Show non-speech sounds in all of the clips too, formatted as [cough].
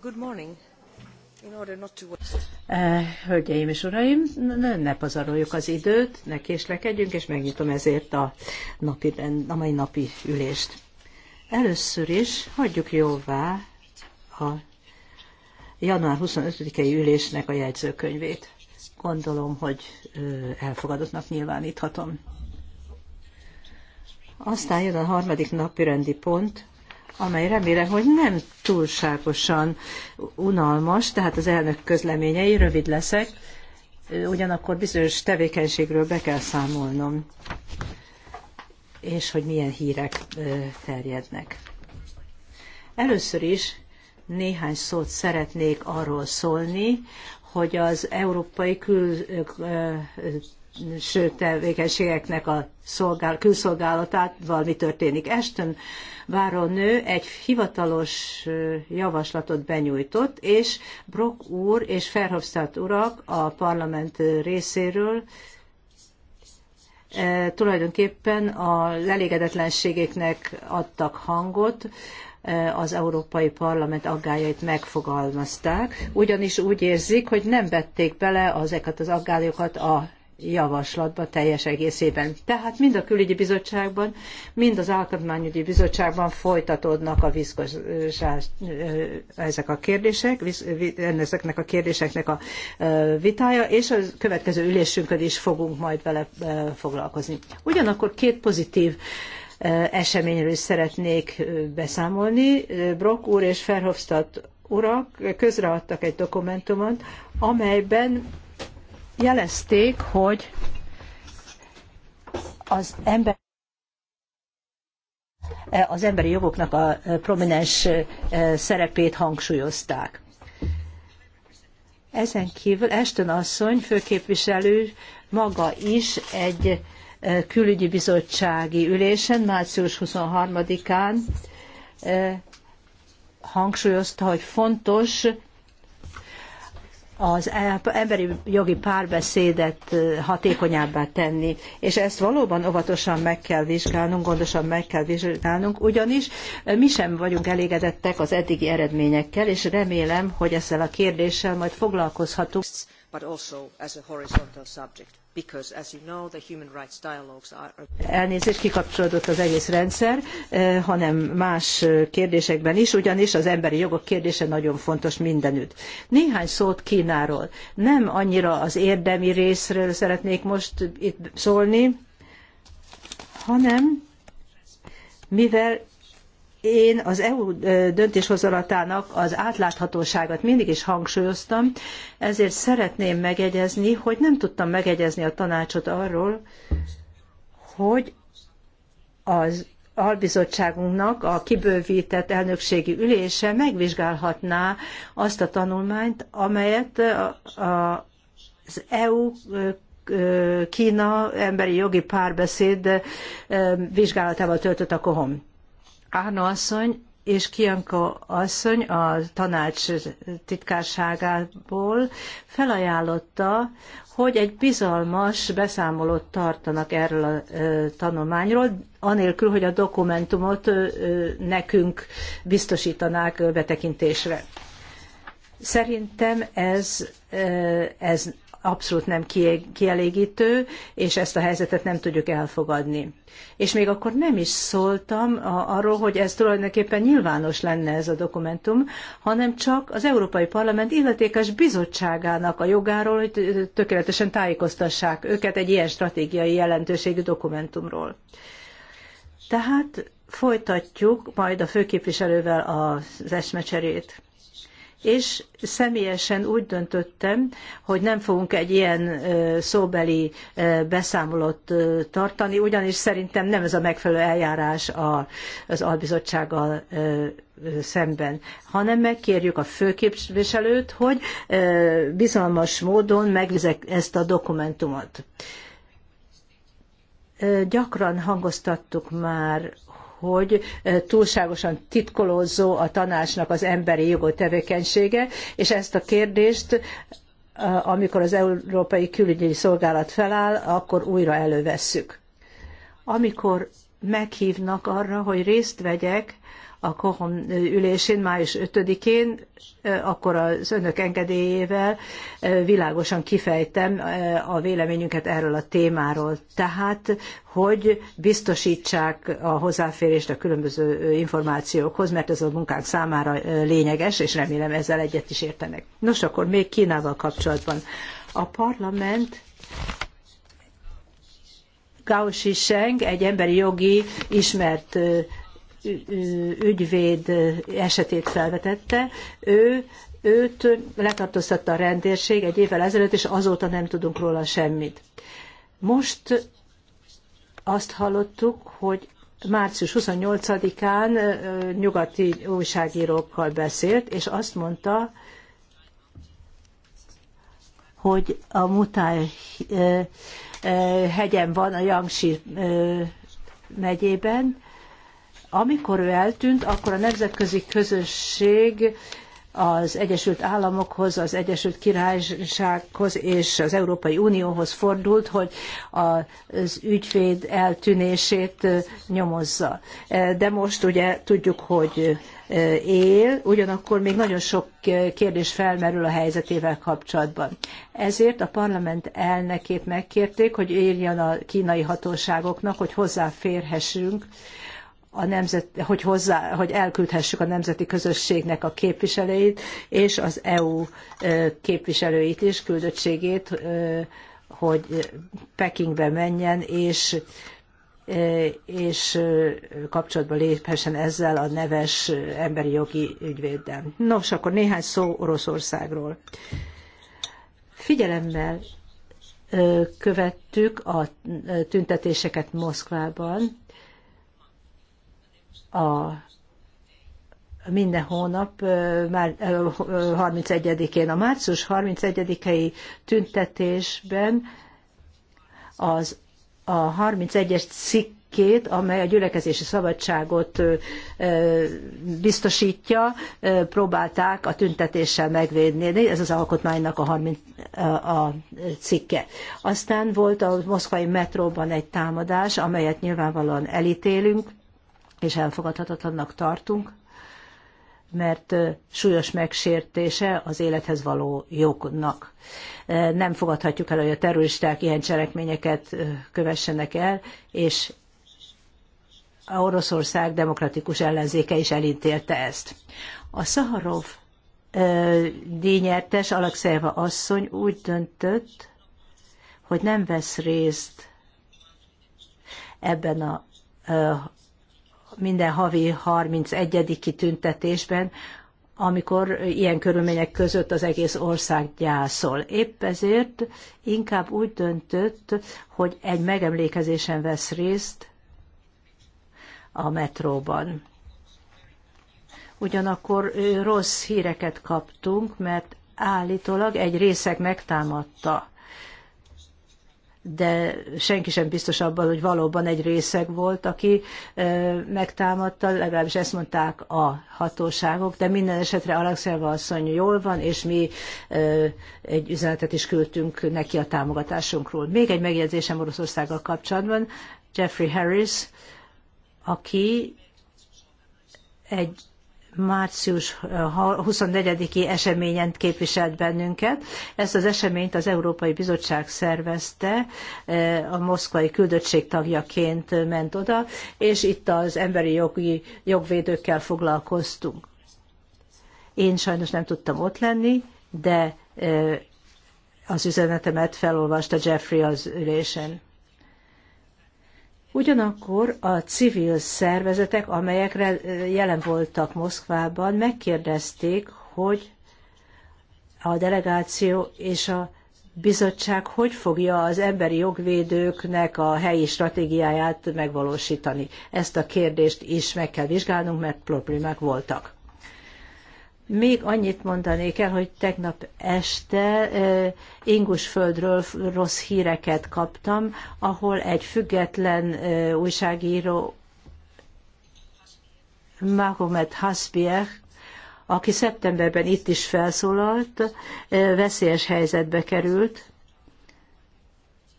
good morning. In order not to eh, Hölgyeim és uraim, ne, ne pazaroljuk az időt, ne késlekedjünk, és megnyitom ezért a, napi, a mai napi ülést. Először is hagyjuk jóvá a január 25-i ülésnek a jegyzőkönyvét. Gondolom, hogy elfogadottnak nyilváníthatom. Aztán jön a harmadik napi rendi pont, amely remélem, hogy nem túlságosan unalmas, tehát az elnök közleményei rövid leszek, ugyanakkor bizonyos tevékenységről be kell számolnom, és hogy milyen hírek terjednek. Először is néhány szót szeretnék arról szólni, hogy az Európai Kül belső tevékenységeknek a szolgál, külszolgálatát, valami történik. Ashton nő egy hivatalos javaslatot benyújtott, és Brock úr és Verhofstadt urak a parlament részéről tulajdonképpen a elégedetlenségeknek adtak hangot, az Európai Parlament aggályait megfogalmazták, ugyanis úgy érzik, hogy nem vették bele ezeket az aggályokat a javaslatba teljes egészében. Tehát mind a külügyi bizottságban, mind az alkotmányügyi bizottságban folytatódnak a viszkozás, ezek a kérdések, ezeknek a kérdéseknek a vitája, és a következő ülésünkön is fogunk majd vele foglalkozni. Ugyanakkor két pozitív eseményről is szeretnék beszámolni. Brock úr és Ferhofstadt urak közreadtak egy dokumentumot, amelyben jelezték, hogy az ember az emberi jogoknak a prominens szerepét hangsúlyozták. Ezen kívül Eston asszony, főképviselő, maga is egy külügyi bizottsági ülésen, március 23-án hangsúlyozta, hogy fontos az emberi jogi párbeszédet hatékonyabbá tenni. És ezt valóban óvatosan meg kell vizsgálnunk, gondosan meg kell vizsgálnunk, ugyanis mi sem vagyunk elégedettek az eddigi eredményekkel, és remélem, hogy ezzel a kérdéssel majd foglalkozhatunk. But also as a horizontal subject because as you know, the human rights dialogues are... Elnézést, kikapcsolódott az egész rendszer, eh, hanem más eh, kérdésekben is, ugyanis az emberi jogok kérdése nagyon fontos mindenütt. Néhány szót Kínáról. Nem annyira az érdemi részről szeretnék most itt szólni, hanem mivel én az EU döntéshozalatának az átláthatóságát mindig is hangsúlyoztam, ezért szeretném megegyezni, hogy nem tudtam megegyezni a tanácsot arról, hogy az albizottságunknak a kibővített elnökségi ülése megvizsgálhatná azt a tanulmányt, amelyet az EU Kína emberi jogi párbeszéd vizsgálatával töltött a kohom. Árna asszony és Kianko asszony a tanács titkárságából felajánlotta, hogy egy bizalmas beszámolót tartanak erről a tanulmányról, anélkül, hogy a dokumentumot nekünk biztosítanák betekintésre. Szerintem ez, ez abszolút nem kielégítő, és ezt a helyzetet nem tudjuk elfogadni. És még akkor nem is szóltam arról, hogy ez tulajdonképpen nyilvános lenne ez a dokumentum, hanem csak az Európai Parlament illetékes bizottságának a jogáról, hogy tökéletesen tájékoztassák őket egy ilyen stratégiai jelentőségű dokumentumról. Tehát folytatjuk majd a főképviselővel az esmecserét és személyesen úgy döntöttem, hogy nem fogunk egy ilyen szóbeli beszámolót tartani, ugyanis szerintem nem ez a megfelelő eljárás az albizottsággal szemben, hanem megkérjük a főképviselőt, hogy bizalmas módon megvizek ezt a dokumentumot. Gyakran hangoztattuk már hogy eh, túlságosan titkolózó a tanácsnak az emberi jogok tevékenysége, és ezt a kérdést eh, amikor az Európai Külügyi Szolgálat feláll, akkor újra elővesszük. Amikor meghívnak arra, hogy részt vegyek a Kohom ülésén, május 5-én, akkor az önök engedélyével világosan kifejtem a véleményünket erről a témáról. Tehát, hogy biztosítsák a hozzáférést a különböző információkhoz, mert ez a munkánk számára lényeges, és remélem ezzel egyet is értenek. Nos, akkor még Kínával kapcsolatban. A parlament Gao Shisheng, egy emberi jogi ismert ügyvéd esetét felvetette, ő őt letartóztatta a rendőrség egy évvel ezelőtt, és azóta nem tudunk róla semmit. Most azt hallottuk, hogy március 28-án nyugati újságírókkal beszélt, és azt mondta, hogy a Mutály hegyen van a Yangshi megyében, amikor ő eltűnt, akkor a nemzetközi közösség az Egyesült Államokhoz, az Egyesült Királysághoz és az Európai Unióhoz fordult, hogy az ügyvéd eltűnését nyomozza. De most ugye tudjuk, hogy él, ugyanakkor még nagyon sok kérdés felmerül a helyzetével kapcsolatban. Ezért a parlament elnökét megkérték, hogy írjon a kínai hatóságoknak, hogy hozzáférhessünk a nemzet, hogy, hozzá, hogy elküldhessük a nemzeti közösségnek a képviselőit és az EU képviselőit is, küldöttségét, hogy Pekingbe menjen, és és kapcsolatba léphessen ezzel a neves emberi jogi ügyvéddel. Nos, akkor néhány szó Oroszországról. Figyelemmel követtük a tüntetéseket Moszkvában, a minden hónap már 31-én. A március 31-i tüntetésben az a 31-es cikkét, amely a gyülekezési szabadságot biztosítja, próbálták a tüntetéssel megvédni. Ez az alkotmánynak a, 30, a cikke. Aztán volt a moszkvai metróban egy támadás, amelyet nyilvánvalóan elítélünk, és elfogadhatatlannak tartunk, mert súlyos megsértése az élethez való jognak. Nem fogadhatjuk el, hogy a terroristák ilyen cselekményeket kövessenek el, és a Oroszország demokratikus ellenzéke is elintélte ezt. A Szaharov díjnyertes Alexeva asszony úgy döntött, hogy nem vesz részt ebben a minden havi 31. kitüntetésben, amikor ilyen körülmények között az egész ország gyászol. Épp ezért inkább úgy döntött, hogy egy megemlékezésen vesz részt a metróban. Ugyanakkor rossz híreket kaptunk, mert állítólag egy részeg megtámadta de senki sem biztos abban, hogy valóban egy részeg volt, aki megtámadta, legalábbis ezt mondták a hatóságok, de minden esetre Alexeva asszony jól van, és mi egy üzenetet is küldtünk neki a támogatásunkról. Még egy megjegyzésem Oroszországgal kapcsolatban, Jeffrey Harris, aki egy március 24-i eseményen képviselt bennünket. Ezt az eseményt az Európai Bizottság szervezte, e, a moszkvai küldöttség tagjaként ment oda, és itt az emberi jogi jogvédőkkel foglalkoztunk. Én sajnos nem tudtam ott lenni, de e, az üzenetemet felolvasta Jeffrey az ülésen. Ugyanakkor a civil szervezetek, amelyekre jelen voltak Moszkvában, megkérdezték, hogy a delegáció és a bizottság hogy fogja az emberi jogvédőknek a helyi stratégiáját megvalósítani. Ezt a kérdést is meg kell vizsgálnunk, mert problémák voltak. Még annyit mondanék el, hogy tegnap este Ingusföldről rossz híreket kaptam, ahol egy független újságíró, Mahomet Haspiech, aki szeptemberben itt is felszólalt, veszélyes helyzetbe került,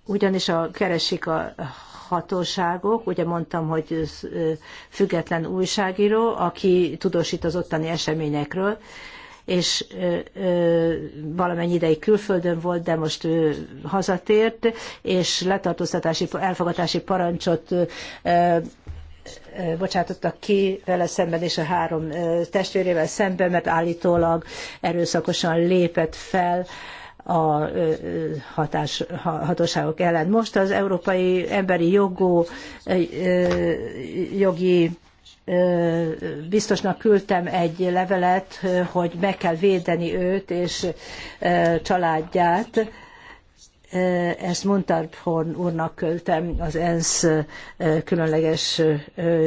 ugyanis a, keresik a hatóságok, ugye mondtam, hogy független újságíró, aki tudósít az ottani eseményekről, és valamennyi ideig külföldön volt, de most hazatért, és letartóztatási, elfogatási parancsot bocsátottak ki vele szemben és a három testvérével szemben, mert állítólag erőszakosan lépett fel a hatás, hatóságok ellen. Most az Európai Emberi Jogú jogi biztosnak küldtem egy levelet, hogy meg kell védeni őt és családját. Ezt Montarphorn úrnak küldtem az ENSZ különleges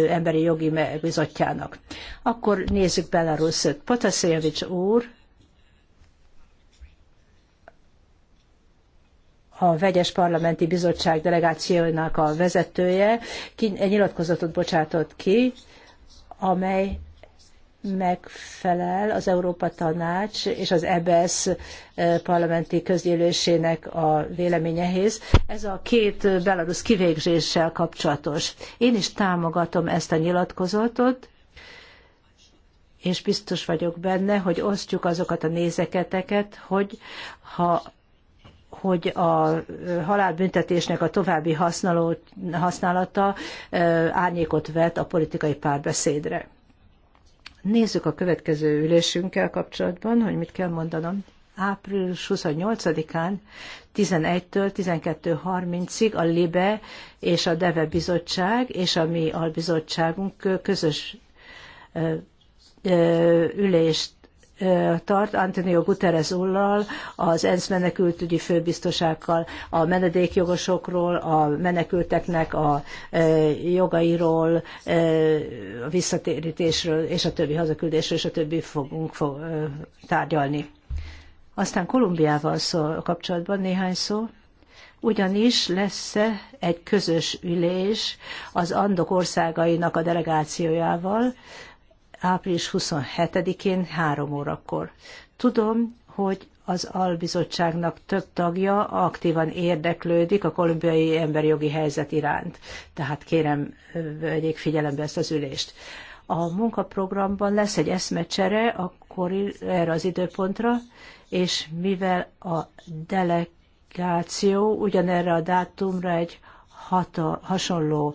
emberi jogi bizottjának. Akkor nézzük Belarusot. Potaszejevics úr a vegyes parlamenti bizottság delegációjának a vezetője egy nyilatkozatot bocsátott ki, amely megfelel az Európa Tanács és az EBS eh, parlamenti közgyűlésének a véleményehez. Ez a két belarusz kivégzéssel kapcsolatos. Én is támogatom ezt a nyilatkozatot, és biztos vagyok benne, hogy osztjuk azokat a nézeketeket, hogy ha hogy a halálbüntetésnek a további használata árnyékot vet a politikai párbeszédre. Nézzük a következő ülésünkkel kapcsolatban, hogy mit kell mondanom. Április 28-án 11-től 12.30-ig a LIBE és a DEVE bizottság és a mi albizottságunk közös ülést tart Antonio Guterres urral, az ENSZ menekültügyi főbiztosákkal, a menedékjogosokról, a menekülteknek a e, jogairól, e, a visszatérítésről és a többi hazaküldésről és a többi fogunk e, tárgyalni. Aztán Kolumbiával szól, kapcsolatban néhány szó ugyanis lesz egy közös ülés az Andok országainak a delegációjával, április 27-én három órakor. Tudom, hogy az albizottságnak több tagja aktívan érdeklődik a kolumbiai emberi jogi helyzet iránt. Tehát kérem, vegyék figyelembe ezt az ülést. A munkaprogramban lesz egy eszmecsere akkor erre az időpontra, és mivel a delegáció ugyanerre a dátumra egy hata, hasonló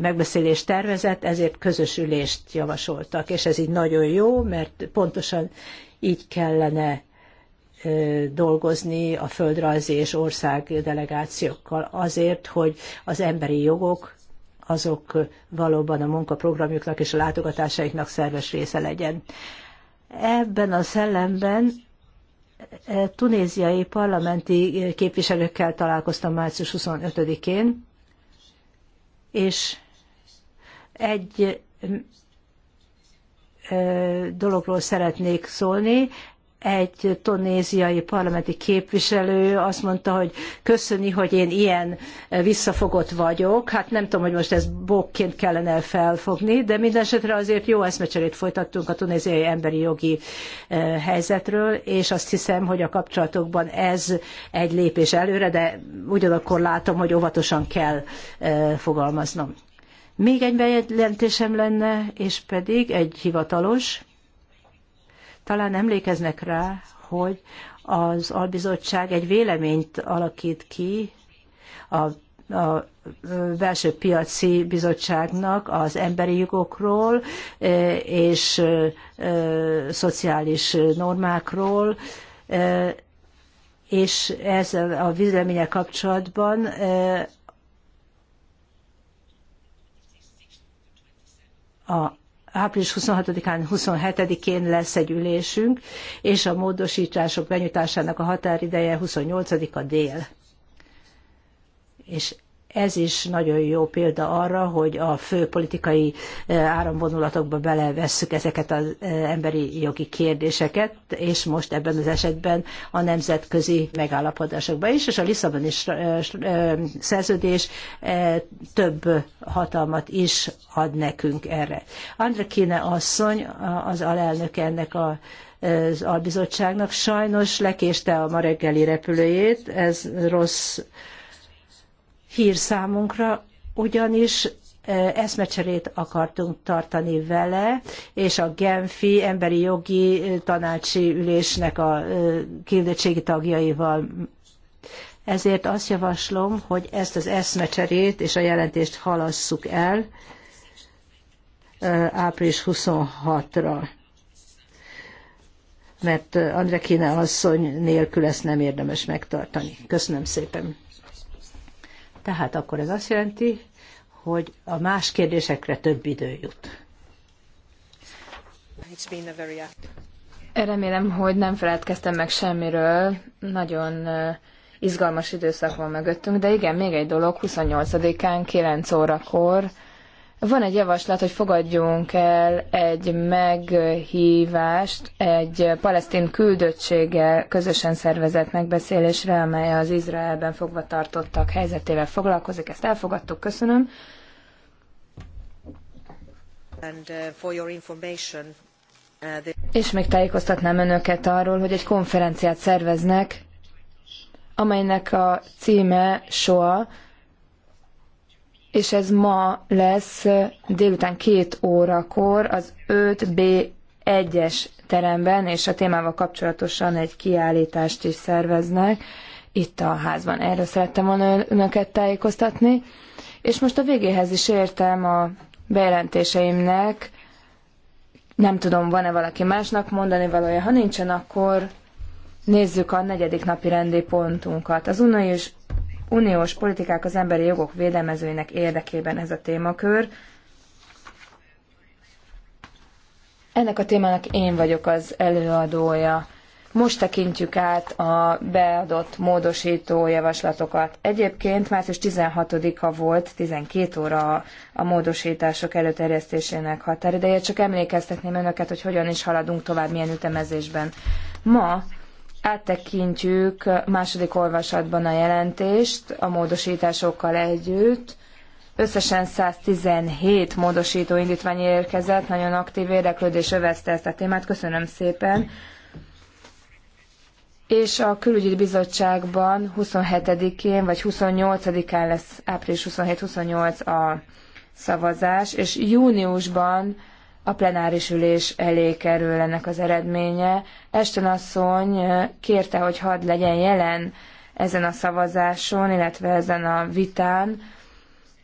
megbeszélést tervezett, ezért közös ülést javasoltak, és ez így nagyon jó, mert pontosan így kellene dolgozni a földrajzi és ország delegációkkal azért, hogy az emberi jogok azok valóban a munkaprogramjuknak és a látogatásaiknak szerves része legyen. Ebben a szellemben e, tunéziai parlamenti képviselőkkel találkoztam március 25-én, és egy dologról szeretnék szólni, egy tunéziai parlamenti képviselő azt mondta, hogy köszöni, hogy én ilyen visszafogott vagyok. Hát nem tudom, hogy most ez bokként kellene felfogni, de mindenesetre azért jó eszmecserét folytattunk a tunéziai emberi jogi eh, helyzetről, és azt hiszem, hogy a kapcsolatokban ez egy lépés előre, de ugyanakkor látom, hogy óvatosan kell eh, fogalmaznom. Még egy bejelentésem lenne, és pedig egy hivatalos, talán emlékeznek rá, hogy az albizottság egy véleményt alakít ki a a belső piaci bizottságnak az emberi jogokról e, és e, e, szociális normákról, és ezzel a véleménye kapcsolatban a április 26-án, 27-én lesz egy ülésünk, és a módosítások benyújtásának a határideje 28-a dél. És ez is nagyon jó példa arra, hogy a fő politikai eh, áramvonulatokba belevesszük ezeket az eh, emberi jogi kérdéseket, és most ebben az esetben a nemzetközi megállapodásokba is, és a Lisszaboni eh, szerződés több hatalmat is ad nekünk erre. Andra Kine asszony, az alelnök ennek a az albizottságnak. Sajnos lekéste a ma reggeli repülőjét, ez rossz hír számunkra, ugyanis e, eszmecserét akartunk tartani vele, és a Genfi emberi jogi e, tanácsi ülésnek a e, küldöttségi tagjaival. Ezért azt javaslom, hogy ezt az eszmecserét és a jelentést halasszuk el április 26-ra mert Andrekine asszony nélkül ezt nem érdemes megtartani. Köszönöm szépen. Tehát akkor ez azt jelenti, hogy a más kérdésekre több idő jut. Remélem, hogy nem feledkeztem meg semmiről. Nagyon izgalmas időszak van mögöttünk, de igen, még egy dolog, 28-án 9 órakor van egy javaslat, hogy fogadjunk el egy meghívást egy palesztin küldöttséggel közösen szervezett megbeszélésre, amely az Izraelben fogva tartottak helyzetével foglalkozik. Ezt elfogadtuk, köszönöm. Uh, uh, És még tájékoztatnám önöket arról, hogy egy konferenciát szerveznek, amelynek a címe SOA, és ez ma lesz délután két órakor az 5B1-es teremben, és a témával kapcsolatosan egy kiállítást is szerveznek itt a házban. Erről szerettem volna önöket tájékoztatni. És most a végéhez is értem a bejelentéseimnek. Nem tudom, van-e valaki másnak mondani valója. Ha nincsen, akkor nézzük a negyedik napi rendi pontunkat. Az uniós, uniós politikák az emberi jogok védelmezőinek érdekében ez a témakör. Ennek a témának én vagyok az előadója. Most tekintjük át a beadott módosító javaslatokat. Egyébként március 16-a volt, 12 óra a módosítások előterjesztésének határideje. Csak emlékeztetném önöket, hogy hogyan is haladunk tovább, milyen ütemezésben. Ma áttekintjük második olvasatban a jelentést a módosításokkal együtt. Összesen 117 módosító indítvány érkezett, nagyon aktív érdeklődés övezte ezt a témát. Köszönöm szépen! és a külügyi bizottságban 27-én vagy 28-án lesz április 27-28 a szavazás, és júniusban a plenáris ülés elé kerül ennek az eredménye. Eston asszony kérte, hogy hadd legyen jelen ezen a szavazáson, illetve ezen a vitán.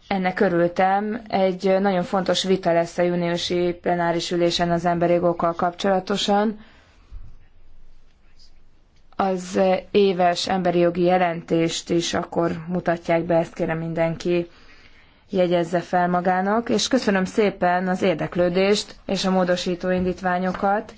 Ennek örültem. Egy nagyon fontos vita lesz a júniusi plenáris ülésen az emberi jogokkal kapcsolatosan. Az éves emberi jogi jelentést is akkor mutatják be, ezt kérem mindenki jegyezze fel magának, és köszönöm szépen az érdeklődést és a módosító indítványokat.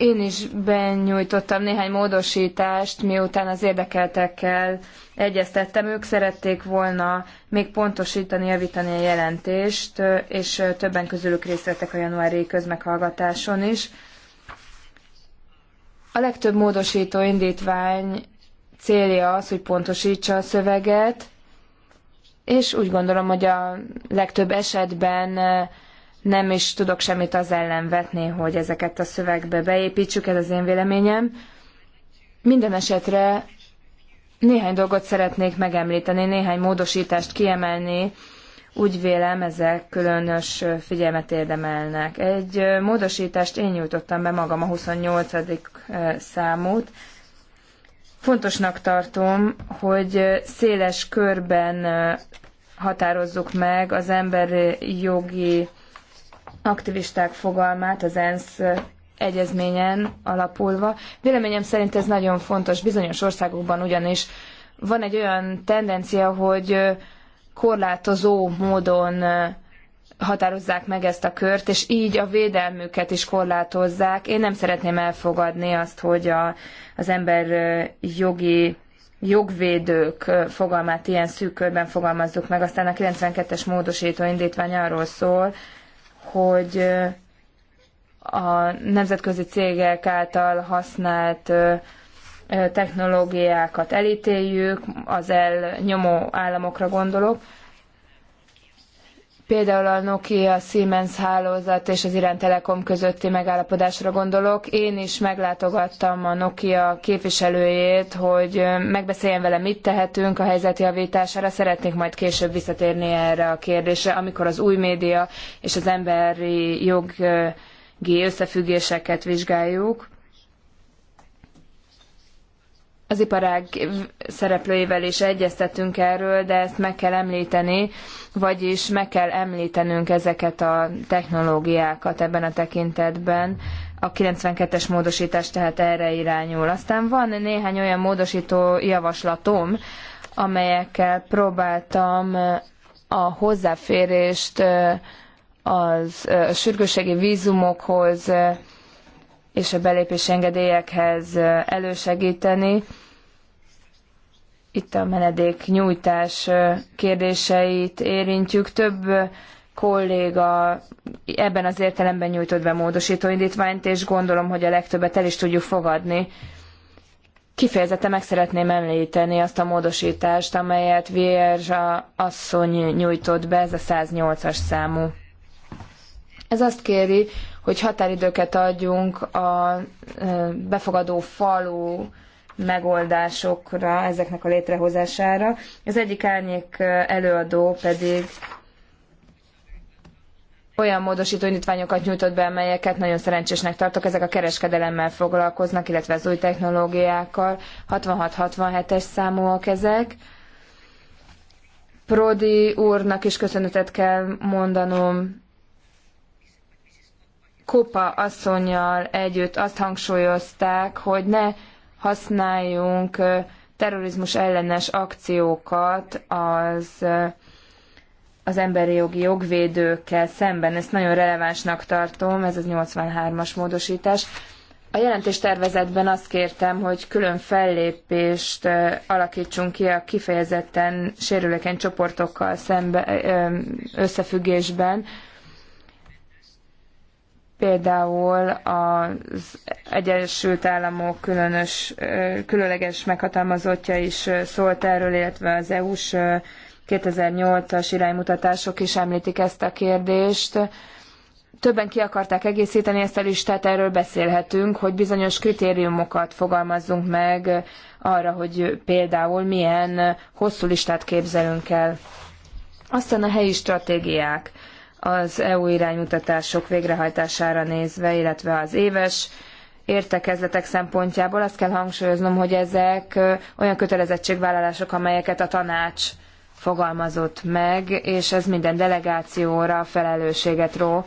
Én is benyújtottam néhány módosítást, miután az érdekeltekkel egyeztettem. Ők szerették volna még pontosítani, javítani a jelentést, és többen közülük részt vettek a januári közmeghallgatáson is. A legtöbb módosító indítvány célja az, hogy pontosítsa a szöveget, és úgy gondolom, hogy a legtöbb esetben nem is tudok semmit az ellen vetni, hogy ezeket a szövegbe beépítsük, ez az én véleményem. Minden esetre néhány dolgot szeretnék megemlíteni, néhány módosítást kiemelni, úgy vélem, ezek különös figyelmet érdemelnek. Egy módosítást én nyújtottam be magam a 28. Eh, számút. Fontosnak tartom, hogy széles körben eh, határozzuk meg az emberi jogi aktivisták fogalmát az ENSZ egyezményen alapulva. Véleményem szerint ez nagyon fontos bizonyos országokban ugyanis van egy olyan tendencia, hogy korlátozó módon határozzák meg ezt a kört, és így a védelmüket is korlátozzák. Én nem szeretném elfogadni azt, hogy a, az ember jogi jogvédők fogalmát ilyen szűk körben fogalmazzuk meg. Aztán a 92-es módosító indítvány arról szól, hogy a nemzetközi cégek által használt technológiákat elítéljük, az elnyomó államokra gondolok, Például a Nokia Siemens hálózat és az Irán Telekom közötti megállapodásra gondolok. Én is meglátogattam a Nokia képviselőjét, hogy megbeszéljen vele, mit tehetünk a helyzet javítására. Szeretnék majd később visszatérni erre a kérdésre, amikor az új média és az emberi jogi összefüggéseket vizsgáljuk az iparág szereplőivel is egyeztetünk erről, de ezt meg kell említeni, vagyis meg kell említenünk ezeket a technológiákat ebben a tekintetben. A 92-es módosítás tehát erre irányul. Aztán van néhány olyan módosító javaslatom, amelyekkel próbáltam a hozzáférést az sürgősségi vízumokhoz és a belépés engedélyekhez elősegíteni. Itt a menedék nyújtás kérdéseit érintjük. Több kolléga ebben az értelemben nyújtott be módosító indítványt, és gondolom, hogy a legtöbbet el is tudjuk fogadni. Kifejezetten meg szeretném említeni azt a módosítást, amelyet Vierzsa asszony nyújtott be, ez a 108-as számú. Ez azt kéri, hogy határidőket adjunk a befogadó falu megoldásokra, ezeknek a létrehozására. Az egyik árnyék előadó pedig olyan módosító indítványokat nyújtott be, amelyeket nagyon szerencsésnek tartok. Ezek a kereskedelemmel foglalkoznak, illetve az új technológiákkal. 66-67-es számúak ezek. Prodi úrnak is köszönetet kell mondanom Kopa asszonyjal együtt azt hangsúlyozták, hogy ne használjunk terrorizmus ellenes akciókat az az emberi jogi jogvédőkkel szemben. Ezt nagyon relevánsnak tartom, ez az 83-as módosítás. A jelentéstervezetben azt kértem, hogy külön fellépést alakítsunk ki a kifejezetten sérülékeny csoportokkal szembe, összefüggésben, például az Egyesült Államok különös, különleges meghatalmazottja is szólt erről, illetve az EU-s 2008-as iránymutatások is említik ezt a kérdést. Többen ki akarták egészíteni ezt a listát, erről beszélhetünk, hogy bizonyos kritériumokat fogalmazzunk meg arra, hogy például milyen hosszú listát képzelünk el. Aztán a helyi stratégiák az EU iránymutatások végrehajtására nézve, illetve az éves értekezletek szempontjából azt kell hangsúlyoznom, hogy ezek olyan kötelezettségvállalások, amelyeket a tanács fogalmazott meg, és ez minden delegációra felelősséget ró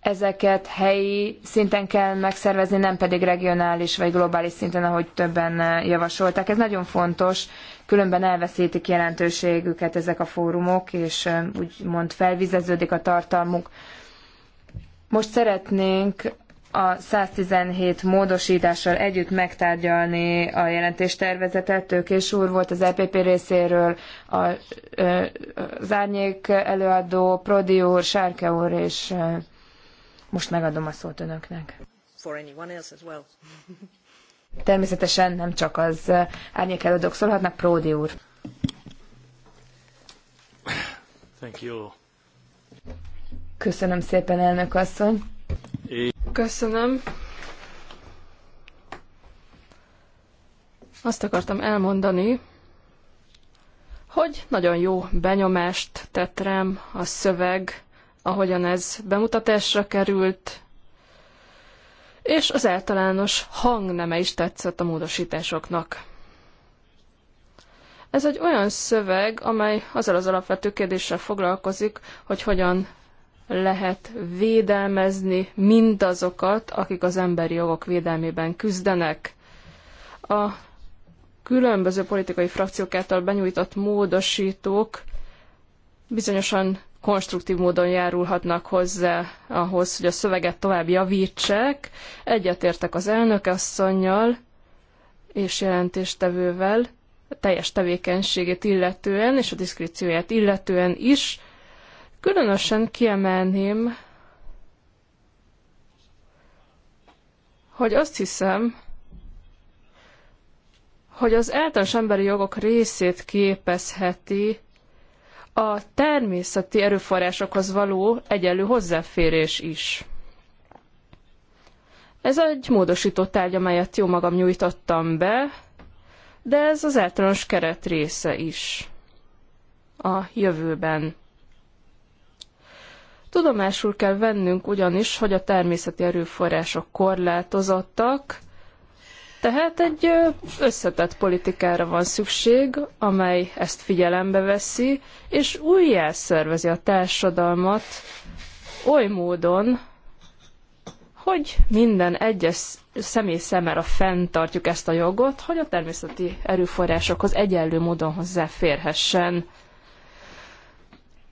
ezeket helyi szinten kell megszervezni, nem pedig regionális vagy globális szinten, ahogy többen eh, javasolták. Ez nagyon fontos, különben elveszítik jelentőségüket ezek a fórumok, és eh, úgymond felvizeződik a tartalmuk. Most szeretnénk a 117 módosítással együtt megtárgyalni a jelentéstervezetet. Tőkés úr volt az EPP részéről, a, eh, az árnyék előadó, Prodi úr, Sárke úr és most megadom a szót önöknek. For anyone else as well. Természetesen nem csak az eh, árnyék előadók szólhatnak, Pródi úr. Thank you. Köszönöm szépen, elnök asszony. Köszönöm. Azt akartam elmondani, hogy nagyon jó benyomást tett rám a szöveg, ahogyan ez bemutatásra került, és az általános hangneme is tetszett a módosításoknak. Ez egy olyan szöveg, amely azzal az alapvető kérdéssel foglalkozik, hogy hogyan lehet védelmezni mindazokat, akik az emberi jogok védelmében küzdenek. A különböző politikai frakciók által benyújtott módosítók bizonyosan konstruktív módon járulhatnak hozzá ahhoz, hogy a szöveget tovább javítsák. Egyetértek az elnök asszonynal és jelentéstevővel teljes tevékenységét illetően és a diszkrécióját illetően is. Különösen kiemelném, hogy azt hiszem, hogy az általános emberi jogok részét képezheti a természeti erőforrásokhoz való egyenlő hozzáférés is. Ez egy módosított tárgy, amelyet jó magam nyújtottam be, de ez az általános keret része is a jövőben. Tudomásul kell vennünk ugyanis, hogy a természeti erőforrások korlátozottak, tehát egy összetett politikára van szükség, amely ezt figyelembe veszi, és újjászervezi a társadalmat oly módon, hogy minden egyes személy szemére fenntartjuk ezt a jogot, hogy a természeti erőforrásokhoz egyenlő módon hozzáférhessen.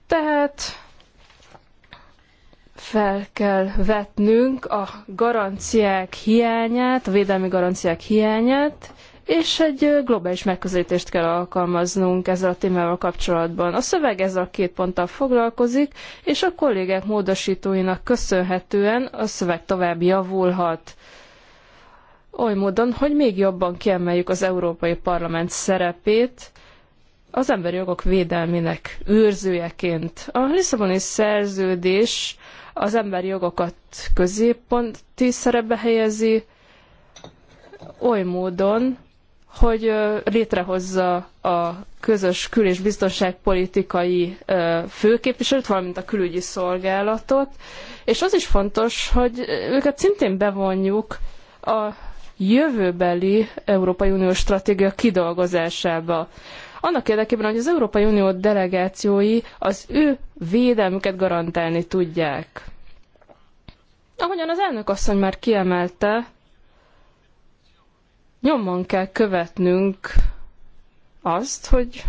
Tehát fel kell vetnünk a garanciák hiányát, a védelmi garanciák hiányát, és egy globális megközelítést kell alkalmaznunk ezzel a témával kapcsolatban. A szöveg ezzel a két ponttal foglalkozik, és a kollégák módosítóinak köszönhetően a szöveg tovább javulhat. Oly módon, hogy még jobban kiemeljük az Európai Parlament szerepét az emberi jogok védelmének őrzőjeként. A Lisszaboni szerződés az emberi jogokat középponti szerepbe helyezi, oly módon, hogy létrehozza a közös kül- és biztonságpolitikai főképviselőt, valamint a külügyi szolgálatot. És az is fontos, hogy őket szintén bevonjuk a jövőbeli Európai Uniós stratégia kidolgozásába annak érdekében, hogy az Európai Unió delegációi az ő védelmüket garantálni tudják. Ahogyan az elnök asszony már kiemelte, nyomon kell követnünk azt, hogy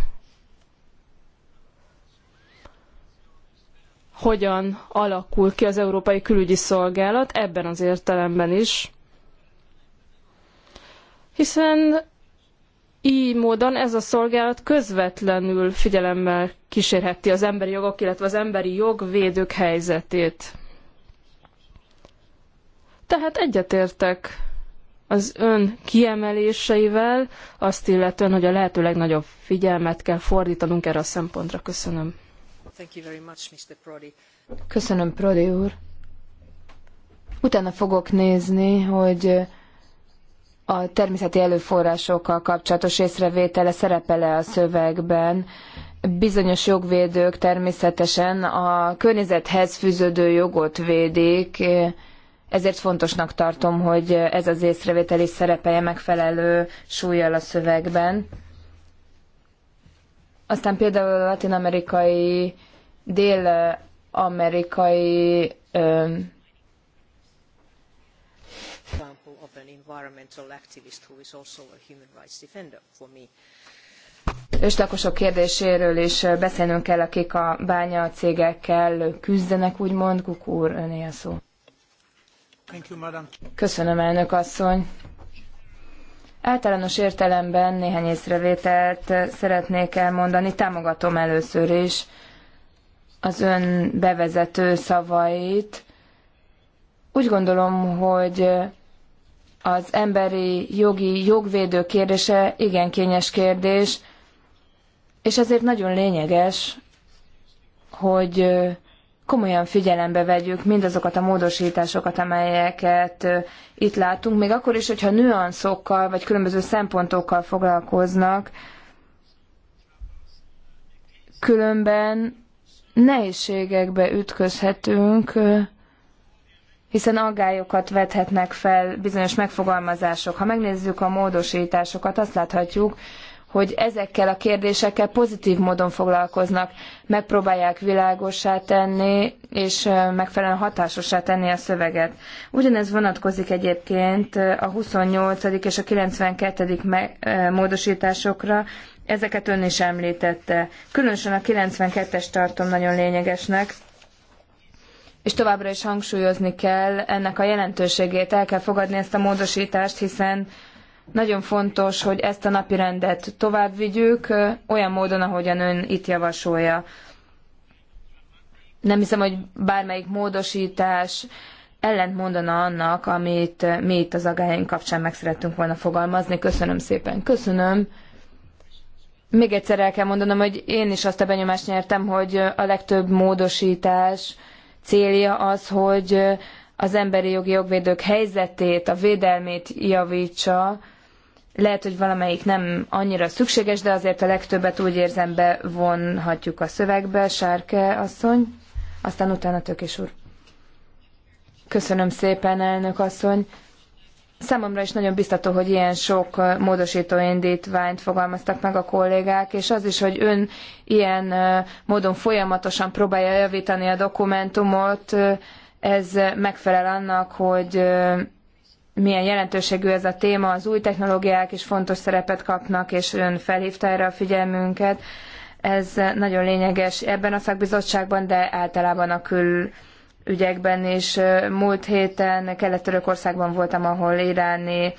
hogyan alakul ki az Európai Külügyi Szolgálat ebben az értelemben is, hiszen így módon ez a szolgálat közvetlenül figyelemmel kísérheti az emberi jogok, illetve az emberi jogvédők helyzetét. Tehát egyetértek az ön kiemeléseivel, azt illetően, hogy a lehető legnagyobb figyelmet kell fordítanunk erre a szempontra. Köszönöm. Much, Prodi. Köszönöm, Prodi úr. Utána fogok nézni, hogy a természeti előforrásokkal kapcsolatos észrevétele szerepele a szövegben. Bizonyos jogvédők természetesen a környezethez fűződő jogot védik, ezért fontosnak tartom, hogy ez az észrevétel is szerepelje megfelelő súlyjal a szövegben. Aztán például a latin-amerikai, dél-amerikai environmental activist who is also a human rights defender for me. Őslakosok kérdéséről is beszélnünk kell, akik a bánya cégekkel küzdenek, úgymond. Kuk úr, öné a szó. You, Köszönöm, elnök asszony. Általános értelemben néhány észrevételt szeretnék elmondani. Támogatom először is az ön bevezető szavait. Úgy gondolom, hogy az emberi jogi jogvédő kérdése igen kényes kérdés, és ezért nagyon lényeges, hogy komolyan figyelembe vegyük mindazokat a módosításokat, amelyeket itt látunk, még akkor is, hogyha nüanszokkal vagy különböző szempontokkal foglalkoznak, különben nehézségekbe ütközhetünk, hiszen aggályokat vethetnek fel bizonyos megfogalmazások. Ha megnézzük a módosításokat, azt láthatjuk, hogy ezekkel a kérdésekkel pozitív módon foglalkoznak, megpróbálják világossá tenni, és megfelelően hatásossá tenni a szöveget. Ugyanez vonatkozik egyébként a 28. és a 92. módosításokra, ezeket ön is említette. Különösen a 92-es tartom nagyon lényegesnek, és továbbra is hangsúlyozni kell ennek a jelentőségét, el kell fogadni ezt a módosítást, hiszen nagyon fontos, hogy ezt a napirendet tovább vigyük, olyan módon, ahogyan ön itt javasolja. Nem hiszem, hogy bármelyik módosítás ellent mondana annak, amit mi itt az agályaink kapcsán meg szerettünk volna fogalmazni. Köszönöm szépen. Köszönöm. Még egyszer el kell mondanom, hogy én is azt a benyomást nyertem, hogy a legtöbb módosítás célja az, hogy az emberi jogi jogvédők helyzetét, a védelmét javítsa. Lehet, hogy valamelyik nem annyira szükséges, de azért a legtöbbet úgy érzem bevonhatjuk a szövegbe, Sárke asszony, aztán utána Tökés úr. Köszönöm szépen, elnök asszony. Számomra is nagyon biztató, hogy ilyen sok módosító indítványt fogalmaztak meg a kollégák, és az is, hogy ön ilyen módon folyamatosan próbálja javítani a dokumentumot, ez megfelel annak, hogy milyen jelentőségű ez a téma, az új technológiák is fontos szerepet kapnak, és ön felhívta erre a figyelmünket. Ez nagyon lényeges ebben a szakbizottságban, de általában a kül ügyekben is. Múlt héten Kelet-Törökországban voltam, ahol iráni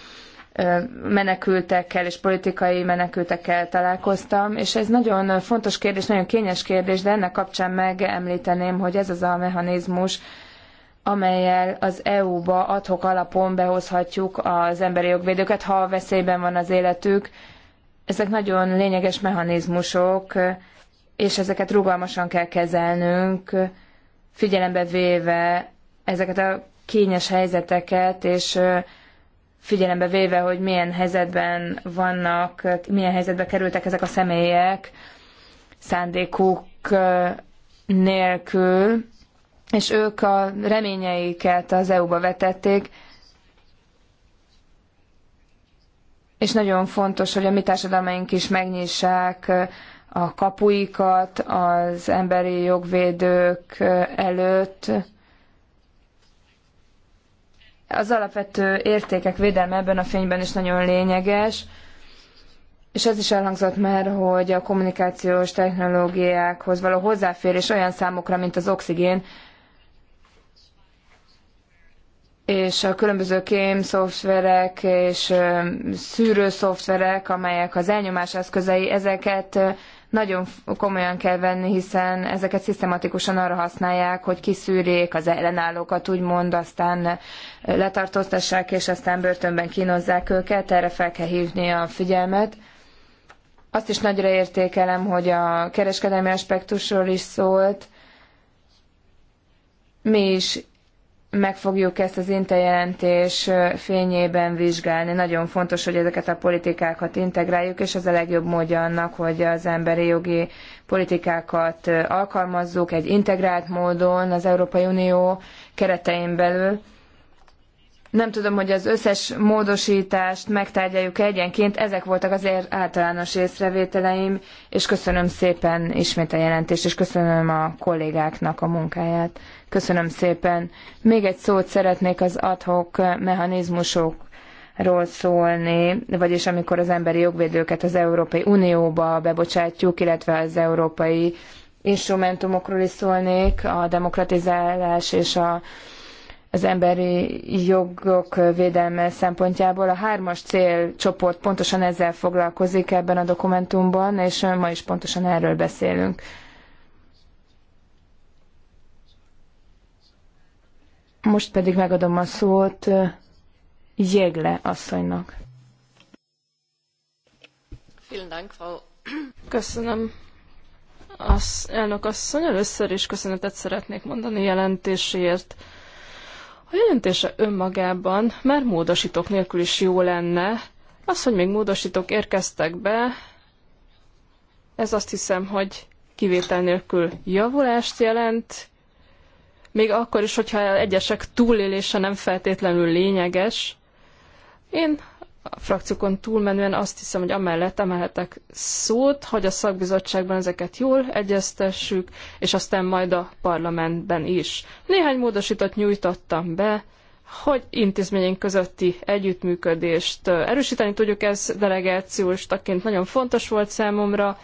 menekültekkel és politikai menekültekkel találkoztam, és ez nagyon fontos kérdés, nagyon kényes kérdés, de ennek kapcsán megemlíteném, hogy ez az a mechanizmus, amelyel az EU-ba adhok alapon behozhatjuk az emberi jogvédőket, ha veszélyben van az életük. Ezek nagyon lényeges mechanizmusok, és ezeket rugalmasan kell kezelnünk figyelembe véve ezeket a kényes helyzeteket, és figyelembe véve, hogy milyen helyzetben vannak, milyen helyzetbe kerültek ezek a személyek szándékuk nélkül, és ők a reményeiket az EU-ba vetették, és nagyon fontos, hogy a mi társadalmaink is megnyissák a kapuikat az emberi jogvédők előtt. Az alapvető értékek védelme ebben a fényben is nagyon lényeges, és az is elhangzott már, hogy a kommunikációs technológiákhoz való hozzáférés olyan számokra, mint az oxigén, és a különböző kém szoftverek és szoftverek, amelyek az elnyomás eszközei, ezeket nagyon komolyan kell venni, hiszen ezeket szisztematikusan arra használják, hogy kiszűrjék az ellenállókat, úgymond, aztán eh, letartóztassák, és aztán börtönben kínozzák őket, erre fel kell hívni a figyelmet. Azt is nagyra értékelem, hogy a kereskedelmi aspektusról is szólt. Mi is meg fogjuk ezt az interjelentés fényében vizsgálni. Nagyon fontos, hogy ezeket a politikákat integráljuk, és ez a legjobb módja annak, hogy az emberi jogi politikákat alkalmazzuk egy integrált módon az Európai Unió keretein belül. Nem tudom, hogy az összes módosítást megtárgyaljuk egyenként, ezek voltak az általános észrevételeim, és köszönöm szépen ismét a jelentést, és köszönöm a kollégáknak a munkáját. Köszönöm szépen. Még egy szót szeretnék az adhok mechanizmusokról szólni, vagyis amikor az emberi jogvédőket az Európai Unióba bebocsátjuk, illetve az európai instrumentumokról is szólnék, a demokratizálás és a, az emberi jogok védelme szempontjából. A hármas célcsoport pontosan ezzel foglalkozik ebben a dokumentumban, és ma is pontosan erről beszélünk. Most pedig megadom a szót Jégle asszonynak. Köszönöm. Az elnök asszony, először is köszönetet szeretnék mondani jelentéséért. A jelentése önmagában már módosítók nélkül is jó lenne. Az, hogy még módosítók érkeztek be, ez azt hiszem, hogy kivétel nélkül javulást jelent, még akkor is, hogyha egyesek túlélése nem feltétlenül lényeges. Én a frakciókon túlmenően azt hiszem, hogy amellett emelhetek szót, hogy a szakbizottságban ezeket jól egyeztessük, és aztán majd a parlamentben is. Néhány módosítót nyújtottam be, hogy intézményünk közötti együttműködést erősíteni tudjuk, ez delegációs taként nagyon fontos volt számomra.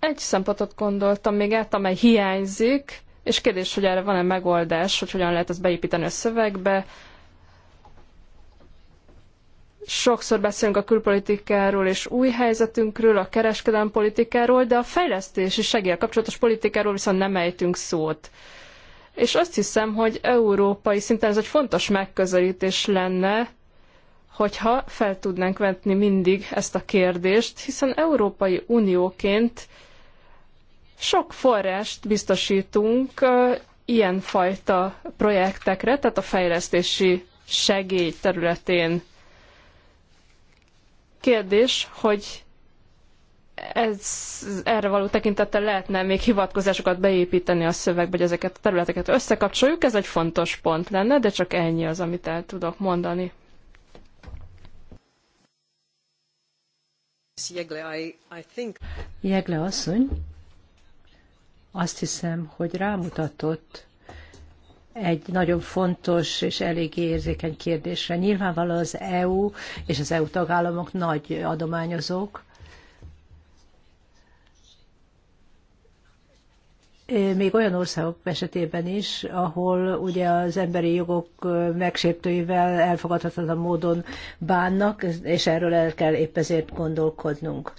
Egy szempontot gondoltam még át, amely hiányzik, és kérdés, hogy erre van-e megoldás, hogy hogyan lehet ezt beépíteni a szövegbe. Sokszor beszélünk a külpolitikáról és új helyzetünkről, a kereskedelmi politikáról, de a fejlesztési segélyel kapcsolatos politikáról viszont nem ejtünk szót. És azt hiszem, hogy európai szinten ez egy fontos megközelítés lenne, hogyha fel tudnánk vetni mindig ezt a kérdést, hiszen Európai Unióként sok forrást biztosítunk ilyenfajta projektekre, tehát a fejlesztési segély területén. Kérdés, hogy ez, erre való tekintettel lehetne még hivatkozásokat beépíteni a szövegbe, hogy ezeket a területeket összekapcsoljuk, ez egy fontos pont lenne, de csak ennyi az, amit el tudok mondani. Jegle, I, I think... Jegle asszony, azt hiszem, hogy rámutatott egy nagyon fontos és elég érzékeny kérdésre. Nyilvánvalóan az EU és az EU tagállamok nagy adományozók, még olyan országok esetében is, ahol ugye az emberi jogok megsértőivel elfogadhatatlan módon bánnak, és erről el kell épp ezért gondolkodnunk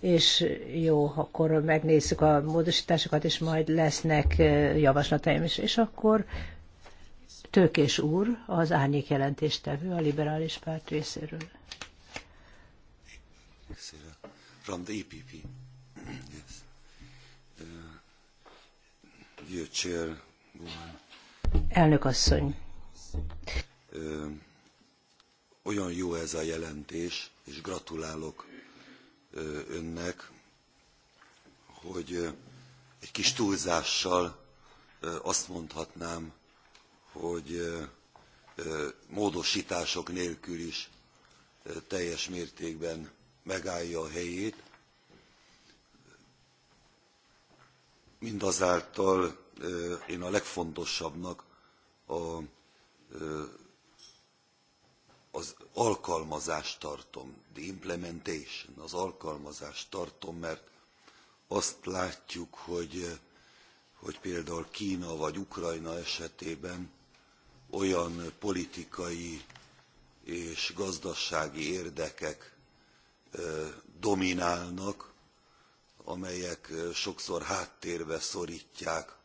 és jó, akkor megnézzük a módosításokat, és majd lesznek javaslataim is. És akkor Tőkés úr, az árnyék jelentéstevő a liberális párt részéről. From the EPP. Yes. Uh, dear chair, Elnök asszony. Uh, olyan jó ez a jelentés, és gratulálok önnek, hogy egy kis túlzással azt mondhatnám, hogy módosítások nélkül is teljes mértékben megállja a helyét, mindazáltal én a legfontosabbnak a az alkalmazást tartom, the implementation, az alkalmazást tartom, mert azt látjuk, hogy, hogy például Kína vagy Ukrajna esetében olyan politikai és gazdasági érdekek dominálnak, amelyek sokszor háttérbe szorítják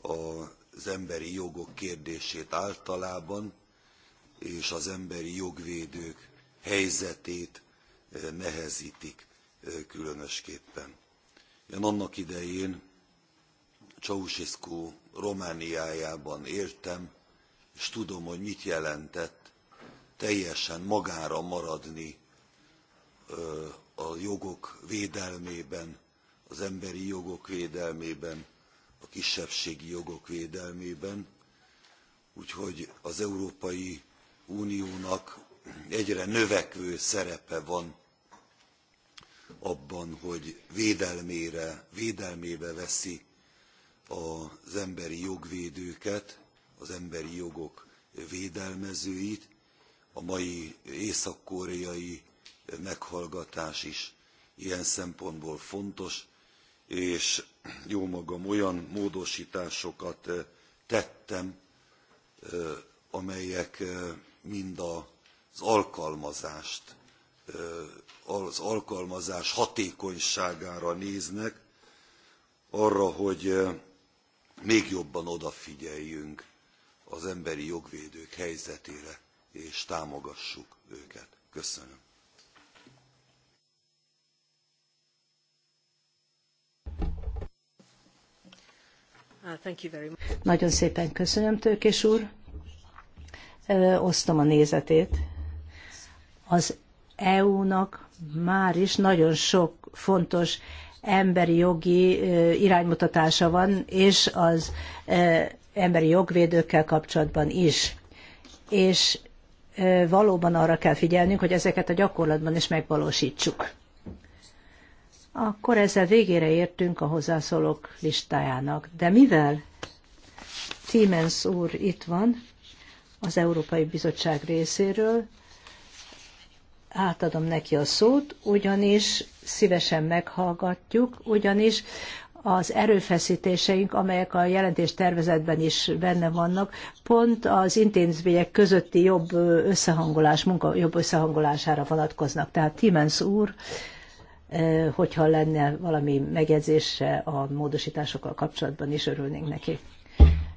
az emberi jogok kérdését általában, és az emberi jogvédők helyzetét eh, nehezítik eh, különösképpen. Én annak idején Ceausescu Romániájában értem, és tudom, hogy mit jelentett teljesen magára maradni eh, a jogok védelmében, az emberi jogok védelmében, a kisebbségi jogok védelmében. Úgyhogy az Európai Uniónak egyre növekvő szerepe van abban, hogy védelmére, védelmébe veszi az emberi jogvédőket, az emberi jogok védelmezőit. A mai észak-koreai meghallgatás is ilyen szempontból fontos, és jómagam olyan módosításokat tettem, amelyek mind az alkalmazást, az alkalmazás hatékonyságára néznek, arra, hogy még jobban odafigyeljünk az emberi jogvédők helyzetére, és támogassuk őket. Köszönöm. Nagyon szépen köszönöm, Tőkés úr osztom a nézetét. Az EU-nak már is nagyon sok fontos emberi jogi iránymutatása van, és az emberi jogvédőkkel kapcsolatban is. És valóban arra kell figyelnünk, hogy ezeket a gyakorlatban is megvalósítsuk. Akkor ezzel végére értünk a hozzászólók listájának. De mivel Siemens úr itt van, az Európai Bizottság részéről. Átadom neki a szót, ugyanis szívesen meghallgatjuk, ugyanis az erőfeszítéseink, amelyek a jelentés tervezetben is benne vannak, pont az intézmények közötti jobb összehangolás, munka jobb összehangolására vonatkoznak. Tehát Timens úr, eh, hogyha lenne valami megjegyzése a módosításokkal kapcsolatban is, örülnénk neki.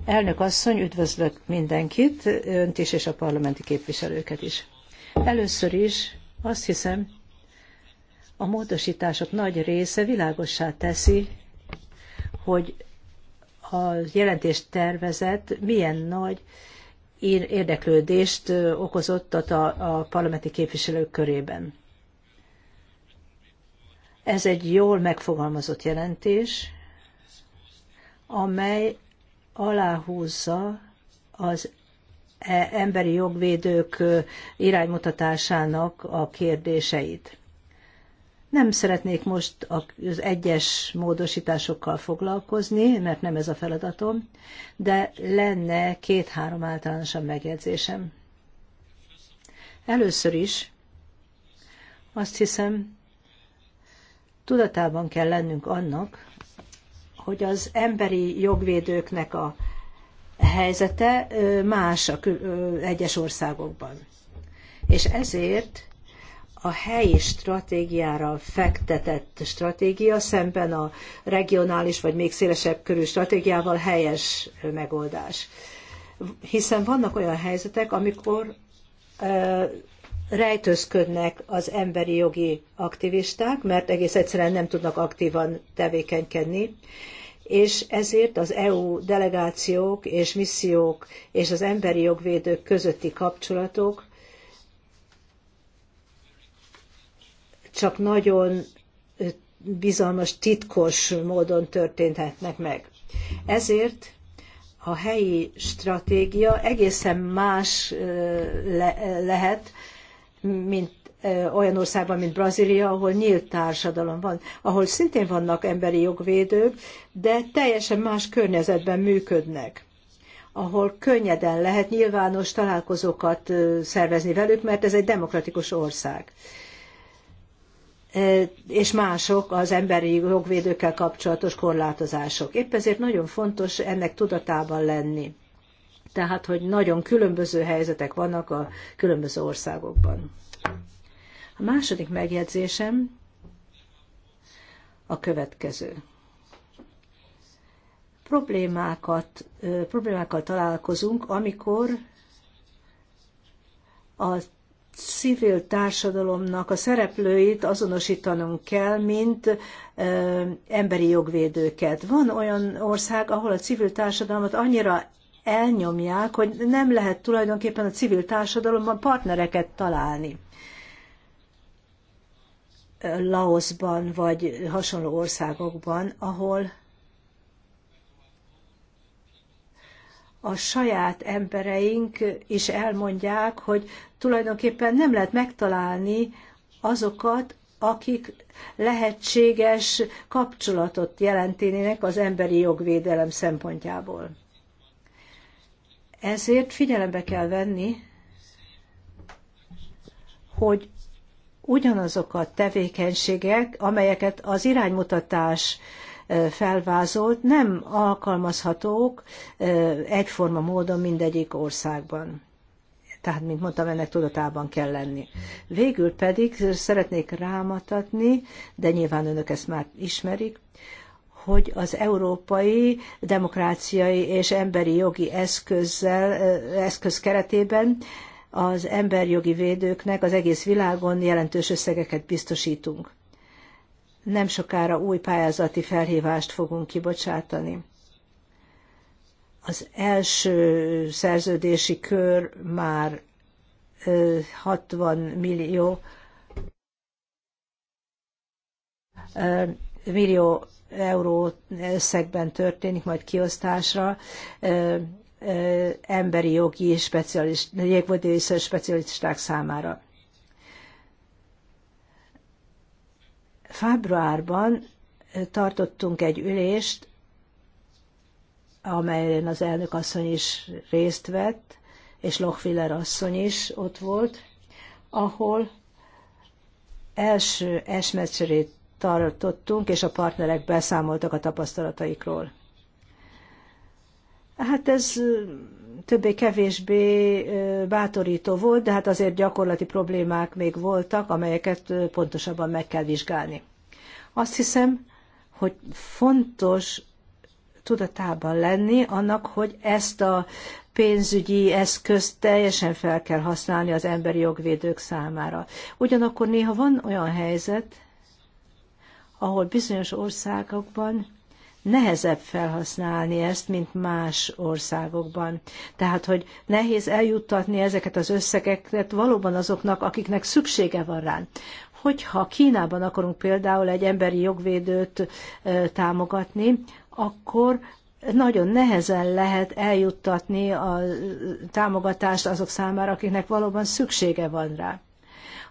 Elnök asszony, üdvözlök mindenkit, önt is és a parlamenti képviselőket is. Először is azt hiszem, a módosítások nagy része világossá teszi, hogy a jelentés tervezet milyen nagy érdeklődést okozott a, a parlamenti képviselők körében. Ez egy jól megfogalmazott jelentés, amely aláhúzza az e- emberi jogvédők iránymutatásának a kérdéseit. Nem szeretnék most az egyes módosításokkal foglalkozni, mert nem ez a feladatom, de lenne két-három általánosan megjegyzésem. Először is azt hiszem, tudatában kell lennünk annak, hogy az emberi jogvédőknek a helyzete más a egyes országokban. És ezért a helyi stratégiára fektetett stratégia szemben a regionális vagy még szélesebb körű stratégiával helyes megoldás. Hiszen vannak olyan helyzetek, amikor rejtőzködnek az emberi jogi aktivisták, mert egész egyszerűen nem tudnak aktívan tevékenykedni, és ezért az EU delegációk és missziók és az emberi jogvédők közötti kapcsolatok csak nagyon bizalmas, titkos módon történhetnek meg. Ezért a helyi stratégia egészen más lehet, mint olyan országban, mint Brazília, ahol nyílt társadalom van, ahol szintén vannak emberi jogvédők, de teljesen más környezetben működnek ahol könnyeden lehet nyilvános találkozókat szervezni velük, mert ez egy demokratikus ország. És mások az emberi jogvédőkkel kapcsolatos korlátozások. Épp ezért nagyon fontos ennek tudatában lenni tehát hogy nagyon különböző helyzetek vannak a különböző országokban. A második megjegyzésem a következő. Problémákat, problémákkal találkozunk, amikor a civil társadalomnak a szereplőit azonosítanunk kell, mint ö, emberi jogvédőket. Van olyan ország, ahol a civil társadalmat annyira elnyomják, hogy nem lehet tulajdonképpen a civil társadalomban partnereket találni. Laosban vagy hasonló országokban, ahol a saját embereink is elmondják, hogy tulajdonképpen nem lehet megtalálni azokat, akik lehetséges kapcsolatot jelentenének az emberi jogvédelem szempontjából. Ezért figyelembe kell venni, hogy ugyanazok a tevékenységek, amelyeket az iránymutatás felvázolt, nem alkalmazhatók egyforma módon mindegyik országban. Tehát, mint mondtam, ennek tudatában kell lenni. Végül pedig szeretnék rámatatni, de nyilván önök ezt már ismerik, hogy az európai demokráciai és emberi jogi eszközzel, eszköz keretében az emberjogi védőknek az egész világon jelentős összegeket biztosítunk. Nem sokára új pályázati felhívást fogunk kibocsátani. Az első szerződési kör már 60 millió millió euró összegben történik majd kiosztásra, emberi jogi specialist, jégvodéi specialisták számára. Februárban tartottunk egy ülést, amelyen az elnök asszony is részt vett, és Lochfiller asszony is ott volt, ahol első esmecserét tartottunk, és a partnerek beszámoltak a tapasztalataikról. Hát ez többé-kevésbé bátorító volt, de hát azért gyakorlati problémák még voltak, amelyeket pontosabban meg kell vizsgálni. Azt hiszem, hogy fontos tudatában lenni annak, hogy ezt a pénzügyi eszközt teljesen fel kell használni az emberi jogvédők számára. Ugyanakkor néha van olyan helyzet, ahol bizonyos országokban nehezebb felhasználni ezt, mint más országokban. Tehát, hogy nehéz eljuttatni ezeket az összegeket valóban azoknak, akiknek szüksége van rá. Hogyha Kínában akarunk például egy emberi jogvédőt támogatni, akkor nagyon nehezen lehet eljuttatni a támogatást azok számára, akiknek valóban szüksége van rá.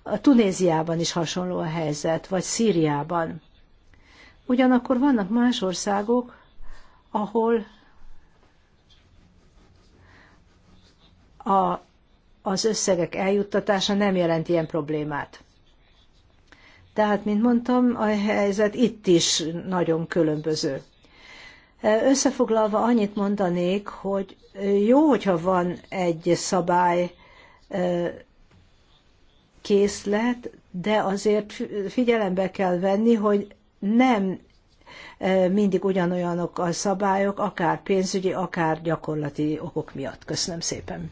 A Tunéziában is hasonló a helyzet, vagy Szíriában Ugyanakkor vannak más országok, ahol a, az összegek eljuttatása nem jelent ilyen problémát. Tehát, mint mondtam, a helyzet itt is nagyon különböző. Összefoglalva annyit mondanék, hogy jó, hogyha van egy szabály készlet, de azért figyelembe kell venni, hogy nem e, mindig ugyanolyanok a szabályok, akár pénzügyi, akár gyakorlati okok miatt. Köszönöm szépen.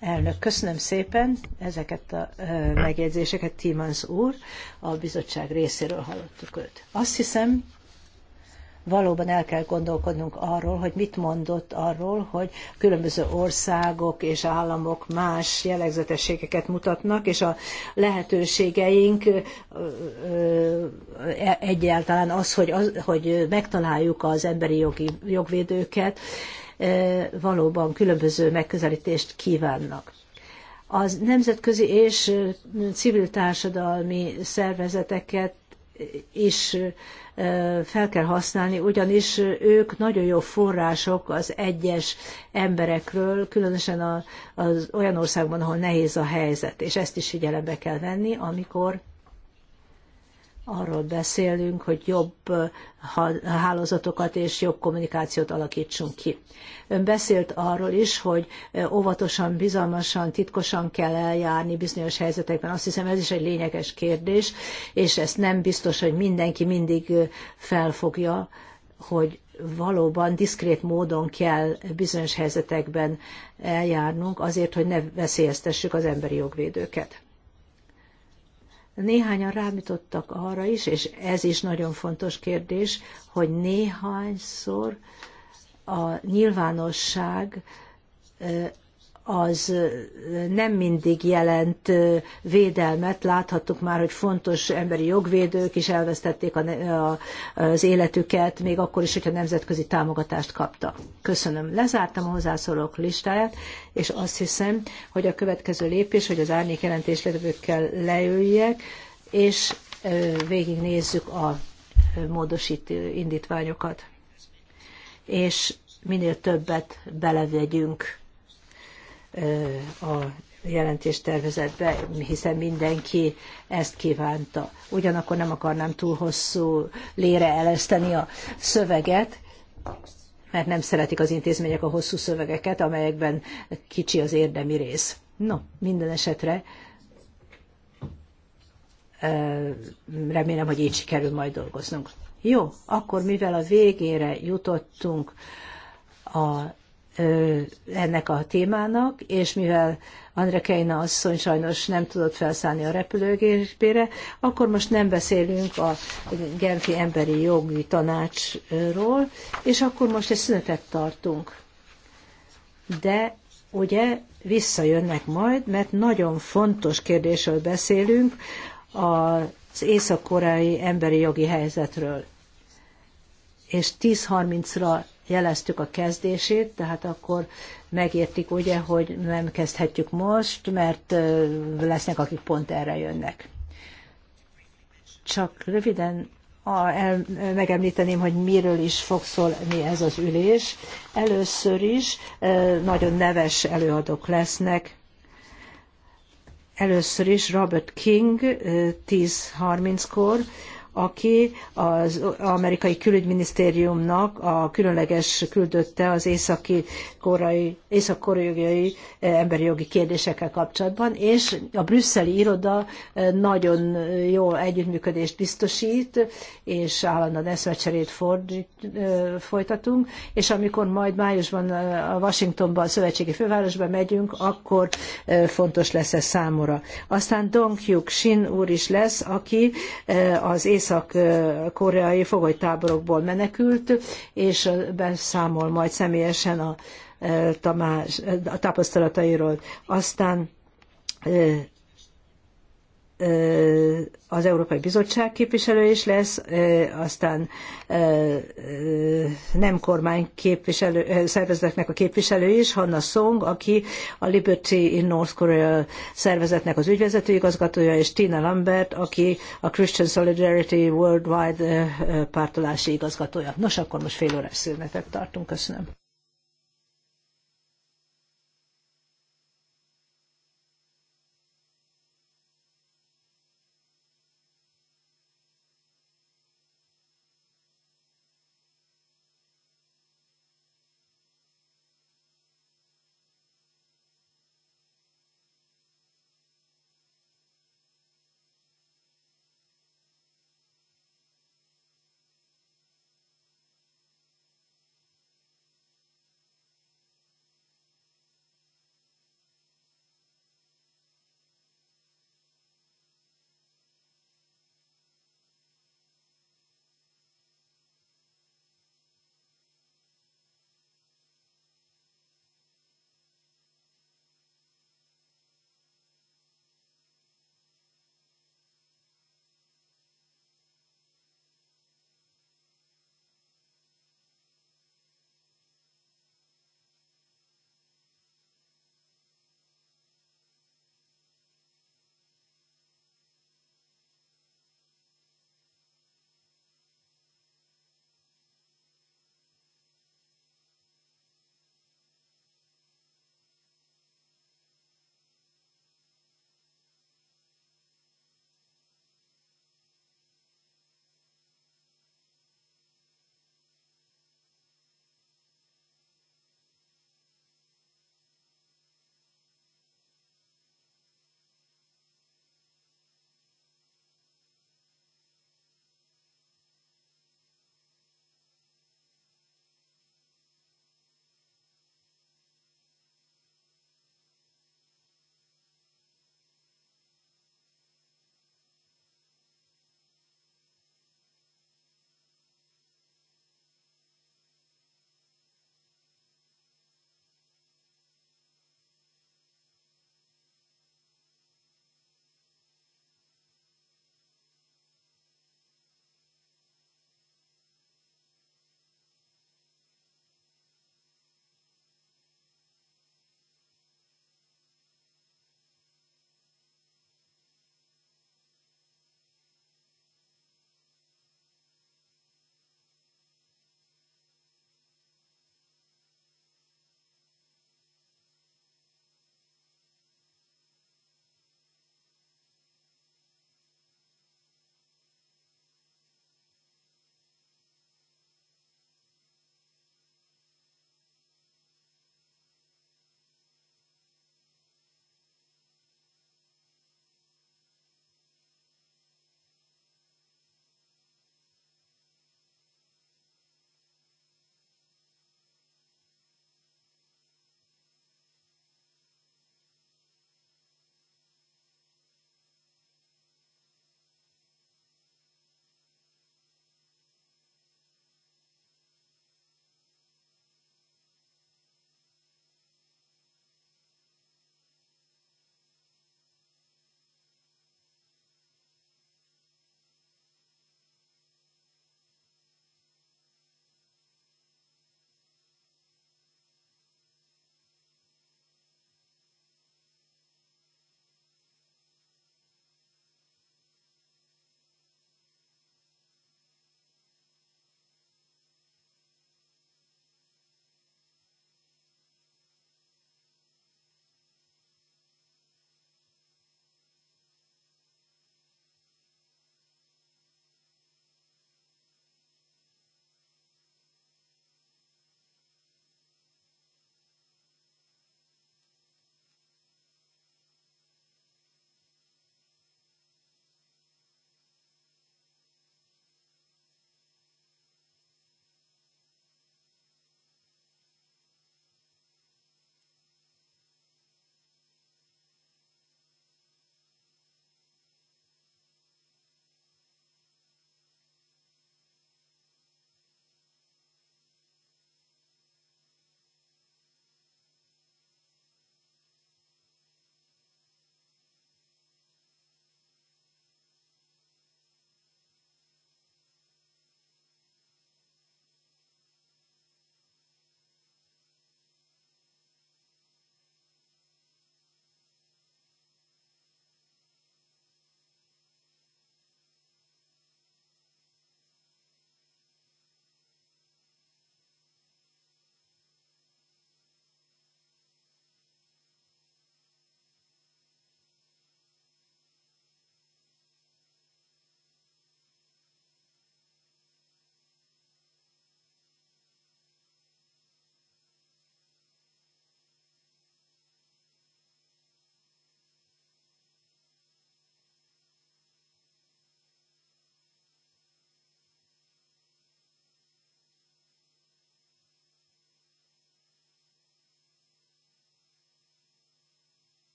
Elnök, köszönöm szépen ezeket a e, megjegyzéseket, Timans úr, a bizottság részéről hallottuk őt. Azt hiszem, valóban el kell gondolkodnunk arról, hogy mit mondott arról, hogy különböző országok és államok más jellegzetességeket mutatnak, és a lehetőségeink e, egyáltalán az, hogy, az, hogy megtaláljuk az emberi jogi, jogvédőket, valóban különböző megközelítést kívánnak az nemzetközi és civil társadalmi szervezeteket is fel kell használni, ugyanis ők nagyon jó források az egyes emberekről, különösen az olyan országban, ahol nehéz a helyzet, és ezt is figyelembe kell venni, amikor arról beszélünk, hogy jobb hálózatokat és jobb kommunikációt alakítsunk ki. Ön beszélt arról is, hogy óvatosan, bizalmasan, titkosan kell eljárni bizonyos helyzetekben. Azt hiszem ez is egy lényeges kérdés, és ezt nem biztos, hogy mindenki mindig felfogja, hogy valóban diszkrét módon kell bizonyos helyzetekben eljárnunk azért, hogy ne veszélyeztessük az emberi jogvédőket. Néhányan rámítottak arra is, és ez is nagyon fontos kérdés, hogy néhányszor a nyilvánosság az nem mindig jelent védelmet. Láthattuk már, hogy fontos emberi jogvédők is elvesztették az életüket, még akkor is, hogyha nemzetközi támogatást kaptak. Köszönöm. Lezártam a hozzászólók listáját, és azt hiszem, hogy a következő lépés, hogy az árnyék jelentéslevőkkel leüljek, és végignézzük a módosítő indítványokat, és minél többet belevegyünk a jelentéstervezetbe, hiszen mindenki ezt kívánta. Ugyanakkor nem akarnám túl hosszú lére eleszteni a szöveget, mert nem szeretik az intézmények a hosszú szövegeket, amelyekben kicsi az érdemi rész. No, minden esetre remélem, hogy így sikerül majd dolgoznunk. Jó, akkor mivel a végére jutottunk a ennek a témának, és mivel Andra Keina asszony sajnos nem tudott felszállni a repülőgépére, akkor most nem beszélünk a Genfi Emberi Jogi Tanácsról, és akkor most egy szünetet tartunk. De ugye visszajönnek majd, mert nagyon fontos kérdésről beszélünk, az észak-koreai emberi jogi helyzetről. És 10.30-ra jeleztük a kezdését, tehát akkor megértik ugye, hogy nem kezdhetjük most, mert lesznek, akik pont erre jönnek. Csak röviden el, megemlíteném, hogy miről is fog szólni ez az ülés. Először is nagyon neves előadók lesznek. Először is Robert King 10.30-kor, aki az amerikai külügyminisztériumnak a különleges küldötte az északi korai, észak-koreai eh, emberi jogi kérdésekkel kapcsolatban, és a brüsszeli iroda eh, nagyon jó együttműködést biztosít, és állandóan eszmecserét eh, folytatunk, és amikor majd májusban a Washingtonban, a szövetségi fővárosba megyünk, akkor fontos lesz ez számomra. Aztán Dong Hyuk Shin úr is lesz, aki az ész észak-koreai fogolytáborokból menekült, és beszámol majd személyesen a, e, Tamás, e, a tapasztalatairól. Aztán e, az Európai Bizottság képviselő is lesz, aztán nem kormány képviselő, szervezetnek a képviselő is, Hanna Song, aki a Liberty in North Korea szervezetnek az ügyvezető igazgatója, és Tina Lambert, aki a Christian Solidarity Worldwide pártolási igazgatója. Nos, akkor most fél órás szünetet tartunk. Köszönöm.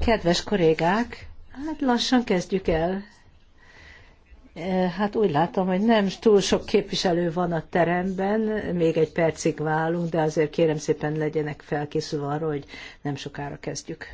Kedves kollégák, hát lassan kezdjük el. E, hát úgy látom, hogy nem túl sok képviselő van a teremben, még egy percig válunk, de azért kérem szépen legyenek felkészülve arra, hogy nem sokára kezdjük.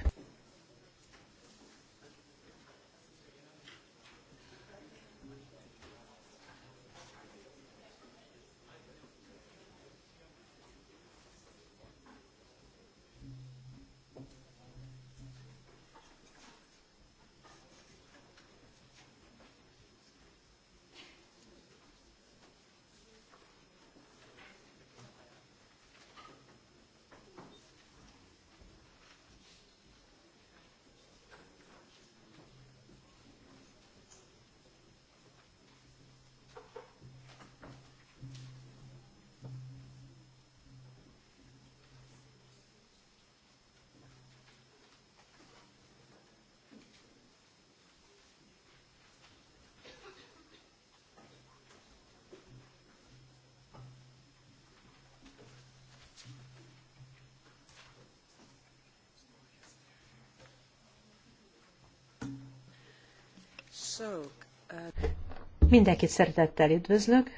Mindenkit szeretettel üdvözlök,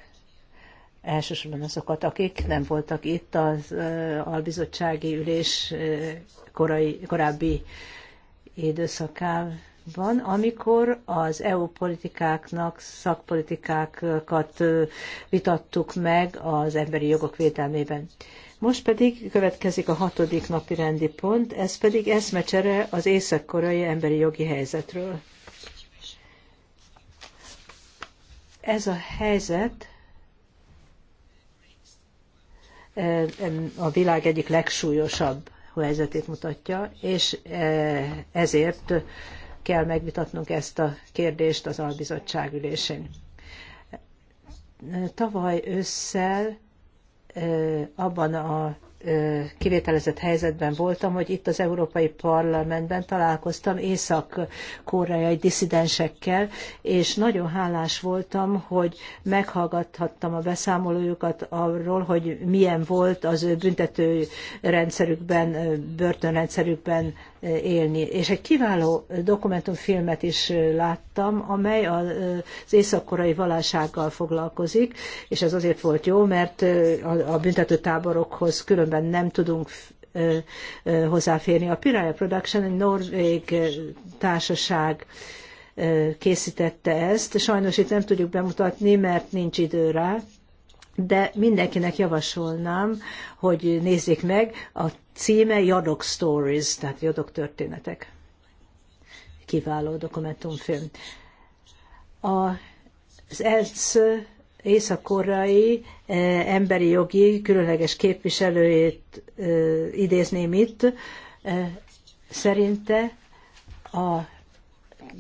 elsősorban azokat, akik nem voltak itt az albizottsági ülés korai, korábbi időszakában, amikor az EU politikáknak, szakpolitikákat vitattuk meg az emberi jogok védelmében. Most pedig következik a hatodik napi rendi pont, ez pedig eszmecsere az észak-koreai emberi jogi helyzetről. Ez a helyzet e, e, a világ egyik legsúlyosabb helyzetét mutatja, és e, ezért kell megvitatnunk ezt a kérdést az albizottság ülésén. Tavaly ősszel abban a kivételezett helyzetben voltam, hogy itt az Európai Parlamentben találkoztam észak-koreai disszidensekkel, és nagyon hálás voltam, hogy meghallgathattam a beszámolójukat arról, hogy milyen volt az ő büntető rendszerükben, börtönrendszerükben élni. És egy kiváló dokumentumfilmet is láttam, amely az észak-koreai valósággal foglalkozik, és ez azért volt jó, mert a büntetőtáborokhoz különben értelemben nem tudunk hozzáférni. A Piraya Production egy norvég társaság készítette ezt. Sajnos itt nem tudjuk bemutatni, mert nincs idő rá, de mindenkinek javasolnám, hogy nézzék meg, a címe Jadok Stories, tehát Jadok történetek. Kiváló dokumentumfilm. A, az ELSZ észak-koreai eh, emberi jogi különleges képviselőjét eh, idézném itt, eh, szerinte a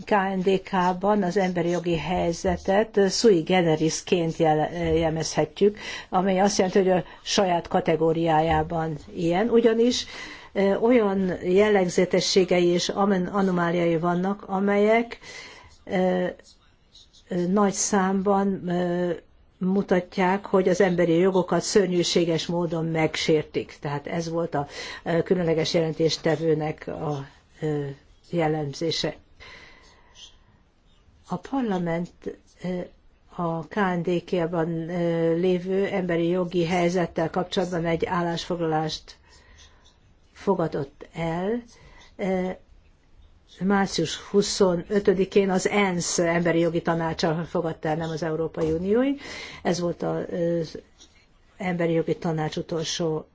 KNDK-ban az emberi jogi helyzetet sui generisként jellemezhetjük, amely azt jelenti, hogy a saját kategóriájában ilyen, ugyanis olyan jellegzetességei és anomáliai vannak, amelyek nagy számban mutatják, hogy az emberi jogokat szörnyűséges módon megsértik. Tehát ez volt a különleges jelentéstevőnek a jellemzése. A parlament a KNDK-ban lévő emberi jogi helyzettel kapcsolatban egy állásfoglalást fogadott el, március 25-én az ENSZ emberi jogi tanácsa fogadta el, nem az Európai Uniói. Ez volt az emberi jogi tanács utolsó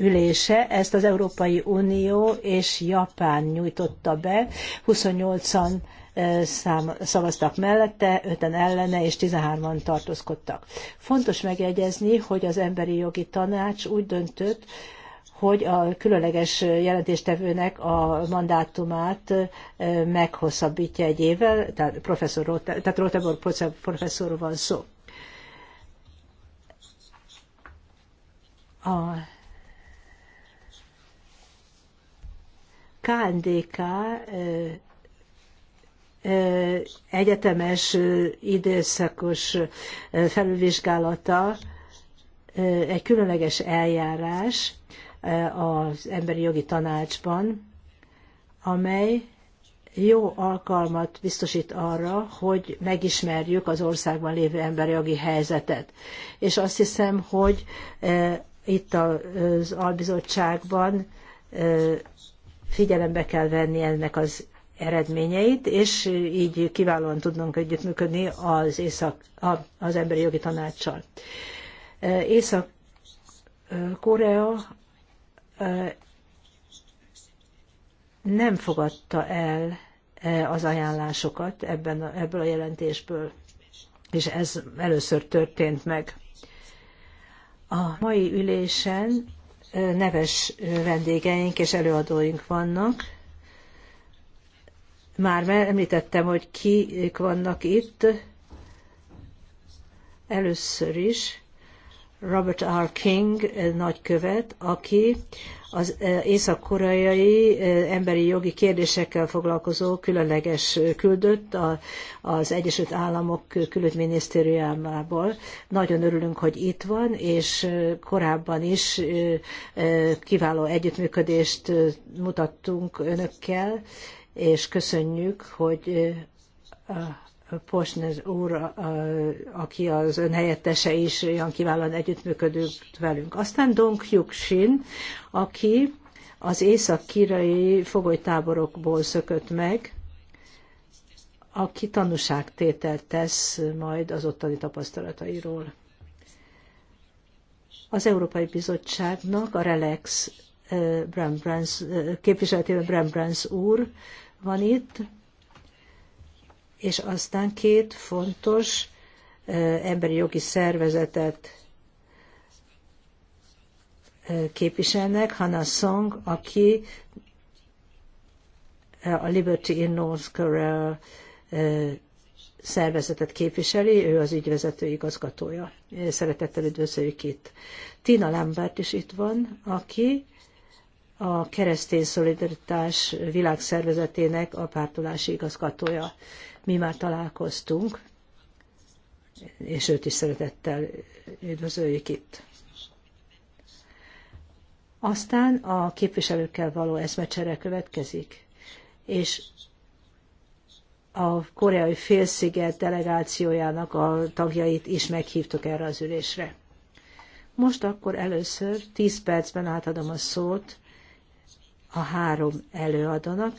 ülése. Ezt az Európai Unió és Japán nyújtotta be. 28-an szavaztak mellette, 5-en ellene és 13-an tartózkodtak. Fontos megjegyezni, hogy az emberi jogi tanács úgy döntött, hogy a különleges jelentéstevőnek a mandátumát meghosszabbítja egy évvel, tehát, professzor, tehát Rotenborg professzorról van szó. A KNDK egyetemes időszakos felülvizsgálata egy különleges eljárás, az Emberi Jogi Tanácsban, amely jó alkalmat biztosít arra, hogy megismerjük az országban lévő emberi jogi helyzetet. És azt hiszem, hogy e, itt az albizottságban e, figyelembe kell venni ennek az eredményeit, és így kiválóan tudnunk együttműködni az, észak, az emberi jogi tanácssal. E, Észak-Korea nem fogadta el az ajánlásokat ebben, ebből a jelentésből, és ez először történt meg. A mai ülésen neves vendégeink és előadóink vannak. Már említettem, hogy kik vannak itt. Először is Robert R. King eh, nagykövet, aki az eh, észak-koreai eh, emberi jogi kérdésekkel foglalkozó különleges küldött az Egyesült Államok külügyminisztériumából. Nagyon örülünk, hogy itt van, és korábban is kiváló együttműködést mutattunk önökkel, és köszönjük, hogy Posner úr, aki az ön helyettese is olyan kiválóan együttműködött velünk. Aztán Dong Hyuk-shin, aki az észak-kirai fogolytáborokból szökött meg, aki tanúságtételt tesz majd az ottani tapasztalatairól. Az Európai Bizottságnak a Relex Brembrans, eh, eh, képviseletében Brembrans úr van itt, és aztán két fontos emberi jogi szervezetet képviselnek, Hannah Song, aki a Liberty in North Korea szervezetet képviseli, ő az ügyvezető igazgatója. Szeretettel üdvözöljük itt. Tina Lambert is itt van, aki a Keresztény Szolidaritás Világszervezetének a pártolási igazgatója mi már találkoztunk, és őt is szeretettel üdvözöljük itt. Aztán a képviselőkkel való eszmecsere következik, és a koreai félsziget delegációjának a tagjait is meghívtuk erre az ülésre. Most akkor először 10 percben átadom a szót a három előadónak,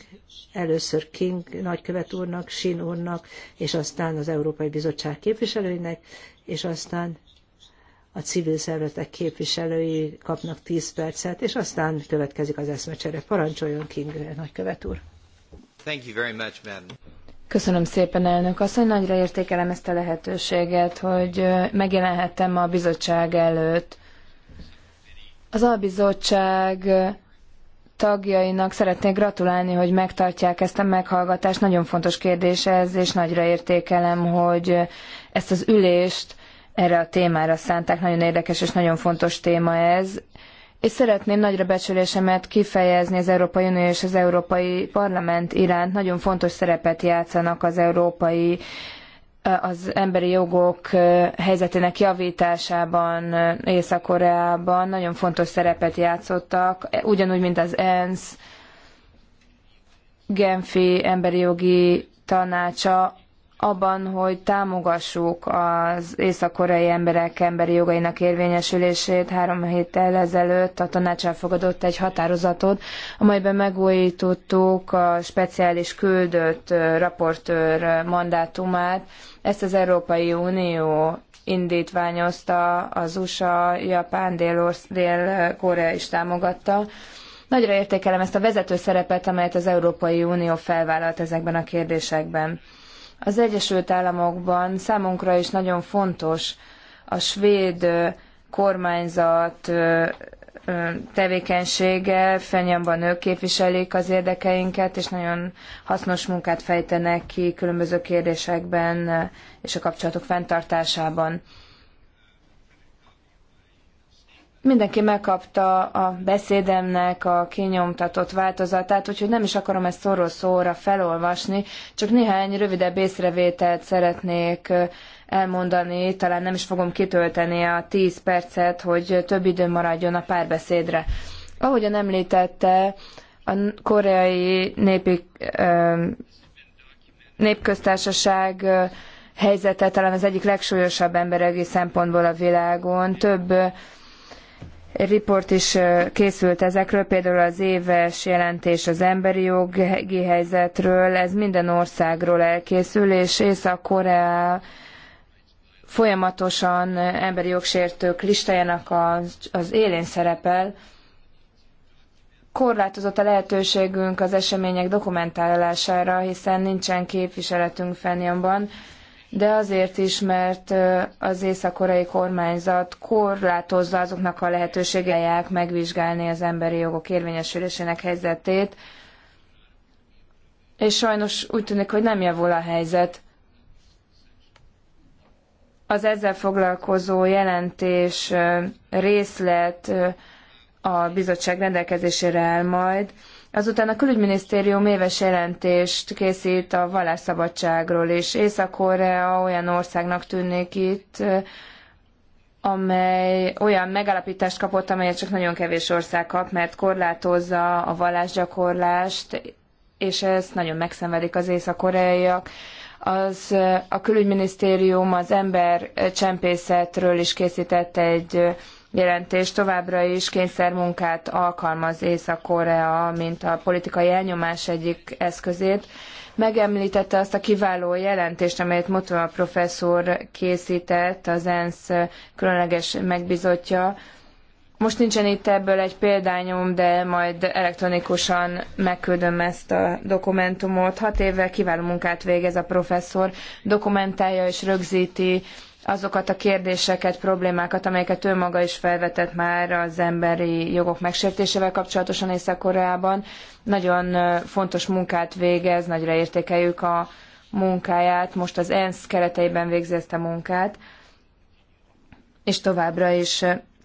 először King nagykövet úrnak, Sin úrnak, és aztán az Európai Bizottság képviselőinek, és aztán a civil szervezetek képviselői kapnak 10 percet, és aztán következik az eszmecsere. Parancsoljon King nagykövet úr! Thank you very much, madam. Köszönöm szépen, elnök asszony. Nagyra értékelem ezt a lehetőséget, hogy megjelenhettem a bizottság előtt. Az a bizottság tagjainak szeretnék gratulálni, hogy megtartják ezt a meghallgatást. Nagyon fontos kérdés ez, és nagyra értékelem, hogy ezt az ülést erre a témára szánták. Nagyon érdekes és nagyon fontos téma ez. És szeretném nagyra becsülésemet kifejezni az Európai Unió és az Európai Parlament iránt. Nagyon fontos szerepet játszanak az európai az emberi jogok helyzetének javításában Észak-Koreában nagyon fontos szerepet játszottak, ugyanúgy, mint az ENSZ, Genfi emberi jogi tanácsa abban, hogy támogassuk az észak-koreai emberek emberi jogainak érvényesülését. Három héttel ezelőtt a tanács elfogadott egy határozatot, amelyben megújítottuk a speciális küldött raportőr mandátumát, ezt az Európai Unió indítványozta, az USA, Japán, Dél-Korea is támogatta. Nagyra értékelem ezt a vezető szerepet, amelyet az Európai Unió felvállalt ezekben a kérdésekben. Az Egyesült Államokban számunkra is nagyon fontos a svéd kormányzat tevékenysége, fenyamban ők képviselik az érdekeinket, és nagyon hasznos munkát fejtenek ki különböző kérdésekben és a kapcsolatok fenntartásában. Mindenki megkapta a beszédemnek a kinyomtatott változatát, úgyhogy nem is akarom ezt szóról szóra felolvasni, csak néhány rövidebb észrevételt szeretnék elmondani, talán nem is fogom kitölteni a 10 percet, hogy több idő maradjon a párbeszédre. Ahogyan említette, a koreai népi, népköztársaság helyzete talán az egyik legsúlyosabb emberegi szempontból a világon. Több riport is készült ezekről, például az éves jelentés az emberi jogi helyzetről, ez minden országról elkészül, és Észak-Korea folyamatosan emberi jogsértők listájának az, az élén szerepel, korlátozott a lehetőségünk az események dokumentálására, hiszen nincsen képviseletünk Fenyonban, de azért is, mert az észak-koreai kormányzat korlátozza azoknak a lehetőségeják megvizsgálni az emberi jogok érvényesülésének helyzetét, és sajnos úgy tűnik, hogy nem javul a helyzet. Az ezzel foglalkozó jelentés részlet a bizottság rendelkezésére áll majd. Azután a külügyminisztérium éves jelentést készít a vallásszabadságról, és Észak-Korea olyan országnak tűnik itt, amely olyan megállapítást kapott, amelyet csak nagyon kevés ország kap, mert korlátozza a vallásgyakorlást, és ezt nagyon megszenvedik az észak-koreaiak az a külügyminisztérium az embercsempészetről is készített egy jelentést. Továbbra is kényszermunkát alkalmaz Észak-Korea, mint a politikai elnyomás egyik eszközét. Megemlítette azt a kiváló jelentést, amelyet Motova professzor készített, az ENSZ különleges megbizotja, most nincsen itt ebből egy példányom, de majd elektronikusan megküldöm ezt a dokumentumot. Hat évvel kiváló munkát végez a professzor, dokumentálja és rögzíti azokat a kérdéseket, problémákat, amelyeket ő maga is felvetett már az emberi jogok megsértésével kapcsolatosan Észak-Koreában. Nagyon fontos munkát végez, nagyra értékeljük a munkáját, most az ENSZ kereteiben végzi ezt a munkát, és továbbra is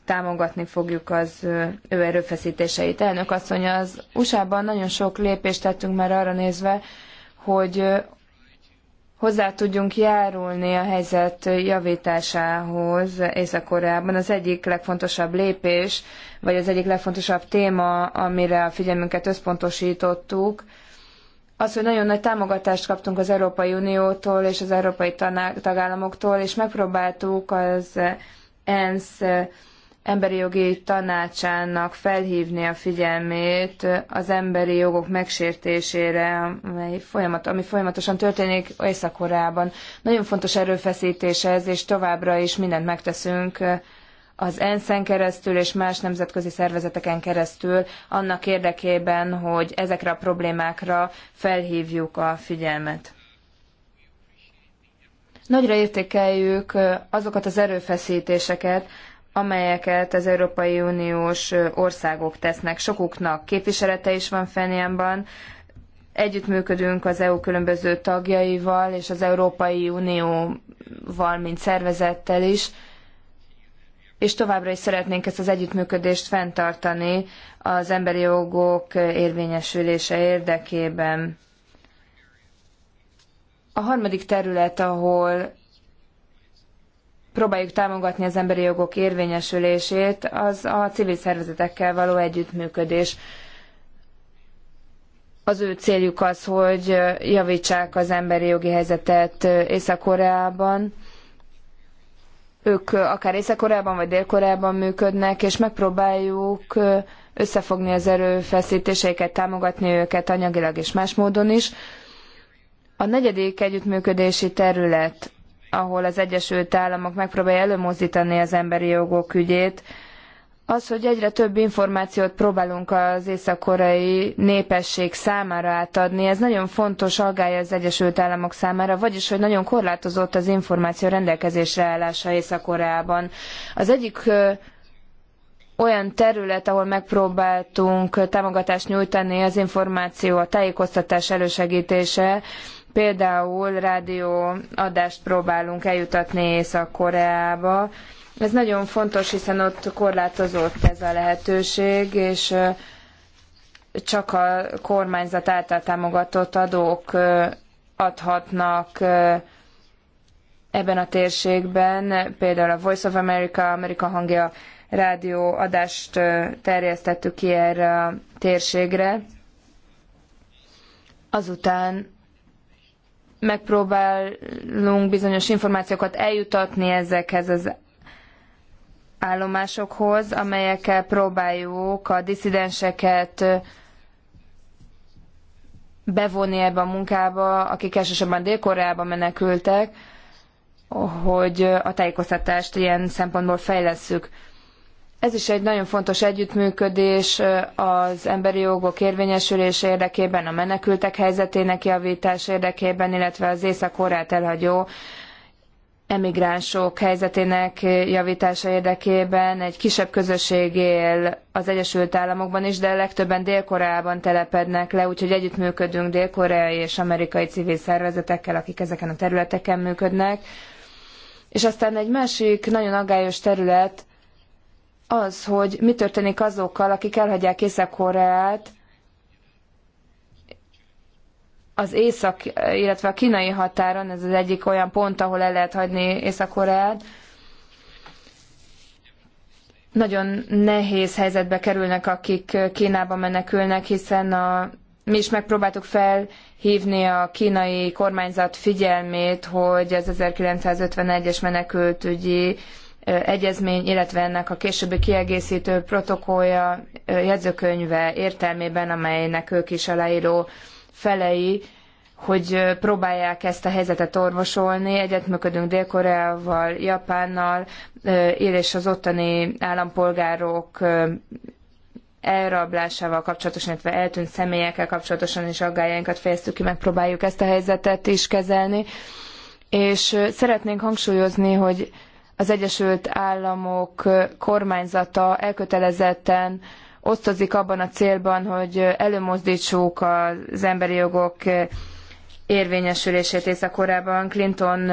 támogatni fogjuk az ő erőfeszítéseit. Elnök asszony, az USA-ban nagyon sok lépést tettünk már arra nézve, hogy hozzá tudjunk járulni a helyzet javításához Észak-Koreában. Az egyik legfontosabb lépés, vagy az egyik legfontosabb téma, amire a figyelmünket összpontosítottuk, az, hogy nagyon nagy támogatást kaptunk az Európai Uniótól és az európai tagállamoktól, és megpróbáltuk az ENSZ emberi jogi tanácsának felhívni a figyelmét az emberi jogok megsértésére, amely folyamat, ami folyamatosan történik Észak-Koreában. Nagyon fontos erőfeszítés ez, és továbbra is mindent megteszünk az ENSZ-en keresztül és más nemzetközi szervezeteken keresztül annak érdekében, hogy ezekre a problémákra felhívjuk a figyelmet. Nagyra értékeljük azokat az erőfeszítéseket, amelyeket az Európai Uniós országok tesznek. Sokuknak képviselete is van Fenyánban, együttműködünk az EU különböző tagjaival és az Európai Unióval, mint szervezettel is, és továbbra is szeretnénk ezt az együttműködést fenntartani az emberi jogok érvényesülése érdekében. A harmadik terület, ahol próbáljuk támogatni az emberi jogok érvényesülését, az a civil szervezetekkel való együttműködés. Az ő céljuk az, hogy javítsák az emberi jogi helyzetet Észak-Koreában. Ők akár Észak-Koreában vagy Dél-Koreában működnek, és megpróbáljuk összefogni az erőfeszítéseiket, támogatni őket anyagilag és más módon is. A negyedik együttműködési terület ahol az Egyesült Államok megpróbálja előmozdítani az emberi jogok ügyét, az, hogy egyre több információt próbálunk az észak-koreai népesség számára átadni, ez nagyon fontos aggája az Egyesült Államok számára, vagyis, hogy nagyon korlátozott az információ rendelkezésre állása Észak-Koreában. Az egyik olyan terület, ahol megpróbáltunk támogatást nyújtani az információ, a tájékoztatás elősegítése, Például rádióadást próbálunk eljutatni Észak-Koreába. Ez nagyon fontos, hiszen ott korlátozott ez a lehetőség, és csak a kormányzat által támogatott adók adhatnak ebben a térségben, például a Voice of America, Amerika hangja rádió adást terjesztettük ki erre a térségre. Azután megpróbálunk bizonyos információkat eljutatni ezekhez az állomásokhoz, amelyekkel próbáljuk a diszidenseket bevonni ebbe a munkába, akik elsősorban Dél-Koreába menekültek, hogy a tájékoztatást ilyen szempontból fejlesszük. Ez is egy nagyon fontos együttműködés az emberi jogok érvényesülése érdekében, a menekültek helyzetének javítás érdekében, illetve az észak koreát elhagyó emigránsok helyzetének javítása érdekében. Egy kisebb közösség él az Egyesült Államokban is, de legtöbben Dél-Koreában telepednek le, úgyhogy együttműködünk dél-koreai és amerikai civil szervezetekkel, akik ezeken a területeken működnek. És aztán egy másik nagyon aggályos terület, az, hogy mi történik azokkal, akik elhagyják Észak-Koreát, az észak, illetve a kínai határon, ez az egyik olyan pont, ahol el lehet hagyni Észak-Koreát, nagyon nehéz helyzetbe kerülnek, akik Kínába menekülnek, hiszen a, mi is megpróbáltuk felhívni a kínai kormányzat figyelmét, hogy az 1951-es menekültügyi egyezmény, illetve ennek a későbbi kiegészítő protokollja, jegyzőkönyve értelmében, amelynek ők is aláíró felei, hogy próbálják ezt a helyzetet orvosolni. Egyetműködünk Dél-Koreával, Japánnal, és az ottani állampolgárok elrablásával kapcsolatosan, illetve eltűnt személyekkel kapcsolatosan is aggájainkat fejeztük ki, megpróbáljuk ezt a helyzetet is kezelni. És szeretnénk hangsúlyozni, hogy az Egyesült Államok kormányzata elkötelezetten osztozik abban a célban, hogy előmozdítsuk az emberi jogok érvényesülését Észak-Koreában. Clinton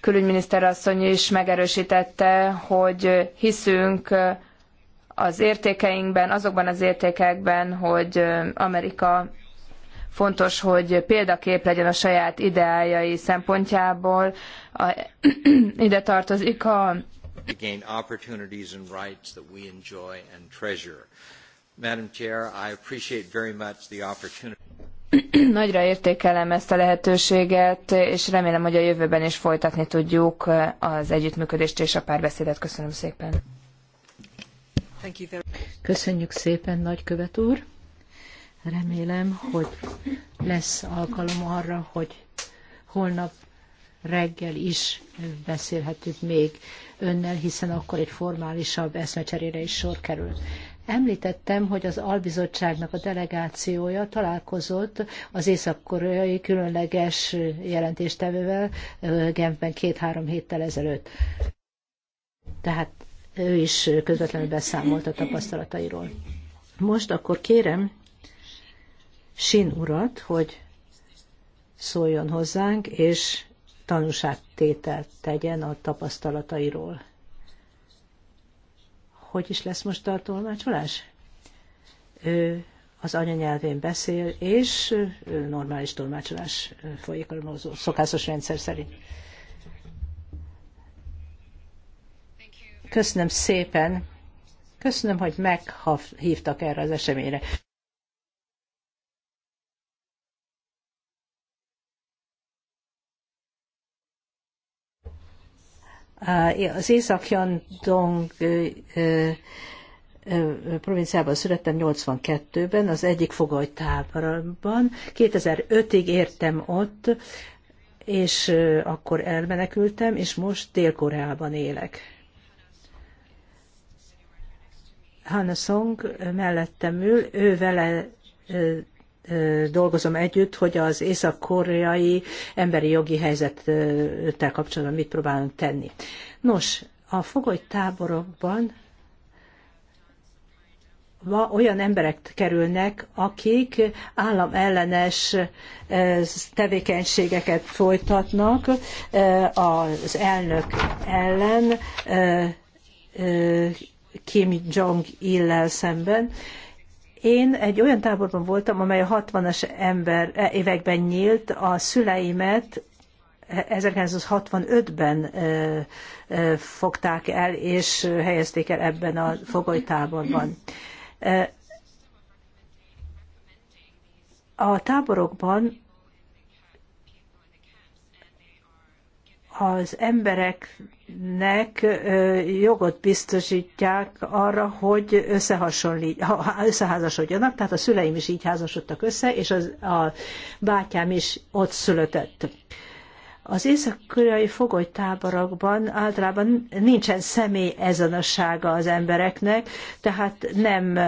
külügyminiszter asszony is megerősítette, hogy hiszünk az értékeinkben, azokban az értékekben, hogy Amerika fontos, hogy példakép legyen a saját ideájai szempontjából. A, [clears throat] ide tartozik a gain opportunities and rights that we enjoy and treasure. Madam Chair, I appreciate very much the opportunity. [clears throat] Nagyra értékelem ezt a lehetőséget, és remélem, hogy a jövőben is folytatni tudjuk az együttműködést és a párbeszédet. Köszönöm szépen. Köszönjük szépen, nagykövet úr. Remélem, hogy lesz alkalom arra, hogy holnap reggel is beszélhetünk még önnel, hiszen akkor egy formálisabb eszmecserére is sor kerül. Említettem, hogy az albizottságnak a delegációja találkozott az észak-koreai különleges jelentéstevővel Genfben két-három héttel ezelőtt. Tehát ő is közvetlenül beszámolt a tapasztalatairól. Most akkor kérem, Sin urat, hogy szóljon hozzánk, és tanúságtételt tegyen a tapasztalatairól. Hogy is lesz most a tolmácsolás? Ő az anyanyelvén beszél, és normális tolmácsolás folyik a szokásos rendszer szerint. Köszönöm szépen, köszönöm, hogy meghívtak erre az eseményre. Az észak dong provinciában születtem 82-ben, az egyik fogajtáborban. 2005-ig értem ott, és akkor elmenekültem, és most Dél-Koreában élek. Hanna Song mellettem ül, ő vele dolgozom együtt, hogy az észak-koreai emberi jogi helyzettel kapcsolatban mit próbálunk tenni. Nos, a fogolytáborokban olyan emberek kerülnek, akik államellenes tevékenységeket folytatnak az elnök ellen, Kim jong Il szemben, én egy olyan táborban voltam, amely a 60-as ember e, években nyílt, a szüleimet 1965-ben fogták el, és helyezték el ebben a fogolytáborban. A táborokban az embereknek jogot biztosítják arra, hogy összeházasodjanak, tehát a szüleim is így házasodtak össze, és az, a bátyám is ott született. Az észak-koreai fogolytáborokban általában nincsen személy ezonossága az embereknek, tehát nem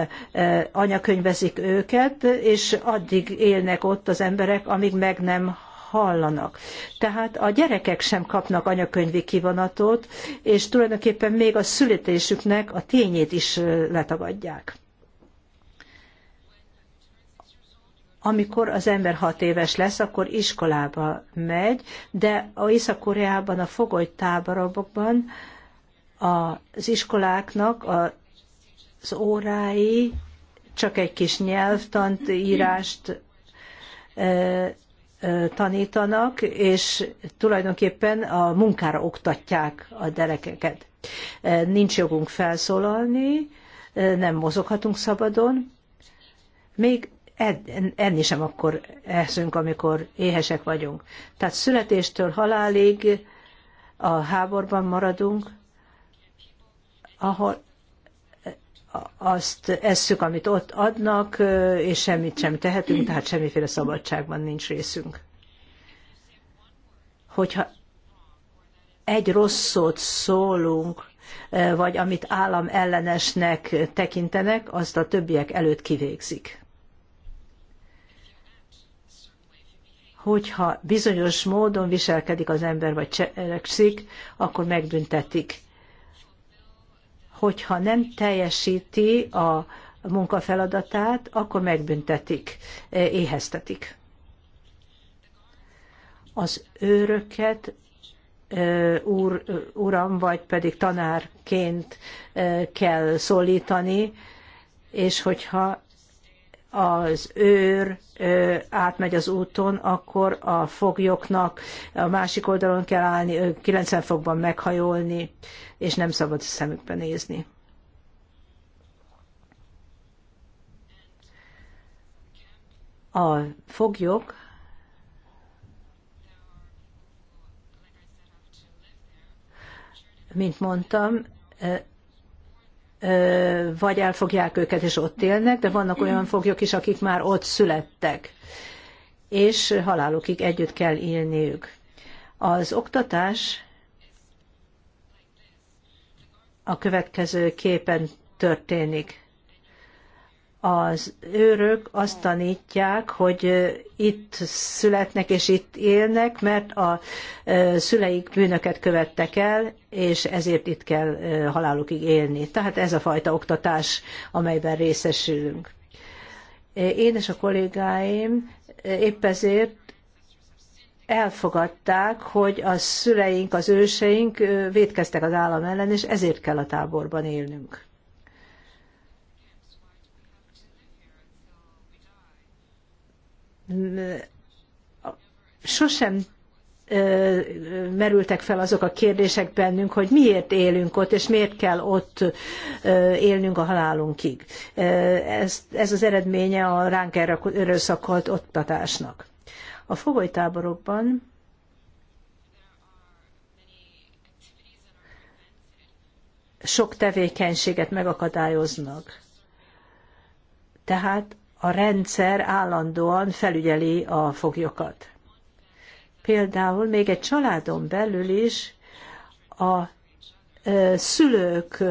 anyakönyvezik őket, és addig élnek ott az emberek, amíg meg nem hallanak. Tehát a gyerekek sem kapnak anyakönyvi kivonatot, és tulajdonképpen még a születésüknek a tényét is letagadják. amikor az ember hat éves lesz, akkor iskolába megy, de a Észak-Koreában, a fogolytáborokban az iskoláknak a, az órái csak egy kis nyelvtant, írást tanítanak, és tulajdonképpen a munkára oktatják a gyerekeket. Nincs jogunk felszólalni, nem mozoghatunk szabadon, még enni sem akkor eszünk, amikor éhesek vagyunk. Tehát születéstől halálig a háborban maradunk, ahol azt esszük, amit ott adnak, és semmit sem tehetünk, tehát semmiféle szabadságban nincs részünk. Hogyha egy rossz szót szólunk, vagy amit állam ellenesnek tekintenek, azt a többiek előtt kivégzik. Hogyha bizonyos módon viselkedik az ember, vagy cselekszik, akkor megbüntetik hogyha nem teljesíti a munkafeladatát, akkor megbüntetik, e, éheztetik. Az őröket e, úr, uram, vagy pedig tanárként e, kell szólítani, és hogyha az őr átmegy az úton, akkor a foglyoknak a másik oldalon kell állni, 90 fokban meghajolni, és nem szabad a szemükbe nézni. A foglyok mint mondtam, vagy elfogják őket, és ott élnek, de vannak olyan foglyok is, akik már ott születtek, és halálukig együtt kell élniük. Az oktatás a következő képen történik az őrök azt tanítják, hogy itt születnek és itt élnek, mert a szüleik bűnöket követtek el, és ezért itt kell halálukig élni. Tehát ez a fajta oktatás, amelyben részesülünk. Én és a kollégáim épp ezért elfogadták, hogy a szüleink, az őseink védkeztek az állam ellen, és ezért kell a táborban élnünk. sosem merültek fel azok a kérdések bennünk, hogy miért élünk ott, és miért kell ott élnünk a halálunkig. Ez, ez az eredménye a ránk erőszakolt ottatásnak. A fogolytáborokban sok tevékenységet megakadályoznak. Tehát a rendszer állandóan felügyeli a foglyokat. Például még egy családon belül is a szülők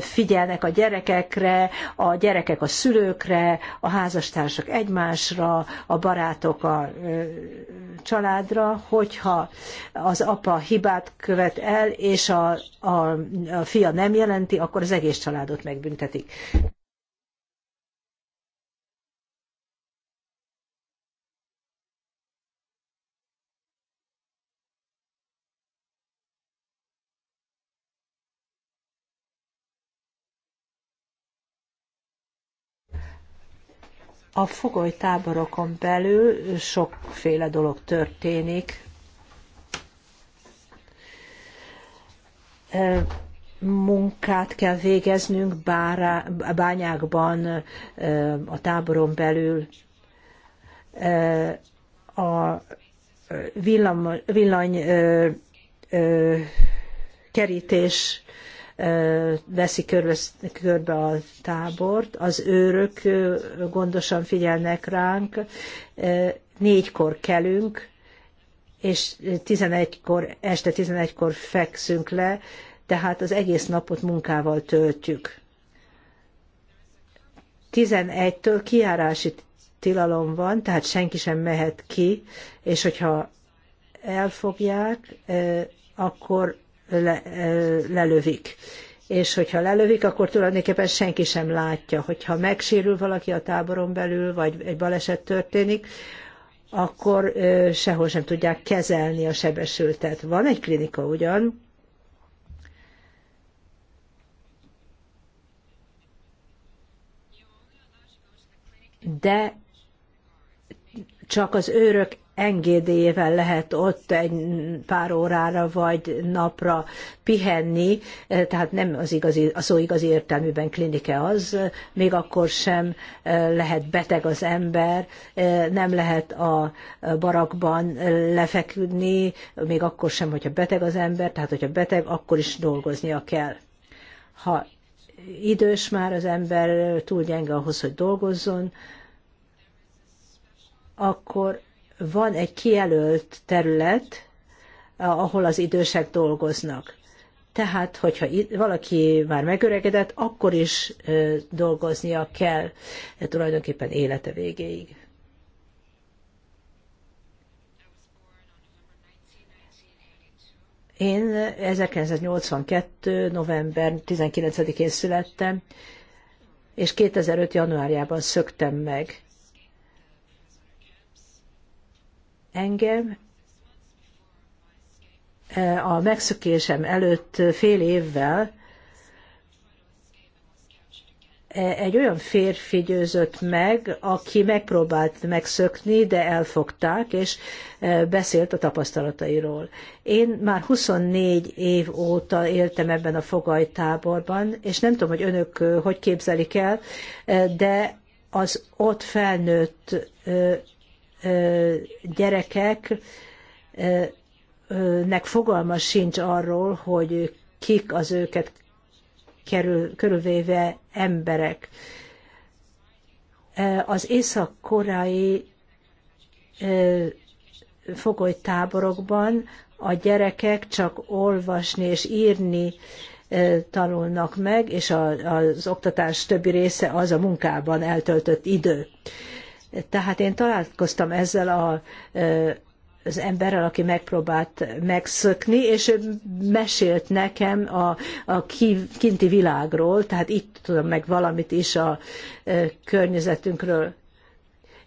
figyelnek a gyerekekre, a gyerekek a szülőkre, a házastársak egymásra, a barátok a családra, hogyha az apa hibát követ el, és a, a, a fia nem jelenti, akkor az egész családot megbüntetik. A táborokon belül sokféle dolog történik. Munkát kell végeznünk bárá, bányákban, a táboron belül. A villam, villany kerítés veszi körbe, körbe a tábort, az őrök gondosan figyelnek ránk, négykor kelünk, és 11-kor, este 11-kor fekszünk le, tehát az egész napot munkával töltjük. 11-től kiárási tilalom van, tehát senki sem mehet ki, és hogyha elfogják, akkor le, lelövik. És hogyha lelövik, akkor tulajdonképpen senki sem látja. Hogyha megsérül valaki a táboron belül, vagy egy baleset történik, akkor sehol sem tudják kezelni a sebesültet. Van egy klinika ugyan, de csak az őrök engedélyével lehet ott egy pár órára vagy napra pihenni, e, tehát nem az igazi, a szó igazi értelműben klinike az, még akkor sem e, lehet beteg az ember, e, nem lehet a barakban lefeküdni, még akkor sem, hogyha beteg az ember, tehát hogyha beteg, akkor is dolgoznia kell. Ha idős már az ember, túl gyenge ahhoz, hogy dolgozzon, akkor van egy kijelölt terület, ahol az idősek dolgoznak. Tehát, hogyha valaki már megöregedett, akkor is dolgoznia kell e, tulajdonképpen élete végéig. Én 1982. november 19-én születtem, és 2005. januárjában szöktem meg. Engem eh, a megszökésem előtt eh, fél évvel eh, egy olyan férfi győzött meg, aki megpróbált megszökni, de elfogták, és beszélt a tapasztalatairól. Én már 24 év óta éltem ebben a fogajtáborban, és nem tudom, hogy önök hogy képzelik el, de az ott felnőtt gyerekeknek fogalma sincs arról, hogy kik az őket kerül, körülvéve emberek. Az észak-koreai fogolytáborokban a gyerekek csak olvasni és írni tanulnak meg, és az oktatás többi része az a munkában eltöltött idő. Tehát én találkoztam ezzel a, az emberrel, aki megpróbált megszökni, és ő mesélt nekem a, a kinti világról, tehát itt tudom meg valamit is a környezetünkről.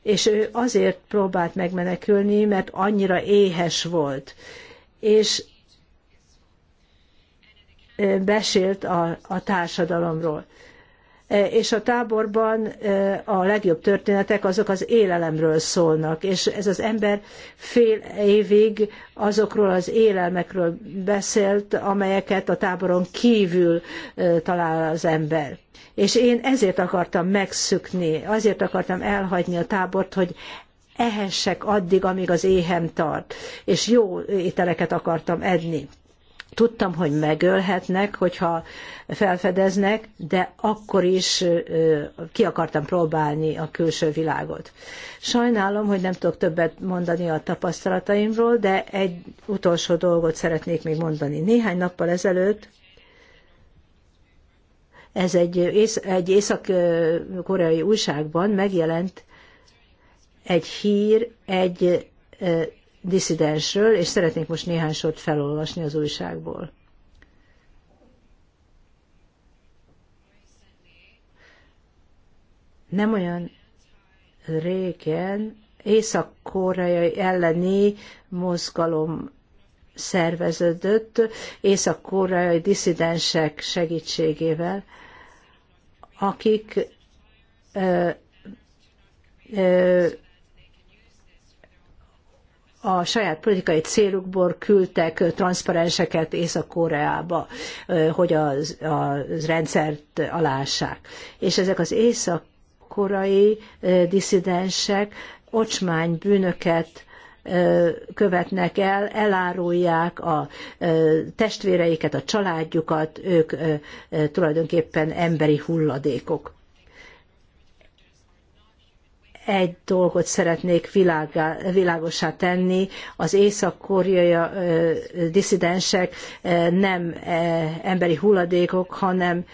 És ő azért próbált megmenekülni, mert annyira éhes volt. És besélt a, a társadalomról. E, és a táborban e, a legjobb történetek azok az élelemről szólnak, és ez az ember fél évig azokról az élelmekről beszélt, amelyeket a táboron kívül e, talál az ember. És én ezért akartam megszökni, azért akartam elhagyni a tábort, hogy ehessek addig, amíg az éhem tart, és jó ételeket akartam edni. Tudtam, hogy megölhetnek, hogyha felfedeznek, de akkor is ki akartam próbálni a külső világot. Sajnálom, hogy nem tudok többet mondani a tapasztalataimról, de egy utolsó dolgot szeretnék még mondani. Néhány nappal ezelőtt ez egy, egy észak-koreai újságban megjelent egy hír egy diszidensről, és szeretnék most néhány sort felolvasni az újságból. Nem olyan régen észak-koreai elleni mozgalom szerveződött észak-koreai diszidensek segítségével, akik ö, ö, a saját politikai célukból küldtek transzparenseket Észak-Koreába, hogy az, az rendszert alássák. És ezek az észak-korai disszidensek ocsmány bűnöket követnek el, elárulják a testvéreiket, a családjukat, ők tulajdonképpen emberi hulladékok egy dolgot szeretnék világá, világosá tenni, az észak-koreai diszidensek nem emberi hulladékok, hanem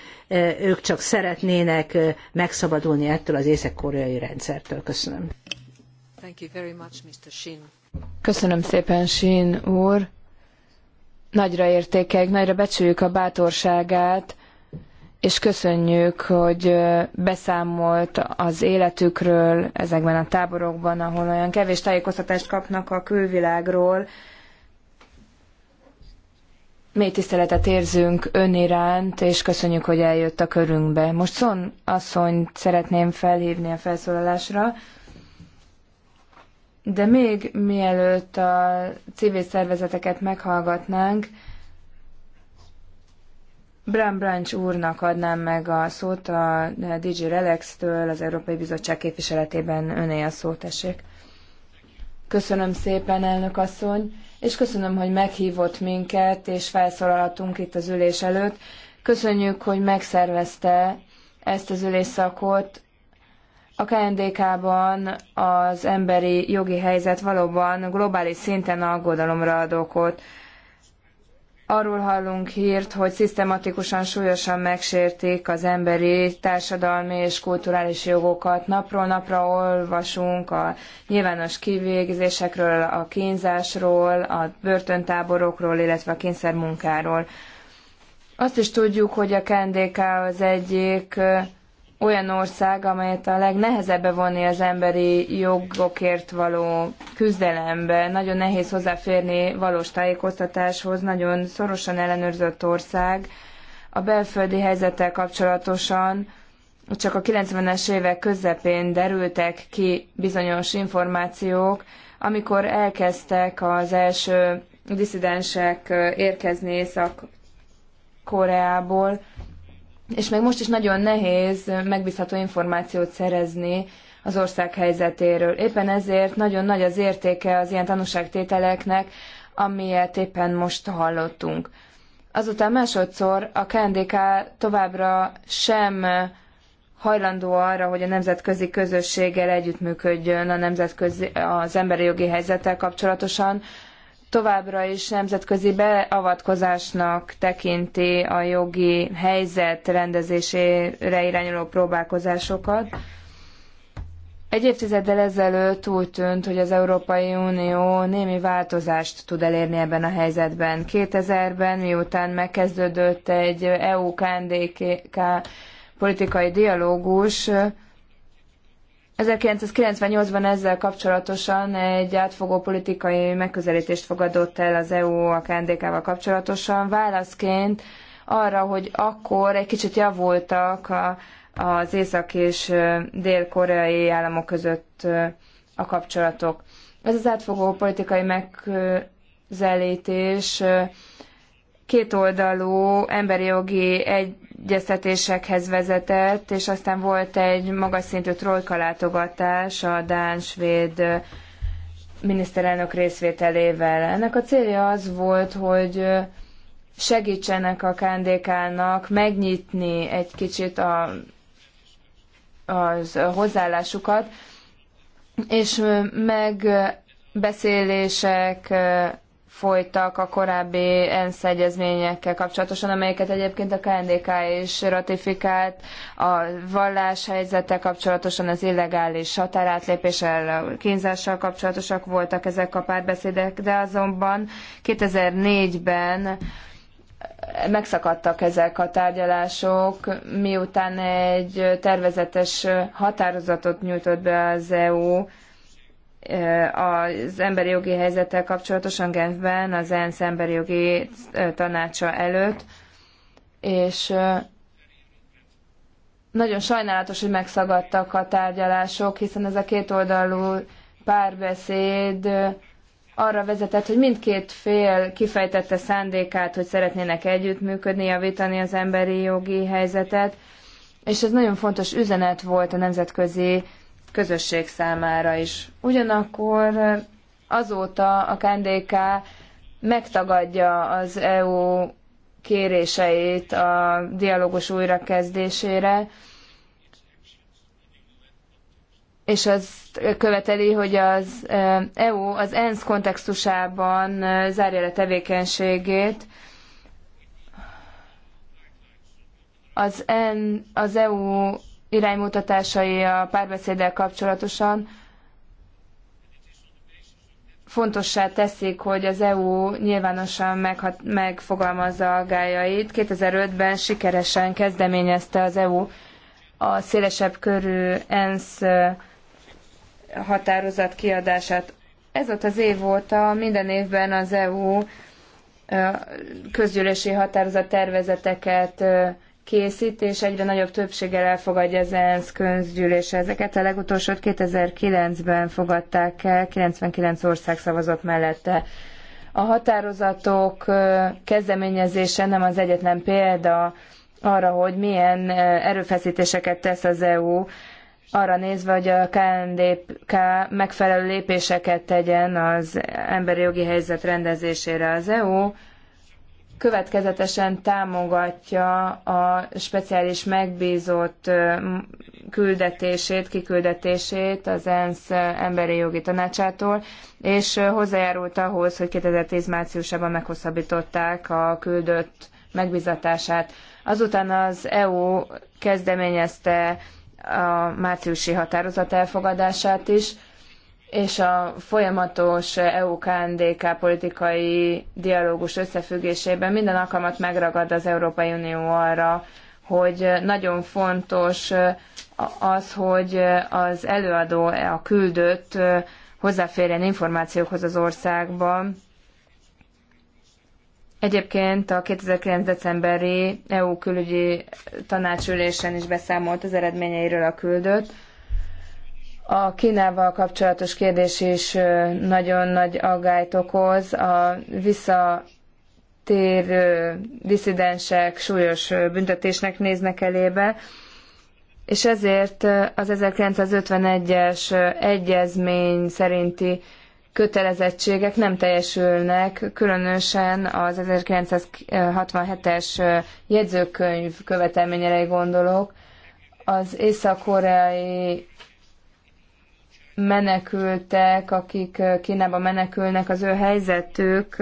ők csak szeretnének megszabadulni ettől az észak-koreai rendszertől. Köszönöm. Much, Köszönöm szépen, Shin úr. Nagyra értékeljük, nagyra becsüljük a bátorságát, és köszönjük, hogy beszámolt az életükről ezekben a táborokban, ahol olyan kevés tájékoztatást kapnak a külvilágról. Mély tiszteletet érzünk ön iránt, és köszönjük, hogy eljött a körünkbe. Most Szon asszonyt szeretném felhívni a felszólalásra, de még mielőtt a civil szervezeteket meghallgatnánk, Bram Branch úrnak adnám meg a szót a DG Relax-től, az Európai Bizottság képviseletében öné a szót, tessék. Köszönöm szépen, elnök asszony, és köszönöm, hogy meghívott minket, és felszólalhatunk itt az ülés előtt. Köszönjük, hogy megszervezte ezt az ülésszakot. A KNDK-ban az emberi jogi helyzet valóban globális szinten aggodalomra ad okot. Arról hallunk hírt, hogy szisztematikusan súlyosan megsértik az emberi, társadalmi és kulturális jogokat. Napról napra olvasunk a nyilvános kivégzésekről, a kínzásról, a börtöntáborokról, illetve a kényszermunkáról. Azt is tudjuk, hogy a KNDK az egyik olyan ország, amelyet a legnehezebb bevonni az emberi jogokért való küzdelembe. Nagyon nehéz hozzáférni valós tájékoztatáshoz, nagyon szorosan ellenőrzött ország. A belföldi helyzettel kapcsolatosan csak a 90-es évek közepén derültek ki bizonyos információk, amikor elkezdtek az első diszidensek érkezni Észak-Koreából, és még most is nagyon nehéz megbízható információt szerezni az ország helyzetéről. Éppen ezért nagyon nagy az értéke az ilyen tanúságtételeknek, amilyet éppen most hallottunk. Azután másodszor a KNDK továbbra sem hajlandó arra, hogy a nemzetközi közösséggel együttműködjön a nemzetközi, az emberi jogi helyzettel kapcsolatosan, továbbra is nemzetközi beavatkozásnak tekinti a jogi helyzet rendezésére irányuló próbálkozásokat. Egy évtizeddel ezelőtt úgy tűnt, hogy az Európai Unió némi változást tud elérni ebben a helyzetben. 2000-ben, miután megkezdődött egy EU-KNDK politikai dialógus, 1998-ban ezzel kapcsolatosan egy átfogó politikai megközelítést fogadott el az EU a KNDK-val kapcsolatosan, válaszként arra, hogy akkor egy kicsit javultak a, az észak és dél-koreai államok között a kapcsolatok. Ez az átfogó politikai megközelítés kétoldalú emberi jogi egyeztetésekhez vezetett, és aztán volt egy magas szintű trojka látogatás a Dán-Svéd miniszterelnök részvételével. Ennek a célja az volt, hogy segítsenek a KNDK-nak megnyitni egy kicsit a, az hozzáállásukat, és megbeszélések folytak a korábbi ENSZ egyezményekkel kapcsolatosan, amelyeket egyébként a KNDK is ratifikált, a vallás helyzettel kapcsolatosan, az illegális határátlépéssel, a kínzással kapcsolatosak voltak ezek a párbeszédek, de azonban 2004-ben megszakadtak ezek a tárgyalások, miután egy tervezetes határozatot nyújtott be az EU az emberi jogi helyzettel kapcsolatosan Genfben, az ENSZ emberi jogi tanácsa előtt, és nagyon sajnálatos, hogy megszagadtak a tárgyalások, hiszen ez a kétoldalú párbeszéd arra vezetett, hogy mindkét fél kifejtette szándékát, hogy szeretnének együttműködni, javítani az emberi jogi helyzetet, és ez nagyon fontos üzenet volt a nemzetközi közösség számára is. Ugyanakkor azóta a KNDK megtagadja az EU kéréseit a dialógus újrakezdésére, és azt követeli, hogy az EU eh, e az ENSZ kontextusában eh, zárja le tevékenységét. Az, en, az EU iránymutatásai a párbeszéddel kapcsolatosan fontossá teszik, hogy az EU nyilvánosan meghat, megfogalmazza aggájait. 2005-ben sikeresen kezdeményezte az EU a szélesebb körű ENSZ határozat kiadását. Ez ott az év óta minden évben az EU közgyűlési határozat tervezeteket készít, és egyre nagyobb többséggel elfogadja az ENSZ közgyűlése ezeket. A legutolsót 2009-ben fogadták el, 99 ország szavazott mellette. A határozatok kezdeményezése nem az egyetlen példa arra, hogy milyen erőfeszítéseket tesz az EU, arra nézve, hogy a KNDK megfelelő lépéseket tegyen az emberi jogi helyzet rendezésére az EU, következetesen támogatja a speciális megbízott küldetését, kiküldetését az ENSZ emberi jogi tanácsától, és hozzájárult ahhoz, hogy 2010 márciusában meghosszabbították a küldött megbizatását. Azután az EU kezdeményezte a márciusi határozat elfogadását is, és a folyamatos EU-KNDK politikai dialógus összefüggésében minden alkalmat megragad az Európai Unió arra, hogy nagyon fontos az, hogy az előadó, a küldött hozzáférjen információkhoz az országban. Egyébként a 2009. decemberi EU külügyi tanácsülésen is beszámolt az eredményeiről a küldött. A Kínával kapcsolatos kérdés is nagyon nagy aggályt okoz. A visszatérő diszidensek súlyos büntetésnek néznek elébe, és ezért az 1951-es egyezmény szerinti kötelezettségek nem teljesülnek, különösen az 1967-es jegyzőkönyv követelményeire gondolok. Az észak-koreai menekültek, akik Kínába menekülnek, az ő helyzetük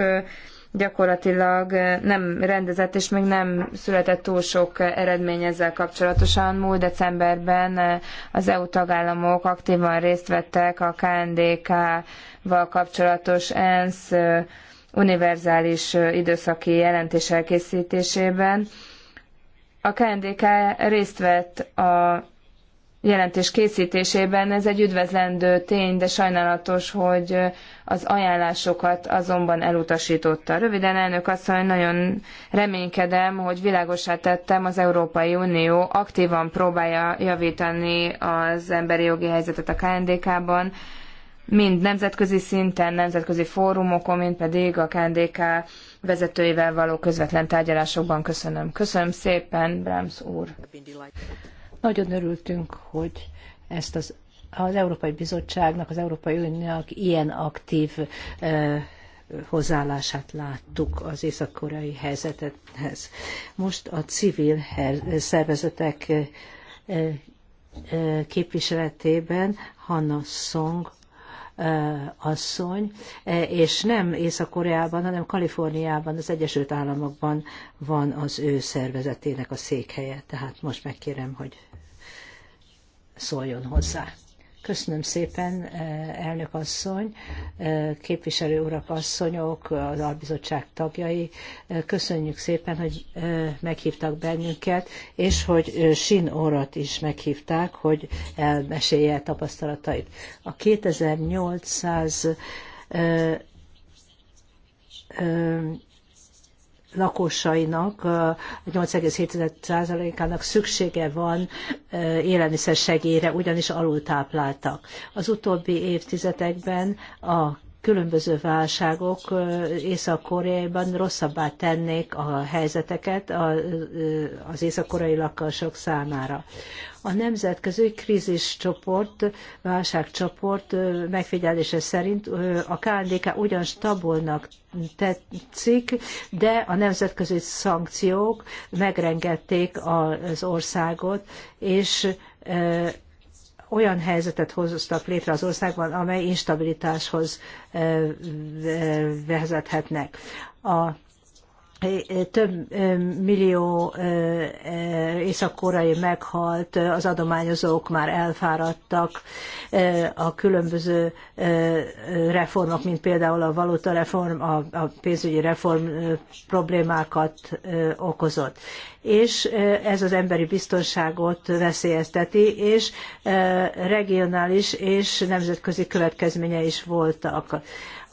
gyakorlatilag nem rendezett, és még nem született túl sok eredmény ezzel kapcsolatosan. Múlt decemberben az EU tagállamok aktívan részt vettek a KNDK-val kapcsolatos ENSZ univerzális időszaki jelentés elkészítésében. A KNDK részt vett a jelentés készítésében. Ez egy üdvözlendő tény, de sajnálatos, hogy az ajánlásokat azonban elutasította. Röviden elnök asszony, nagyon reménykedem, hogy világosá tettem, az Európai Unió aktívan próbálja javítani az emberi jogi helyzetet a KNDK-ban, mind nemzetközi szinten, nemzetközi fórumokon, mind pedig a KNDK vezetőivel való közvetlen tárgyalásokban. Köszönöm. Köszönöm szépen, Brahms úr. Nagyon örültünk, hogy ezt az, az Európai Bizottságnak, az Európai Uniónak ilyen aktív eh, hozzáállását láttuk az észak-koreai helyzethez. Most a civil szervezetek eh, képviseletében Hanna Song asszony, és nem Észak-Koreában, hanem Kaliforniában, az Egyesült Államokban van az ő szervezetének a székhelye. Tehát most megkérem, hogy szóljon hozzá. Köszönöm szépen, eh, elnök asszony, eh, képviselő urak asszonyok, az albizottság tagjai. Eh, köszönjük szépen, hogy meghívtak bennünket, és hogy Sin Orat is meghívták, hogy elmesélje tapasztalatait. A 2800 lakosainak, 8,7%-ának szüksége van élelmiszer segélyre, ugyanis alultápláltak. Az utóbbi évtizedekben a különböző válságok Észak-Koreában rosszabbá tennék a helyzeteket az észak-koreai lakosok számára. A nemzetközi kríziscsoport, válságcsoport megfigyelése szerint a KNDK ugyan stabilnak tetszik, de a nemzetközi szankciók megrengették az országot, és olyan helyzetet hoztak létre az országban, amely instabilitáshoz vezethetnek. A több millió észak-koreai meghalt, az adományozók már elfáradtak, a különböző reformok, mint például a valutareform, a pénzügyi reform problémákat okozott. És ez az emberi biztonságot veszélyezteti, és regionális és nemzetközi következményei is voltak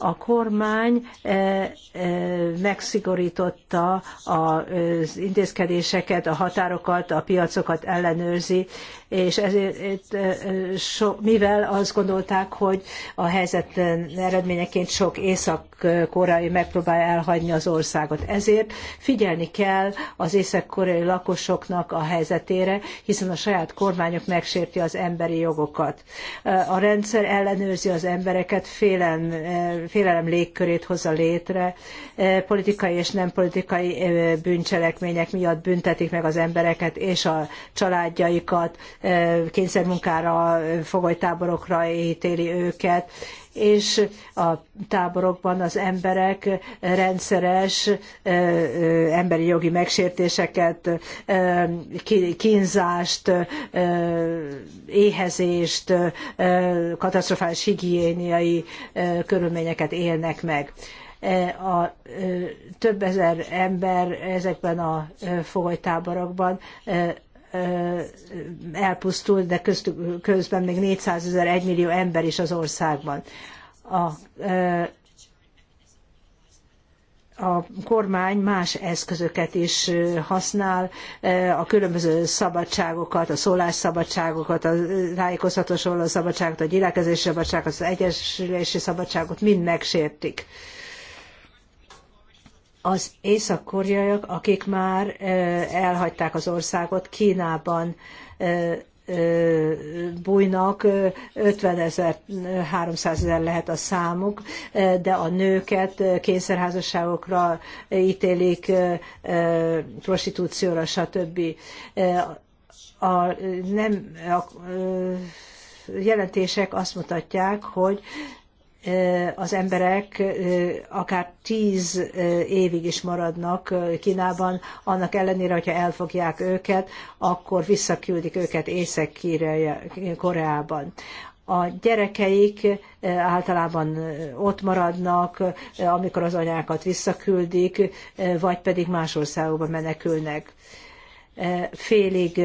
a kormány eh, eh, megszigorította eh, az intézkedéseket, a határokat, a piacokat ellenőrzi, és ezért, so, mivel azt gondolták, hogy a helyzet eredményeként sok észak-koreai megpróbál elhagyni az országot. Ezért figyelni kell az észak-koreai lakosoknak a helyzetére, hiszen a saját kormányok megsérti az emberi jogokat. A rendszer ellenőrzi az embereket, félelem, félelem légkörét hozza létre, politikai és nem politikai bűncselekmények miatt büntetik meg az embereket és a családjaikat, kényszermunkára, fogolytáborokra ítéli őket, és a táborokban az emberek rendszeres emberi jogi megsértéseket, kínzást, éhezést, katasztrofális higiéniai körülményeket élnek meg e, a több ezer ember ezekben a fogolytáborokban elpusztult, de köztük, közben még 400 ezer, 1 millió ember is az országban. A, a kormány más eszközöket is használ, a különböző szabadságokat, a szólásszabadságokat, a tájékoztatásról a szabadságot, a gyülekezési szabadságot, az egyesülési szabadságot mind megsértik az észak-koreaiak, akik már elhagyták az országot, Kínában bújnak, 50 ezer, 300 ezer lehet a számuk, de a nőket kényszerházasságokra ítélik, prostitúcióra, stb. A, nem, a, jelentések azt mutatják, hogy Eh, az emberek eh, akár tíz eh, évig is maradnak Kínában, annak ellenére, hogyha elfogják őket, akkor visszaküldik őket Észak-Koreában. A gyerekeik általában ott maradnak, amikor az anyákat visszaküldik, vagy pedig más országokba menekülnek félig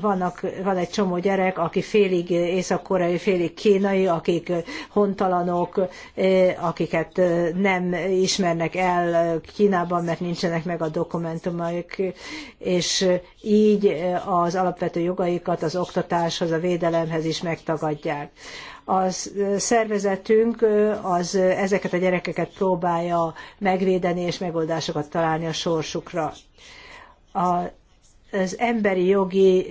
vannak, van egy csomó gyerek, aki félig észak-koreai, félig kínai, akik hontalanok, akiket nem ismernek el Kínában, mert nincsenek meg a dokumentumaik, és így az alapvető jogaikat az oktatáshoz, a védelemhez is megtagadják a szervezetünk az ezeket a gyerekeket próbálja megvédeni és megoldásokat találni a sorsukra. A az emberi jogi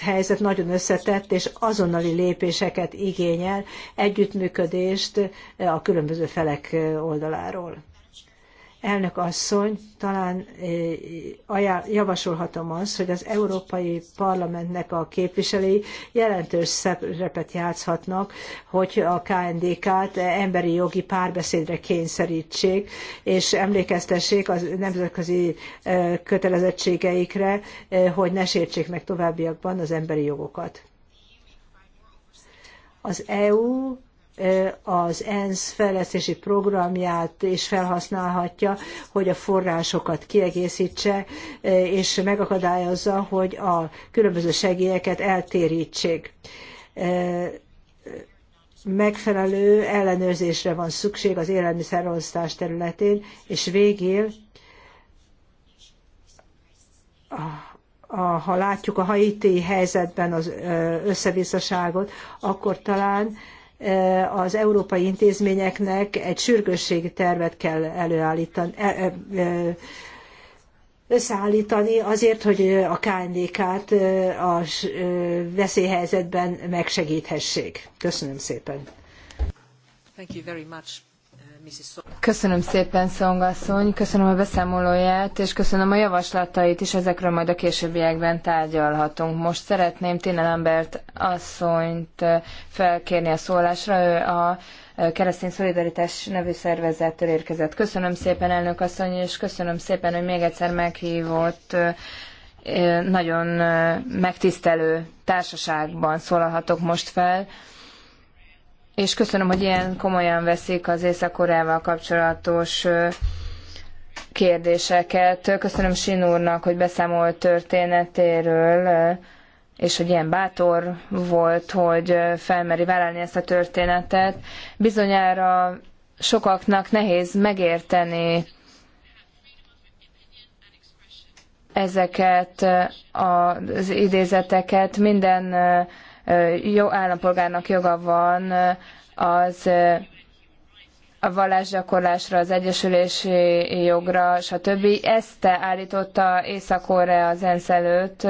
helyzet nagyon összetett, és azonnali lépéseket igényel, együttműködést a különböző felek oldaláról. Elnök asszony, talán eh, javasolhatom azt, hogy az Európai Parlamentnek a képviselői jelentős szerepet játszhatnak, hogy a KNDK-t emberi jogi párbeszédre kényszerítsék, és emlékeztessék az nemzetközi eh, kötelezettségeikre, eh, hogy ne sértsék meg továbbiakban az emberi jogokat. Az EU az ENSZ fejlesztési programját is felhasználhatja, hogy a forrásokat kiegészítse, és megakadályozza, hogy a különböző segélyeket eltérítsék megfelelő ellenőrzésre van szükség az élelmiszerosztás területén, és végül, ha látjuk a haiti helyzetben az összevisszaságot, akkor talán Eh, az európai intézményeknek egy sürgősségi tervet kell előállítani, eh, eh, összeállítani azért, hogy a KNDK-t a veszélyhelyzetben megsegíthessék. Köszönöm szépen. Thank you very much. Köszönöm szépen, Szongasszony, köszönöm a beszámolóját, és köszönöm a javaslatait is, ezekről majd a későbbiekben tárgyalhatunk. Most szeretném Tina Lambert asszonyt eh, felkérni a szólásra, ő a eh, Keresztény Szolidaritás nevű szervezettől érkezett. Köszönöm szépen, elnök asszony, és köszönöm szépen, hogy még egyszer meghívott eh, nagyon megtisztelő társaságban szólalhatok most fel és köszönöm, hogy ilyen komolyan veszik az Észak-Koreával kapcsolatos kérdéseket. Köszönöm Sin úrnak, hogy beszámolt történetéről, és hogy ilyen bátor volt, hogy felmeri vállalni ezt a történetet. Bizonyára sokaknak nehéz megérteni ezeket az idézeteket. Minden jó állampolgárnak joga van az a vallásgyakorlásra, az egyesülési jogra, stb. Ezt állította Észak-Korea az ENSZ előtt,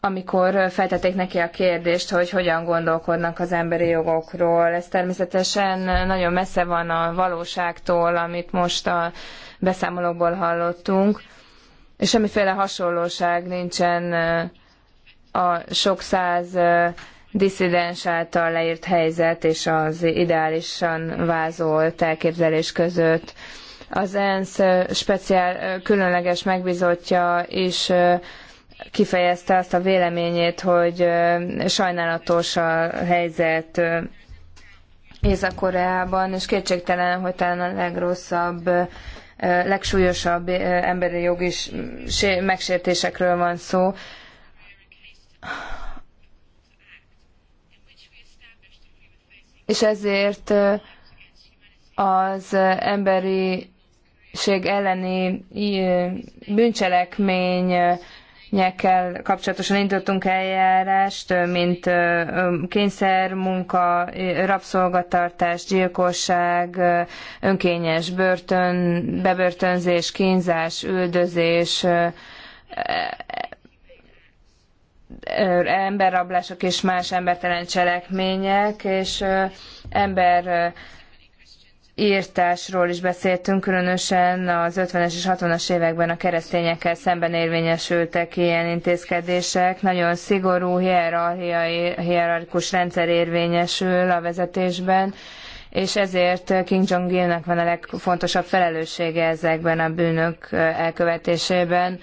amikor feltették neki a kérdést, hogy hogyan gondolkodnak az emberi jogokról. Ez természetesen nagyon messze van a valóságtól, amit most a beszámolókból hallottunk, és semmiféle hasonlóság nincsen a sok száz diszidens által leírt helyzet és az ideálisan vázolt elképzelés között. Az ENSZ speciál különleges megbizotja is kifejezte azt a véleményét, hogy sajnálatos a helyzet Észak-Koreában, és kétségtelen, hogy talán a legrosszabb, legsúlyosabb emberi jogi megsértésekről van szó és ezért az emberi ség elleni bűncselekmény nyekkel kapcsolatosan indítottunk eljárást, mint kényszer, munka, rabszolgatartás, gyilkosság, önkényes börtön, bebörtönzés, kínzás, üldözés, emberrablások és más embertelen cselekmények, és ember írtásról is beszéltünk, különösen az 50-es és 60-as években a keresztényekkel szemben érvényesültek ilyen intézkedések. Nagyon szigorú hierarchikus rendszer érvényesül a vezetésben, és ezért King jong ilnek van a legfontosabb felelőssége ezekben a bűnök elkövetésében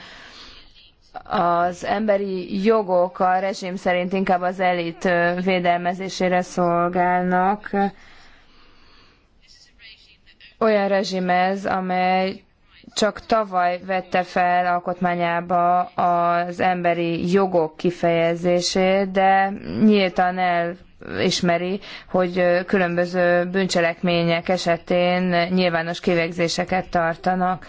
az emberi jogok a rezsim szerint inkább az elit védelmezésére szolgálnak. Olyan rezsim ez, amely csak tavaly vette fel alkotmányába az emberi jogok kifejezését, de nyíltan elismeri, hogy különböző bűncselekmények esetén nyilvános kivégzéseket tartanak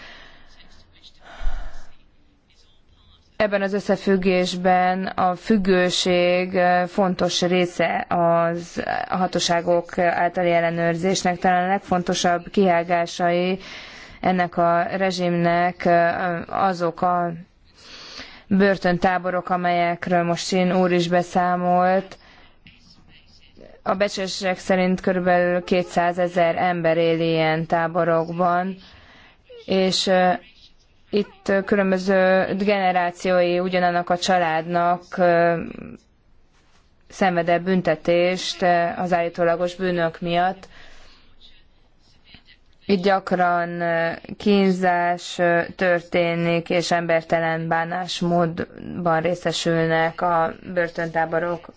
Ebben az összefüggésben a függőség fontos része az a hatóságok általi ellenőrzésnek, talán a legfontosabb kihágásai ennek a rezsimnek azok a börtöntáborok, amelyekről most Sin úr is beszámolt. A becsések szerint körülbelül 200 ezer ember él ilyen táborokban, és itt különböző generációi ugyanannak a családnak szenved el büntetést az állítólagos bűnök miatt. Itt gyakran kínzás történik, és embertelen bánásmódban részesülnek a börtöntáborok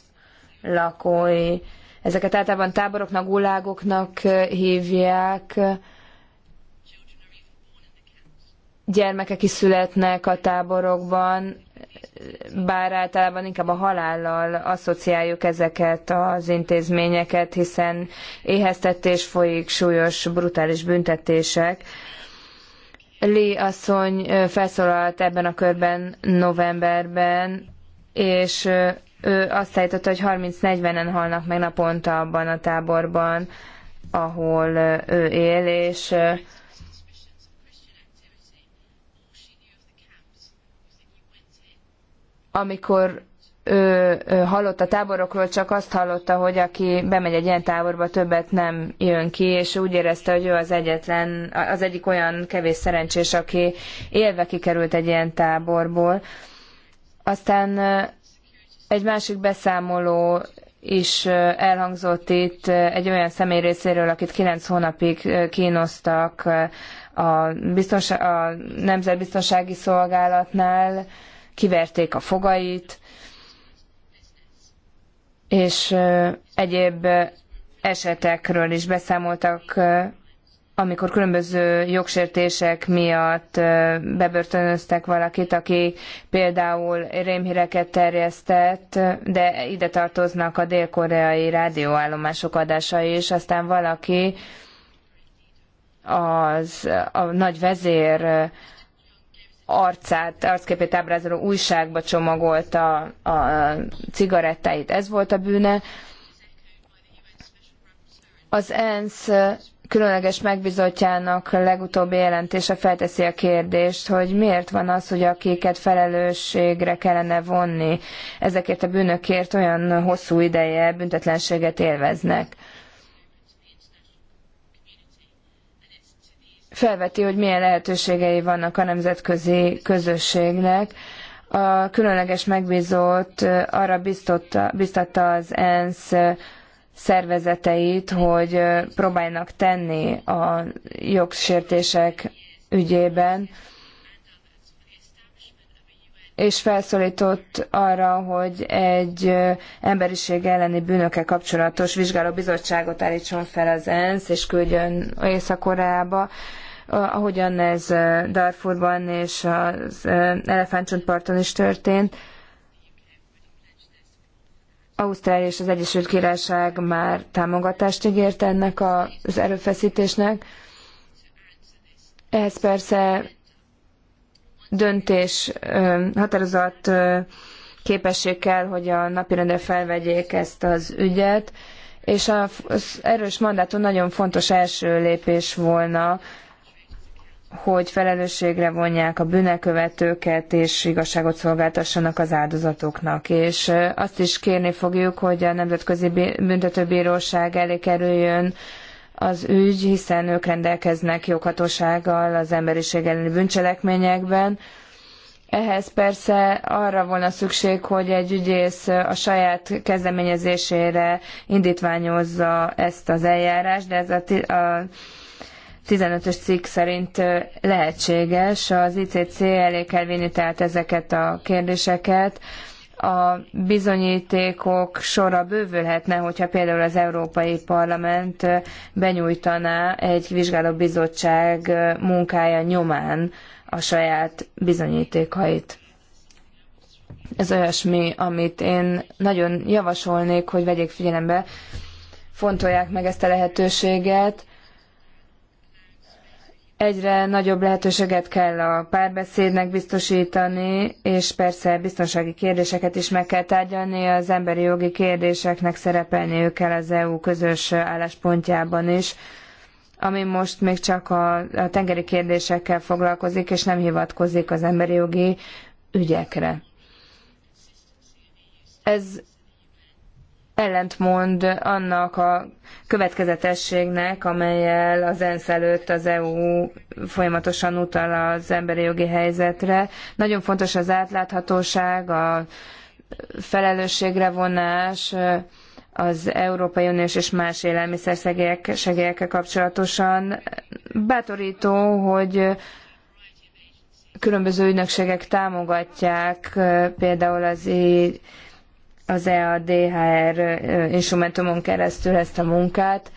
lakói. Ezeket általában táboroknak, gulágoknak hívják gyermekek is születnek a táborokban, bár általában inkább a halállal asszociáljuk ezeket az intézményeket, hiszen éheztetés folyik, súlyos, brutális büntetések. Li asszony felszólalt ebben a körben novemberben, és ő azt állította, hogy 30-40-en halnak meg naponta abban a táborban, ahol ő él, és amikor ő, hallott a táborokról, csak azt hallotta, hogy aki bemegy egy ilyen táborba, többet nem jön ki, és úgy érezte, hogy ő az egyetlen, az egyik olyan kevés szerencsés, aki élve kikerült egy ilyen táborból. Aztán egy másik beszámoló is elhangzott itt egy olyan személy részéről, akit kilenc hónapig kínoztak a, biztonság, a Nemzetbiztonsági Szolgálatnál, kiverték a fogait, és egyéb esetekről is beszámoltak, amikor különböző jogsértések miatt bebörtönöztek valakit, aki például rémhíreket terjesztett, de ide tartoznak a dél-koreai rádióállomások adásai és aztán valaki az a nagy vezér arcát, arcképét ábrázoló újságba csomagolta a, a cigarettáit. Ez volt a bűne. Az ENSZ különleges megbizotjának legutóbbi jelentése felteszi a kérdést, hogy miért van az, hogy akiket felelősségre kellene vonni ezekért a bűnökért olyan hosszú ideje büntetlenséget élveznek. felveti, hogy milyen lehetőségei vannak a nemzetközi közösségnek. A különleges megbízott arra biztatta az ENSZ szervezeteit, hogy próbálnak tenni a jogsértések ügyében, és felszólított arra, hogy egy emberiség elleni bűnökkel kapcsolatos vizsgálóbizottságot állítson fel az ENSZ, és küldjön Észak-Koreába. Eh, ahogyan ez eh, Darfurban és az eh, Elefántcsontparton is történt. Ausztrália és az Egyesült Királyság már támogatást ígért ennek az erőfeszítésnek. Ehhez persze döntés, határozat képesség kell, hogy a napirendre felvegyék ezt az ügyet, és az erős mandátum nagyon fontos első lépés volna hogy felelősségre vonják a bűnekövetőket, és igazságot szolgáltassanak az áldozatoknak. És azt is kérni fogjuk, hogy a Nemzetközi Büntetőbíróság elé kerüljön az ügy, hiszen ők rendelkeznek joghatósággal az emberiség elleni bűncselekményekben. Ehhez persze arra volna szükség, hogy egy ügyész a saját kezdeményezésére indítványozza ezt az eljárást, de ez a, a 15-ös cikk szerint lehetséges. Az ICC elé kell vinni tehát ezeket a kérdéseket. A bizonyítékok sora bővülhetne, hogyha például az Európai Parlament benyújtaná egy vizsgálóbizottság munkája nyomán a saját bizonyítékait. Ez olyasmi, amit én nagyon javasolnék, hogy vegyék figyelembe, fontolják meg ezt a lehetőséget Egyre nagyobb lehetőséget kell a párbeszédnek biztosítani, és persze biztonsági kérdéseket is meg kell tárgyalni, az emberi jogi kérdéseknek szerepelniük kell az EU közös álláspontjában is ami most még csak a, tengeri kérdésekkel foglalkozik, és nem hivatkozik az emberi jogi ügyekre. Ez ellentmond annak a következetességnek, amelyel az ENSZ előtt az EU folyamatosan utal az emberi jogi helyzetre. Nagyon fontos az átláthatóság, a felelősségre vonás, az Európai Uniós és más élelmiszersegélyek segélyekkel kapcsolatosan. Bátorító, hogy különböző ügynökségek támogatják eh, például az az EADHR instrumentumon keresztül ezt a munkát.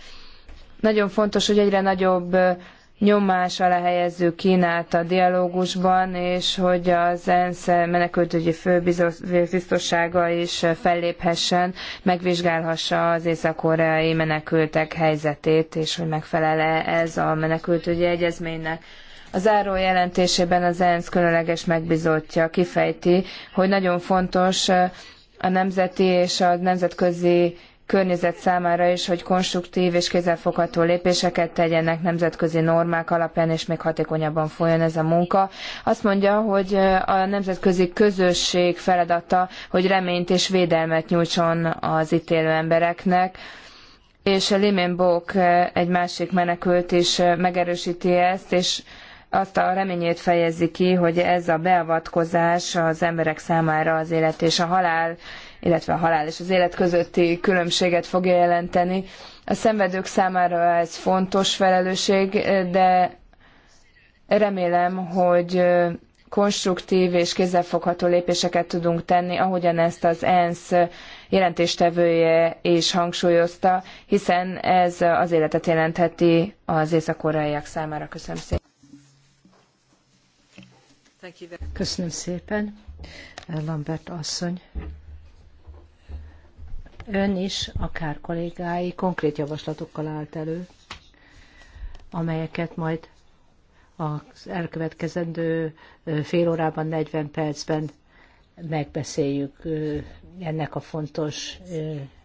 Nagyon fontos, hogy egyre nagyobb nyomás alá helyező Kínát a dialógusban, és hogy az ENSZ menekültügyi főbiztossága is felléphessen, megvizsgálhassa az észak-koreai menekültek helyzetét, és hogy megfelele ez a menekültügyi egyezménynek. A záró jelentésében az ENSZ különleges megbizotja kifejti, hogy nagyon fontos a nemzeti és a nemzetközi környezet számára is, hogy konstruktív és kézzelfogható lépéseket tegyenek nemzetközi normák alapján, és még hatékonyabban folyjon ez a munka. Azt mondja, hogy eh, a nemzetközi közösség feladata, hogy reményt és védelmet nyújtson az itt élő embereknek, és Limen Bók eh, egy másik menekült is eh, megerősíti ezt, és azt a reményét fejezi ki, hogy ez a beavatkozás az emberek számára az élet és a halál, illetve a halál és az élet közötti különbséget fogja jelenteni. A szenvedők számára ez fontos felelősség, de remélem, hogy konstruktív és kézzelfogható lépéseket tudunk tenni, ahogyan ezt az ENSZ jelentéstevője is hangsúlyozta, hiszen ez az életet jelentheti az észak-koreaiak számára. Köszönöm szépen. Köszönöm szépen, Lambert asszony. Ön is, akár kollégái konkrét javaslatokkal állt elő, amelyeket majd az elkövetkezendő fél órában, 40 percben megbeszéljük ennek a fontos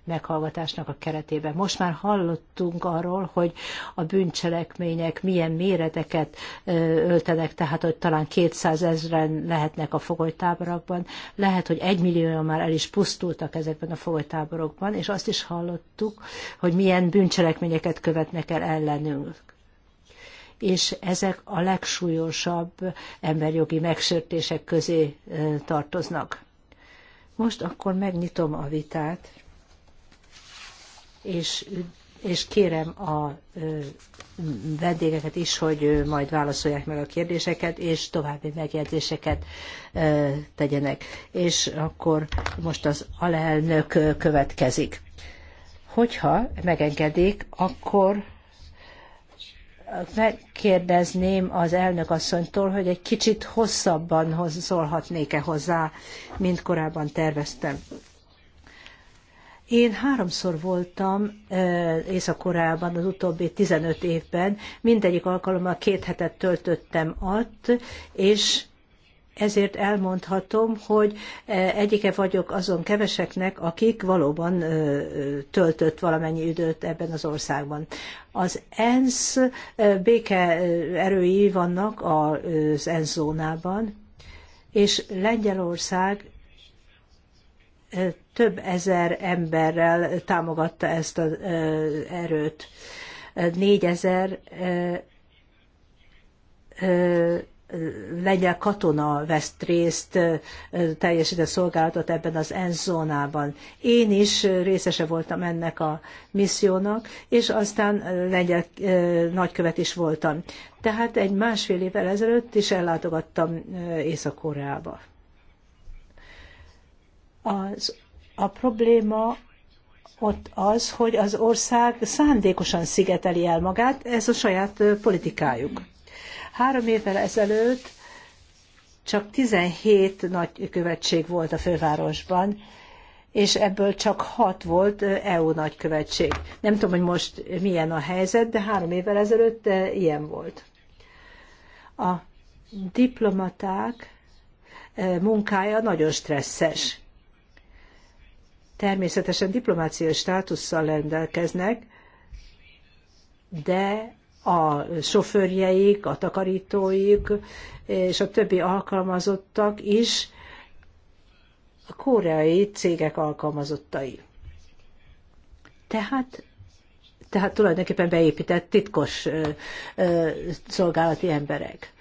meghallgatásnak a keretében. Most már hallottunk arról, hogy a bűncselekmények milyen méreteket öltenek, tehát hogy talán 200 ezeren lehetnek a fogolytáborokban, lehet, hogy egy millióan már el is pusztultak ezekben a fogolytáborokban, és azt is hallottuk, hogy milyen bűncselekményeket követnek el ellenünk és ezek a legsúlyosabb emberjogi megsértések közé tartoznak. Most akkor megnyitom a vitát és, és kérem a vendégeket is, hogy majd válaszolják meg a kérdéseket, és további megjegyzéseket tegyenek. És akkor most az alelnök következik. Hogyha megengedik, akkor megkérdezném az elnök asszonytól, hogy egy kicsit hosszabban szólhatnék-e hozzá, mint korábban terveztem. Én háromszor voltam Észak-Koreában az utóbbi 15 évben, mindegyik alkalommal két hetet töltöttem ott, és ezért elmondhatom, hogy egyike vagyok azon keveseknek, akik valóban töltött valamennyi időt ebben az országban. Az ENSZ béke erői vannak az ENSZ zónában, és Lengyelország több ezer emberrel támogatta ezt az erőt. Négyezer lengyel katona vesz részt, a szolgálatot ebben az ENSZ zónában. Én is részese voltam ennek a missziónak, és aztán lengyel nagykövet is voltam. Tehát egy másfél évvel ezelőtt is ellátogattam Észak-Koreába. Az a probléma ott az, hogy az ország szándékosan szigeteli el magát, ez a saját politikájuk. Három évvel ezelőtt csak 17 követség volt a fővárosban, és ebből csak hat volt EU nagykövetség. Nem tudom, hogy most milyen a helyzet, de három évvel ezelőtt ilyen volt. A diplomaták munkája nagyon stresszes természetesen diplomáciai státusszal rendelkeznek, de a sofőrjeik, a takarítóik és a többi alkalmazottak is a koreai cégek alkalmazottai. Tehát, tehát tulajdonképpen beépített titkos ö, ö, szolgálati emberek.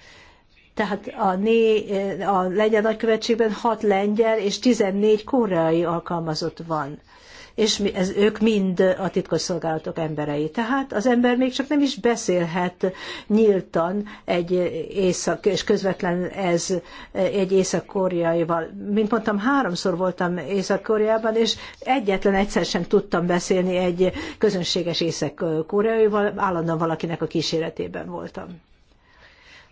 Tehát a, né, a lengyel nagykövetségben 6 lengyel és 14 koreai alkalmazott van. És ez, ők mind a titkosszolgálatok emberei. Tehát az ember még csak nem is beszélhet nyíltan egy észak, és közvetlen ez egy észak-koreaival. Mint mondtam, háromszor voltam Észak-Koreában, és egyetlen egyszer sem tudtam beszélni egy közönséges észak-koreaival, állandóan valakinek a kíséretében voltam.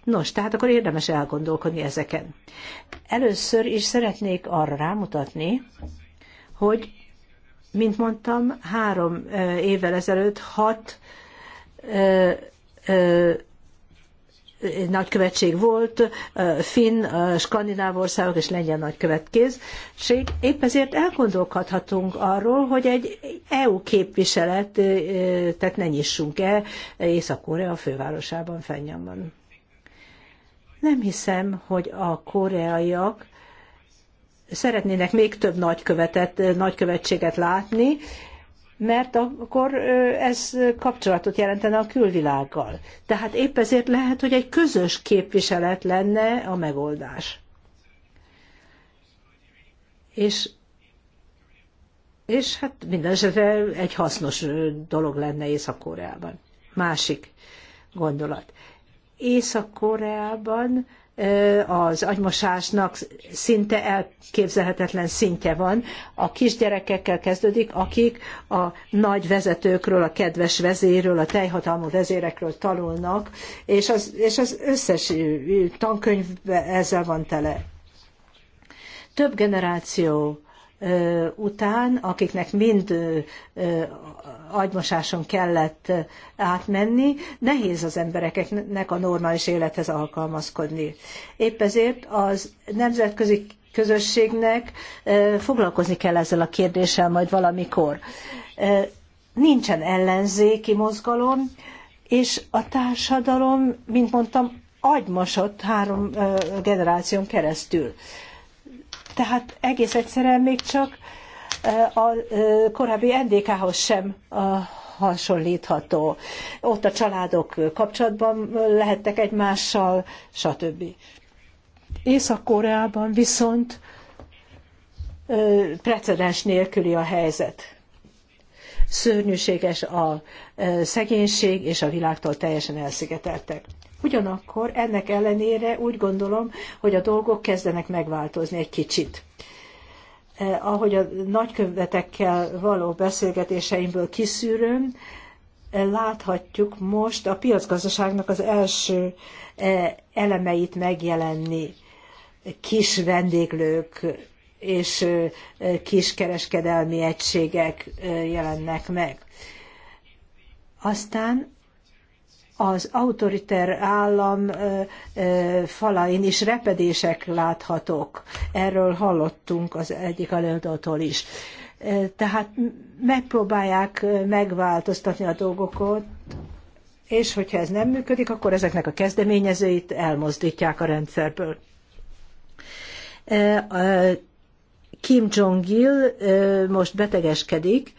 Nos, tehát akkor érdemes elgondolkodni ezeken. Először is szeretnék arra rámutatni, hogy, mint mondtam, három évvel ezelőtt hat ö, ö, nagykövetség volt, finn, skandináv országok és lengyel nagykövetség. Épp ezért elgondolkodhatunk arról, hogy egy EU képviselet, tehát ne nyissunk-e Észak-Korea fővárosában, Fennyamban. Nem hiszem, hogy a koreaiak szeretnének még több nagykövetet, nagykövetséget látni, mert akkor ez kapcsolatot jelentene a külvilággal. Tehát épp ezért lehet, hogy egy közös képviselet lenne a megoldás. És, és hát minden esetre egy hasznos dolog lenne Észak-Koreában. Másik gondolat. Észak-Koreában az agymosásnak szinte elképzelhetetlen szintje van. A kisgyerekekkel kezdődik, akik a nagy vezetőkről, a kedves vezéről, a teljhatalmú vezérekről tanulnak, és az, és az összes tankönyv ezzel van tele. Több generáció után, akiknek mind agymosáson kellett átmenni, nehéz az embereknek a normális élethez alkalmazkodni. Épp ezért az nemzetközi közösségnek foglalkozni kell ezzel a kérdéssel majd valamikor. Nincsen ellenzéki mozgalom, és a társadalom, mint mondtam, agymosott három generáción keresztül. Tehát egész egyszerűen még csak eh, a eh, korábbi NDK-hoz sem eh, hasonlítható. Ott a családok kapcsolatban lehettek egymással, stb. Észak-Koreában viszont precedens nélküli a helyzet. Szörnyűséges a szegénység, és a világtól teljesen elszigeteltek. Ugyanakkor ennek ellenére úgy gondolom, hogy a dolgok kezdenek megváltozni egy kicsit. Eh, ahogy a nagykövetekkel való beszélgetéseimből kiszűröm, e, láthatjuk most a piacgazdaságnak az első e, elemeit megjelenni. Kis vendéglők és e, kis kereskedelmi egységek jelennek meg. Aztán az autoriter állam falain is repedések láthatók. Erről hallottunk az egyik előadótól is. Tehát megpróbálják megváltoztatni a dolgokat, és hogyha ez nem működik, akkor ezeknek a kezdeményezőit elmozdítják a rendszerből. Kim Jong-il most betegeskedik,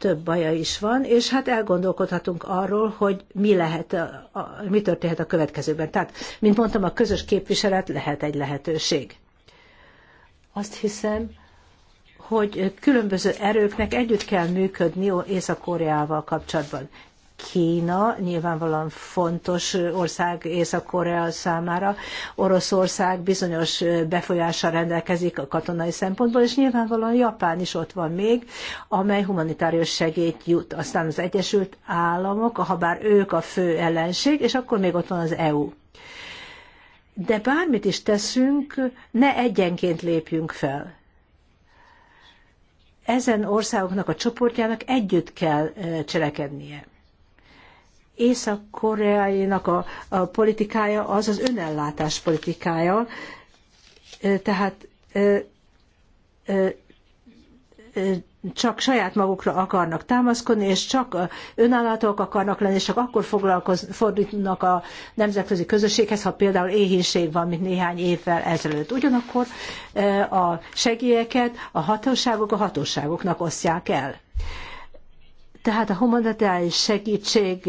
több baja is van, és hát elgondolkodhatunk arról, hogy mi, lehet, a, a, mi történhet a következőben. Tehát, mint mondtam, a közös képviselet lehet egy lehetőség. Azt hiszem, hogy különböző erőknek együtt kell működni Észak-Koreával kapcsolatban. Kína nyilvánvalóan fontos ország Észak-Korea számára, Oroszország bizonyos befolyással rendelkezik a katonai szempontból, és nyilvánvalóan Japán is ott van még, amely humanitárius segélyt jut. Aztán az Egyesült Államok, ha bár ők a fő ellenség, és akkor még ott van az EU. De bármit is teszünk, ne egyenként lépjünk fel ezen országoknak a csoportjának együtt kell cselekednie. Észak-Koreainak a, a politikája az az önellátás politikája, tehát csak saját magukra akarnak támaszkodni, és csak önállóak akarnak lenni, és csak akkor fordulnak a nemzetközi közösséghez, ha például éhínség van, mint néhány évvel ezelőtt. Ugyanakkor a segélyeket a hatóságok a hatóságoknak osztják el. Tehát a humanitárius segítség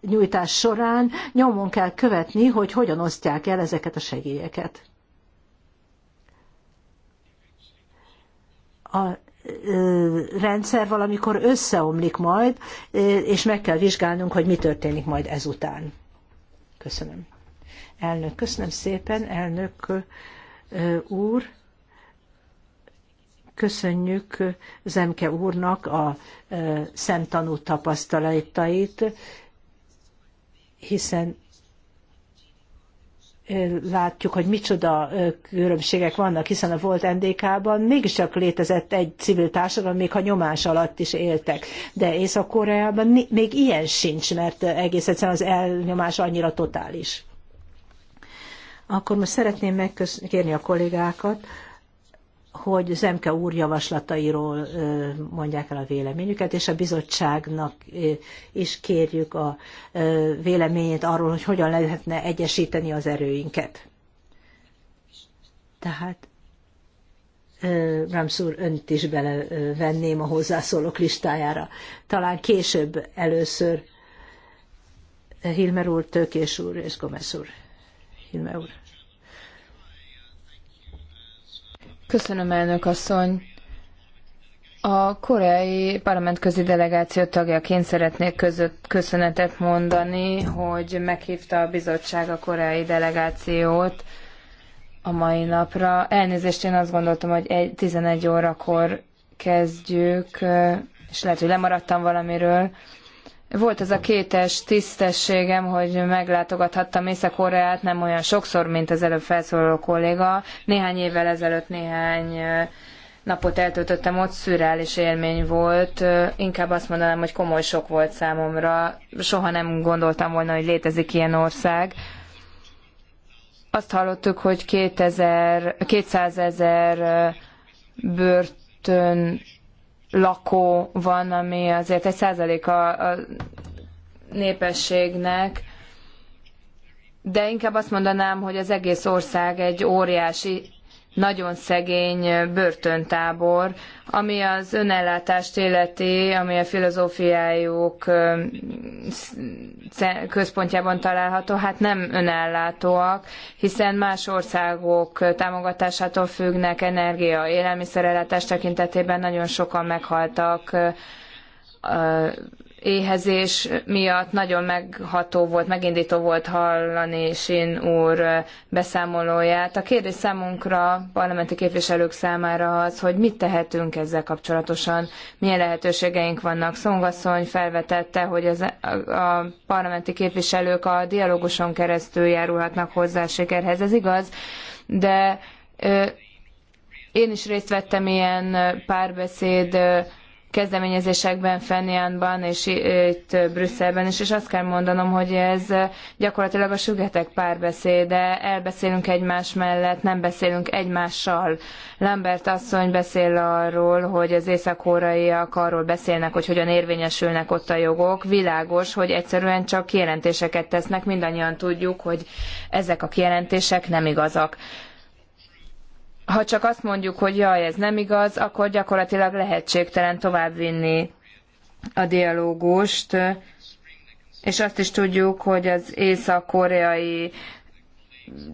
nyújtás során nyomon kell követni, hogy hogyan osztják el ezeket a segélyeket. A rendszer valamikor összeomlik majd, és meg kell vizsgálnunk, hogy mi történik majd ezután. Köszönöm. Elnök, köszönöm szépen, elnök úr. Köszönjük Zemke úrnak a szemtanú tapasztalatait, hiszen látjuk, hogy micsoda különbségek vannak, hiszen a volt NDK-ban mégiscsak létezett egy civil társadalom, még ha nyomás alatt is éltek. De Észak-Koreában még ilyen sincs, mert egész egyszerűen az elnyomás annyira totális. Akkor most szeretném megkérni a kollégákat, hogy Zemke úr javaslatairól mondják el a véleményüket, és a bizottságnak is kérjük a véleményét arról, hogy hogyan lehetne egyesíteni az erőinket. Tehát úr, önt is belevenném a hozzászólók listájára. Talán később először Hilmer úr, Tökés úr és Gomez úr. Hilmer úr. Köszönöm, elnök asszony. A koreai parlamentközi delegáció tagjaként szeretnék között köszönetet mondani, hogy meghívta a bizottság a koreai delegációt a mai napra. Elnézést, én azt gondoltam, hogy 11 órakor kezdjük, és lehet, hogy lemaradtam valamiről. Volt ez a kétes tisztességem, hogy meglátogathattam Észak-Koreát, nem olyan sokszor, mint az előbb felszólaló kolléga. Néhány évvel ezelőtt néhány napot eltöltöttem ott, szürreális élmény volt. Inkább azt mondanám, hogy komoly sok volt számomra. Soha nem gondoltam volna, hogy létezik ilyen ország. Azt hallottuk, hogy 2000, 200 ezer börtön lakó van, ami azért egy százaléka a népességnek, de inkább azt mondanám, hogy az egész ország egy óriási nagyon szegény börtöntábor, ami az önellátást illeti, ami a filozófiájuk központjában található, hát nem önellátóak, hiszen más országok támogatásától függnek energia, élelmiszerellátás tekintetében nagyon sokan meghaltak éhezés miatt nagyon megható volt, megindító volt hallani Sin úr beszámolóját. A kérdés számunkra, parlamenti képviselők számára az, hogy mit tehetünk ezzel kapcsolatosan, milyen lehetőségeink vannak. Szongasszony felvetette, hogy az, a, parlamenti képviselők a dialóguson keresztül járulhatnak hozzá a sikerhez. Ez igaz, de ö, én is részt vettem ilyen párbeszéd kezdeményezésekben, Fenniánban és itt Brüsszelben is, és azt kell mondanom, hogy ez gyakorlatilag a sügetek párbeszéde, elbeszélünk egymás mellett, nem beszélünk egymással. Lambert asszony beszél arról, hogy az észak-kóraiak arról beszélnek, hogy hogyan érvényesülnek ott a jogok. Világos, hogy egyszerűen csak kijelentéseket tesznek, mindannyian tudjuk, hogy ezek a kijelentések nem igazak ha csak azt mondjuk, hogy jaj, ez nem igaz, akkor gyakorlatilag lehetségtelen továbbvinni a dialógust, és azt is tudjuk, hogy az észak-koreai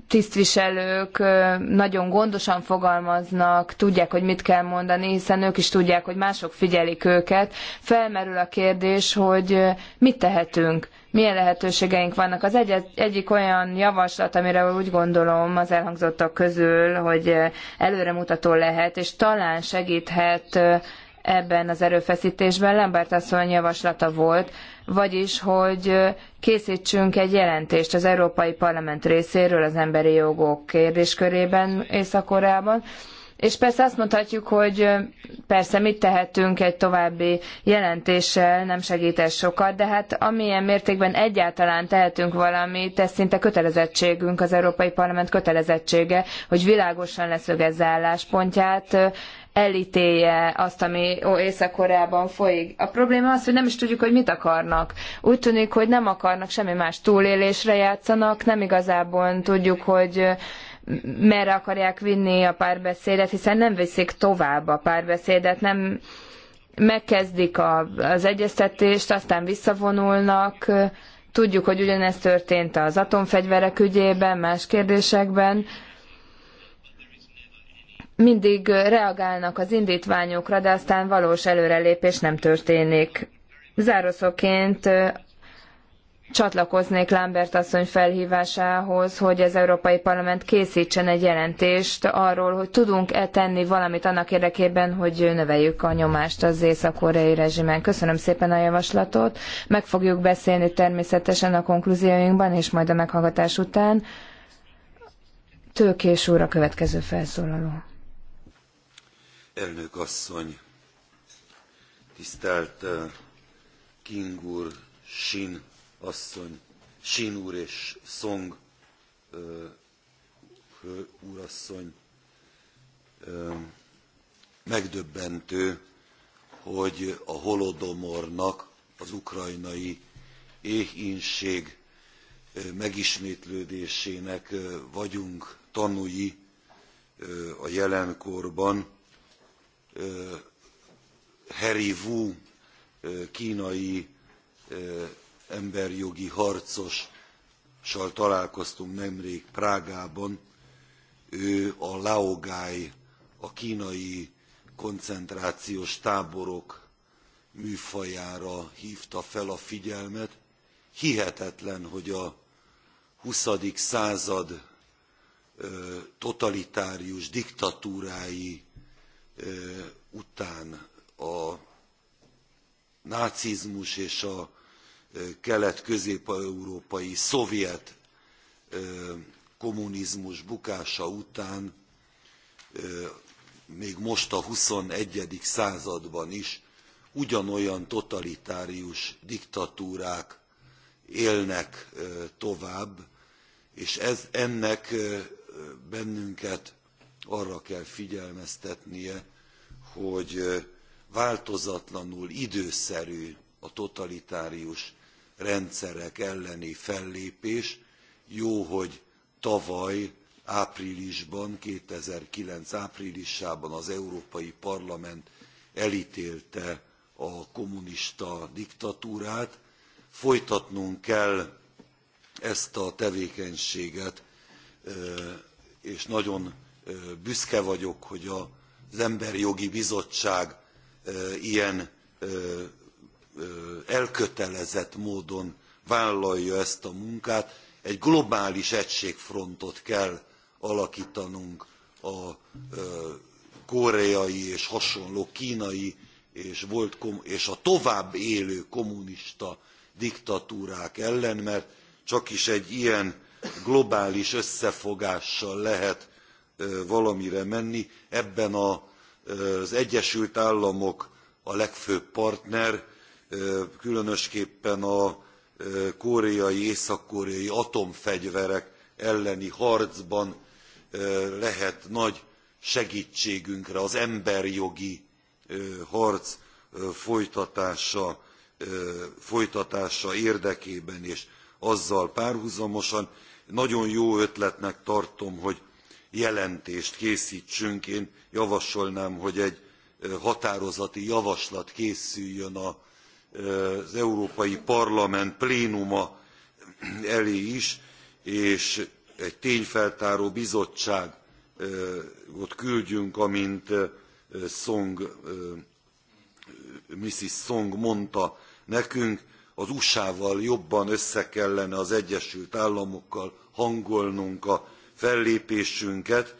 tisztviselők nagyon gondosan fogalmaznak, tudják, hogy mit kell mondani, hiszen ők is tudják, hogy mások figyelik őket. Felmerül a kérdés, hogy mit tehetünk milyen lehetőségeink vannak. Az egy, egyik olyan javaslat, amire úgy gondolom az elhangzottak közül, hogy előremutató lehet, és talán segíthet ebben az erőfeszítésben Lambert asszony javaslata volt, vagyis, hogy készítsünk egy jelentést az Európai Parlament részéről az emberi jogok kérdéskörében Észak-Koreában, és és persze azt mondhatjuk, hogy persze mit tehetünk egy további jelentéssel, nem segít ez sokat, de hát amilyen mértékben egyáltalán tehetünk valamit, ez szinte kötelezettségünk, az Európai Parlament kötelezettsége, hogy világosan leszögezze álláspontját, elítélje azt, ami Észak-Koreában folyik. A probléma az, hogy nem is tudjuk, hogy mit akarnak. Úgy tűnik, hogy nem akarnak semmi más túlélésre játszanak, nem igazából tudjuk, hogy merre akarják vinni a párbeszédet, hiszen nem viszik tovább a párbeszédet, nem megkezdik a, az egyeztetést, aztán visszavonulnak. Tudjuk, hogy ugyanezt történt az atomfegyverek ügyében, más kérdésekben. Mindig reagálnak az indítványokra, de aztán valós előrelépés nem történik. Zárószóként csatlakoznék Lambert asszony felhívásához, hogy az Európai Parlament készítsen egy jelentést arról, hogy tudunk-e tenni valamit annak érdekében, hogy növeljük a nyomást az észak-koreai rezsimen. Köszönöm szépen a javaslatot. Meg fogjuk beszélni természetesen a konklúzióinkban, és majd a meghallgatás után. Tőkés úr a következő felszólaló. Elnök asszony, tisztelt uh, King úr, Sin asszony, Sin úr és Song úrasszony megdöbbentő, hogy a holodomornak, az ukrajnai éhínség megismétlődésének vagyunk tanúi a jelenkorban. Harry Wu kínai emberjogi harcossal találkoztunk nemrég Prágában. Ő a Laogai, a kínai koncentrációs táborok műfajára hívta fel a figyelmet. Hihetetlen, hogy a 20. század totalitárius diktatúrái után a nácizmus és a kelet-közép-európai szovjet kommunizmus bukása után még most a XXI. században is ugyanolyan totalitárius diktatúrák élnek tovább, és ez, ennek bennünket arra kell figyelmeztetnie, hogy változatlanul időszerű a totalitárius rendszerek elleni fellépés. Jó, hogy tavaly áprilisban, 2009 áprilisában az Európai Parlament elítélte a kommunista diktatúrát. Folytatnunk kell ezt a tevékenységet, és nagyon büszke vagyok, hogy az Emberjogi Jogi Bizottság ilyen elkötelezett módon vállalja ezt a munkát. Egy globális egységfrontot kell alakítanunk a koreai és hasonló kínai és, volt és a tovább élő kommunista diktatúrák ellen, mert csakis egy ilyen globális összefogással lehet valamire menni. Ebben az Egyesült Államok a legfőbb partner, különösképpen a koreai, észak-koreai atomfegyverek elleni harcban lehet nagy segtségünkre az emberi jogi harc folytatása, érdekében és azzal párhuzamosan. Nagyon jó ötletnek tartom, hogy jelentést készítsünk. Én javasolnám, hogy egy határozati javaslat készüljön a az Európai Parlament plénuma elé is, és egy tényfeltáró bizottságot küldjünk, amint Song, Mrs. Song mondta nekünk, az USA-val jobban össze kellene az Egyesült Államokkal hangolnunk a fellépésünket,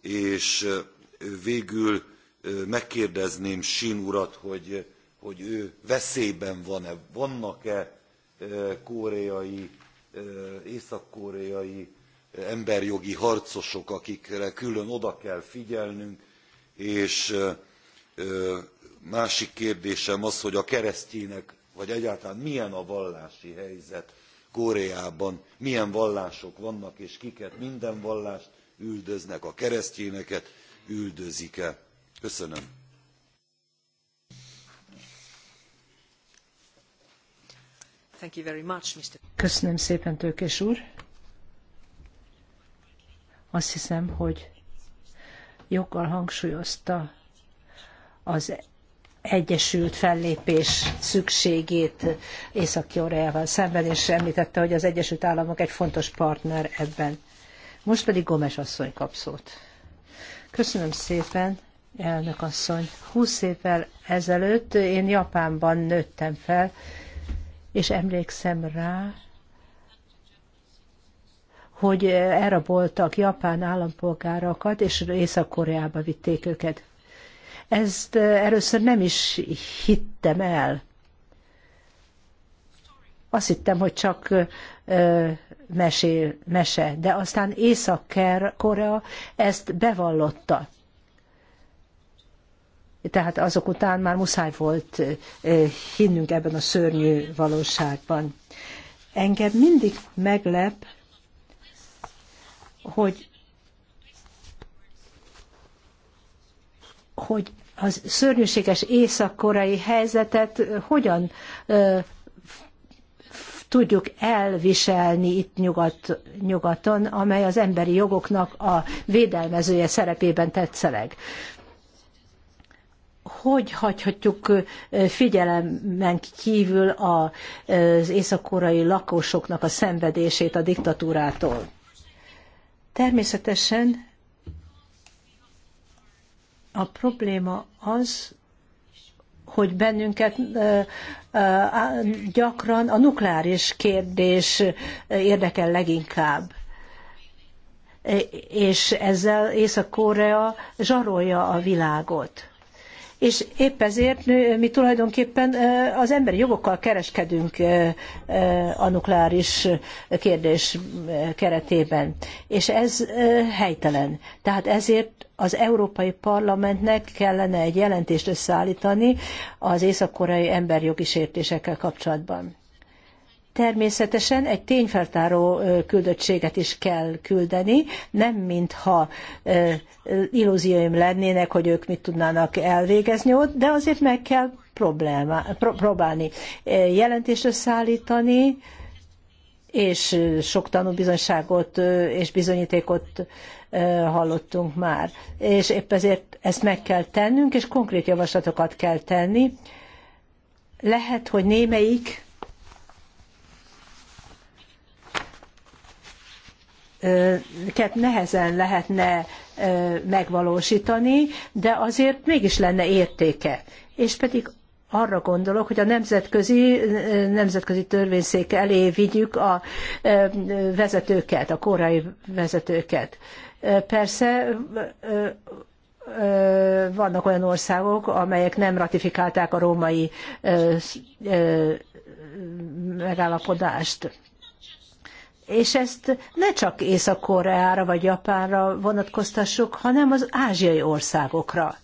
és végül megkérdezném Sin urat, hogy hogy ő veszélyben van-e, vannak-e koreai, észak-koreai emberjogi harcosok, akikre külön oda kell figyelnünk, és másik kérdésem az, hogy a keresztények, vagy egyáltalán milyen a vallási helyzet Koreában, milyen vallások vannak, és kiket minden vallást üldöznek, a keresztényeket üldözik-e. Köszönöm. Thank you very much, Mr. Köszönöm szépen, Tőkés úr. Azt hiszem, hogy joggal hangsúlyozta az egyesült fellépés szükségét Észak-Koreával szemben, és említette, hogy az Egyesült Államok egy fontos partner ebben. Most pedig Gomes asszony kap szót. Köszönöm szépen, elnök asszony. Húsz évvel ezelőtt én Japánban nőttem fel, és emlékszem rá, hogy elraboltak japán állampolgárakat, és Észak-Koreába vitték őket. Ezt eh, először nem is hittem el. Azt hittem, hogy csak ö, eh, mesél, mese, de aztán Észak-Korea ezt bevallotta tehát azok után már muszáj volt hinnünk ebben a szörnyű valóságban. Engem mindig meglep, hogy hogy a szörnyűséges észak-koreai helyzetet hogyan ö, tudjuk elviselni itt nyugat, nyugaton, amely az emberi jogoknak a védelmezője szerepében tetszeleg hogy hagyhatjuk figyelemen kívül az észak lakosoknak a szenvedését a diktatúrától? Természetesen a probléma az, hogy bennünket gyakran a nukleáris kérdés érdekel leginkább. És ezzel Észak-Korea zsarolja a világot és épp ezért mi tulajdonképpen az emberi jogokkal kereskedünk a nukleáris kérdés keretében. És ez helytelen. Tehát ezért az Európai Parlamentnek kellene egy jelentést összeállítani az észak-koreai emberjogi sértésekkel kapcsolatban. Természetesen egy tényfeltáró küldöttséget is kell küldeni, nem mintha illúzióim lennének, hogy ők mit tudnának elvégezni ott, de azért meg kell próbálni jelentésre szállítani, és sok tanúbizonyságot és bizonyítékot hallottunk már. És épp ezért ezt meg kell tennünk, és konkrét javaslatokat kell tenni. Lehet, hogy némelyik nehezen lehetne megvalósítani, de azért mégis lenne értéke. És pedig arra gondolok, hogy a nemzetközi, nemzetközi törvényszék elé vigyük a vezetőket, a korai vezetőket. Persze vannak olyan országok, amelyek nem ratifikálták a római megállapodást és ezt ne csak Észak-Koreára vagy Japánra vonatkoztassuk, hanem az ázsiai országokra.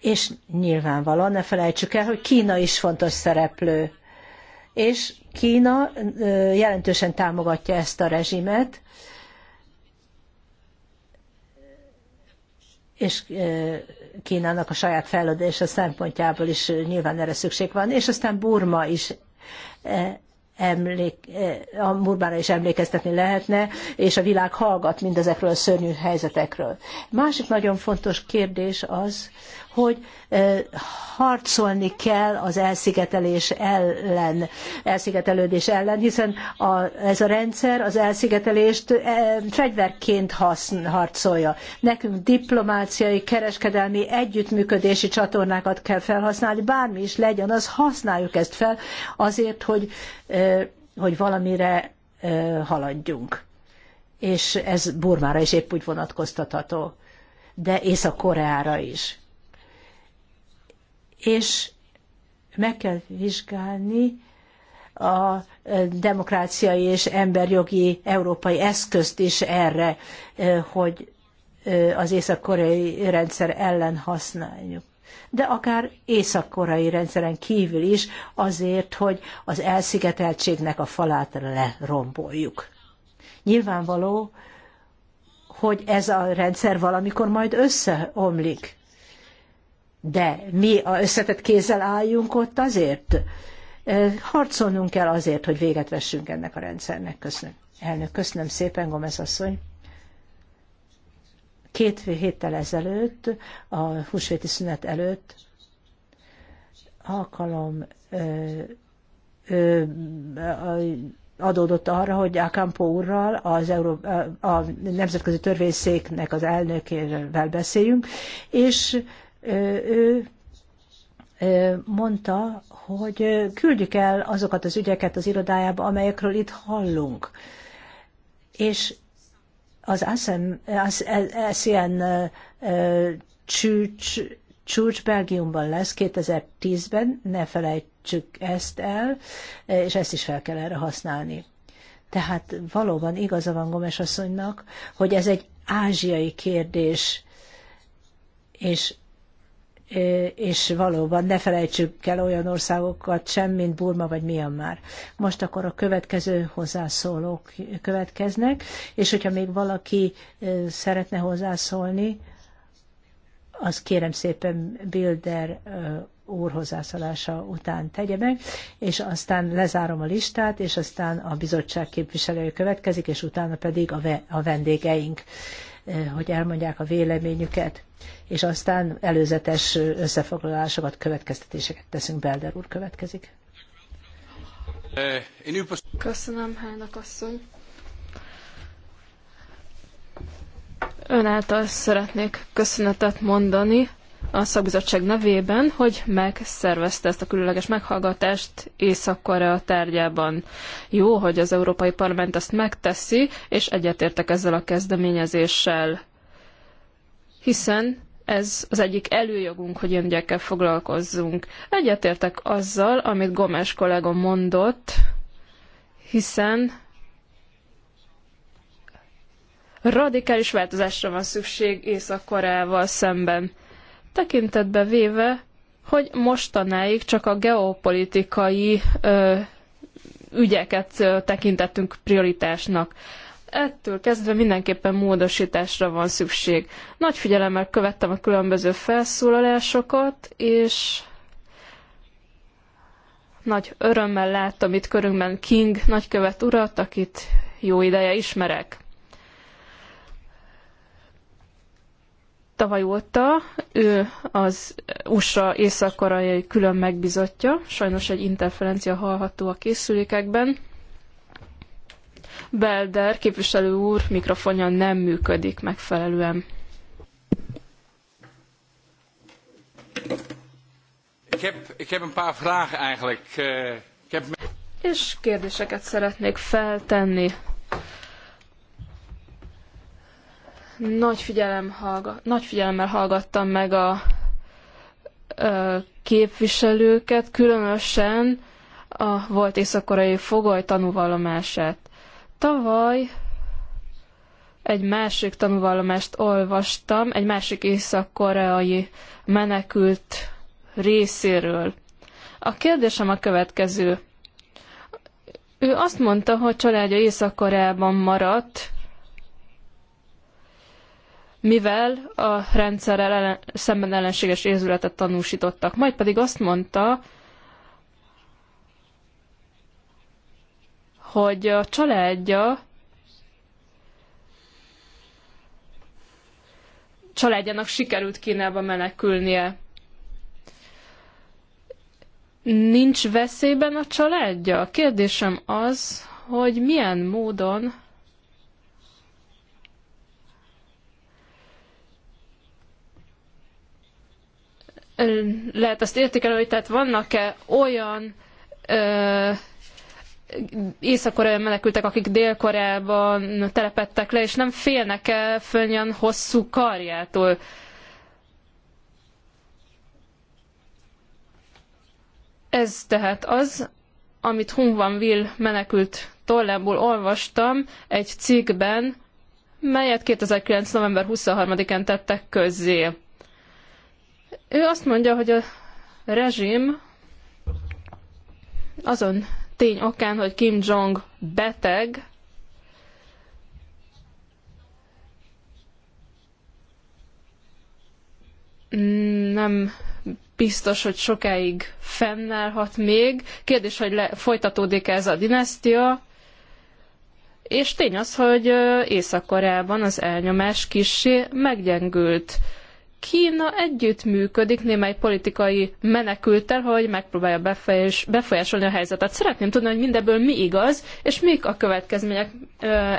És nyilvánvalóan ne felejtsük el, hogy Kína is fontos szereplő. És Kína jelentősen támogatja ezt a rezsimet, és Kínának a saját fejlődése szempontjából is nyilván erre szükség van, és aztán Burma is E, emlék, e, a Murbára is emlékeztetni lehetne, és a világ hallgat mindezekről a szörnyű helyzetekről. Másik nagyon fontos kérdés az, hogy harcolni kell az elszigetelés ellen, elszigetelődés ellen, hiszen a, ez a rendszer az elszigetelést fegyverként haszn, harcolja. Nekünk diplomáciai, kereskedelmi, együttműködési csatornákat kell felhasználni, bármi is legyen, az használjuk ezt fel azért, hogy, hogy valamire haladjunk. És ez Burmára is épp úgy vonatkoztatható, de Észak-Koreára is és meg kell vizsgálni a e, demokráciai és emberjogi európai eszközt is erre, e, hogy e, az észak-koreai rendszer ellen használjuk de akár észak koreai rendszeren kívül is azért, hogy az elszigeteltségnek a falát leromboljuk. Nyilvánvaló, hogy ez a rendszer valamikor majd összeomlik. De mi a összetett kézzel álljunk ott azért? Harcolnunk kell azért, hogy véget vessünk ennek a rendszernek. Köszönöm. Elnök, köszönöm szépen, Gomez asszony. Két héttel ezelőtt, a húsvéti szünet előtt alkalom ö, ö, adódott arra, hogy Akampo úrral, az Euró, a Nemzetközi Törvényszéknek az elnökével beszéljünk, és ő mondta, hogy küldjük el azokat az ügyeket az irodájába, amelyekről itt hallunk. És az ASEAN csúcs, csúcs Belgiumban lesz 2010-ben, ne felejtsük ezt el, és ezt is fel kell erre használni. Tehát valóban igaza van Gomes asszonynak, hogy ez egy ázsiai kérdés, és és valóban ne felejtsük el olyan országokat sem, mint Burma vagy Myanmar. Most akkor a következő hozzászólók következnek, és hogyha még valaki szeretne hozzászólni, az kérem szépen Bilder úr hozzászólása után tegye meg, és aztán lezárom a listát, és aztán a bizottság képviselője következik, és utána pedig a, ve- a vendégeink Eh, hogy elmondják a véleményüket, és aztán előzetes összefoglalásokat, következtetéseket teszünk. Belder úr következik. Eh, Köszönöm, Hának asszony. Ön által szeretnék köszönetet mondani a szakbizottság nevében, hogy megszervezte ezt a különleges meghallgatást Észak-Korea tárgyában. Jó, hogy az Európai Parlament ezt megteszi, és egyetértek ezzel a kezdeményezéssel, hiszen ez az egyik előjogunk, hogy ilyen ügyekkel foglalkozzunk. Egyetértek azzal, amit Gomes kollega mondott, hiszen radikális változásra van szükség Észak-Koreával szemben tekintetbe véve, hogy mostanáig csak a geopolitikai ö, ügyeket ö, tekintettünk prioritásnak. Ettől kezdve mindenképpen módosításra van szükség. Nagy figyelemmel követtem a különböző felszólalásokat, és nagy örömmel láttam itt körünkben King nagykövet urat, akit jó ideje ismerek. tavaly óta ő az USA észak-koreai külön megbizotja, sajnos egy interferencia hallható a készülékekben. Belder képviselő úr mikrofonja nem működik megfelelően. Eh, És kérdéseket szeretnék feltenni nagy, figyelem hallga, nagy figyelemmel hallgattam meg a ö, képviselőket, különösen a volt észak-koreai fogoly tanúvallomását. Tavaly egy másik tanúvallomást olvastam, egy másik észak-koreai menekült részéről. A kérdésem a következő. Ő azt mondta, hogy családja Észak-Koreában maradt, mivel a rendszerrel ellen, szemben ellenséges érzületet tanúsítottak. Majd pedig azt mondta, hogy a családja családjának sikerült Kínába menekülnie. Nincs veszélyben a családja? A kérdésem az, hogy milyen módon lehet azt értékelni, hogy tehát vannak-e olyan ö, észak-koreai menekültek, akik Dél-Koreában telepettek le, és nem félnek-e fönnyen hosszú karjától? Ez tehát az, amit Hunvan Will menekült tollából olvastam egy cikkben, melyet 2009. november 23-án tettek közzé. Ő azt mondja, hogy a rezsim azon tény okán, hogy Kim Jong beteg, nem biztos, hogy sokáig fennállhat még. Kérdés, hogy le, folytatódik -e ez a dinasztia. És tény az, hogy Észak-Koreában az elnyomás kissé meggyengült. Kína együttműködik némely politikai menekültel, hogy megpróbálja befolyásolni a helyzetet. Szeretném tudni, hogy mindebből mi igaz, és mik a következmények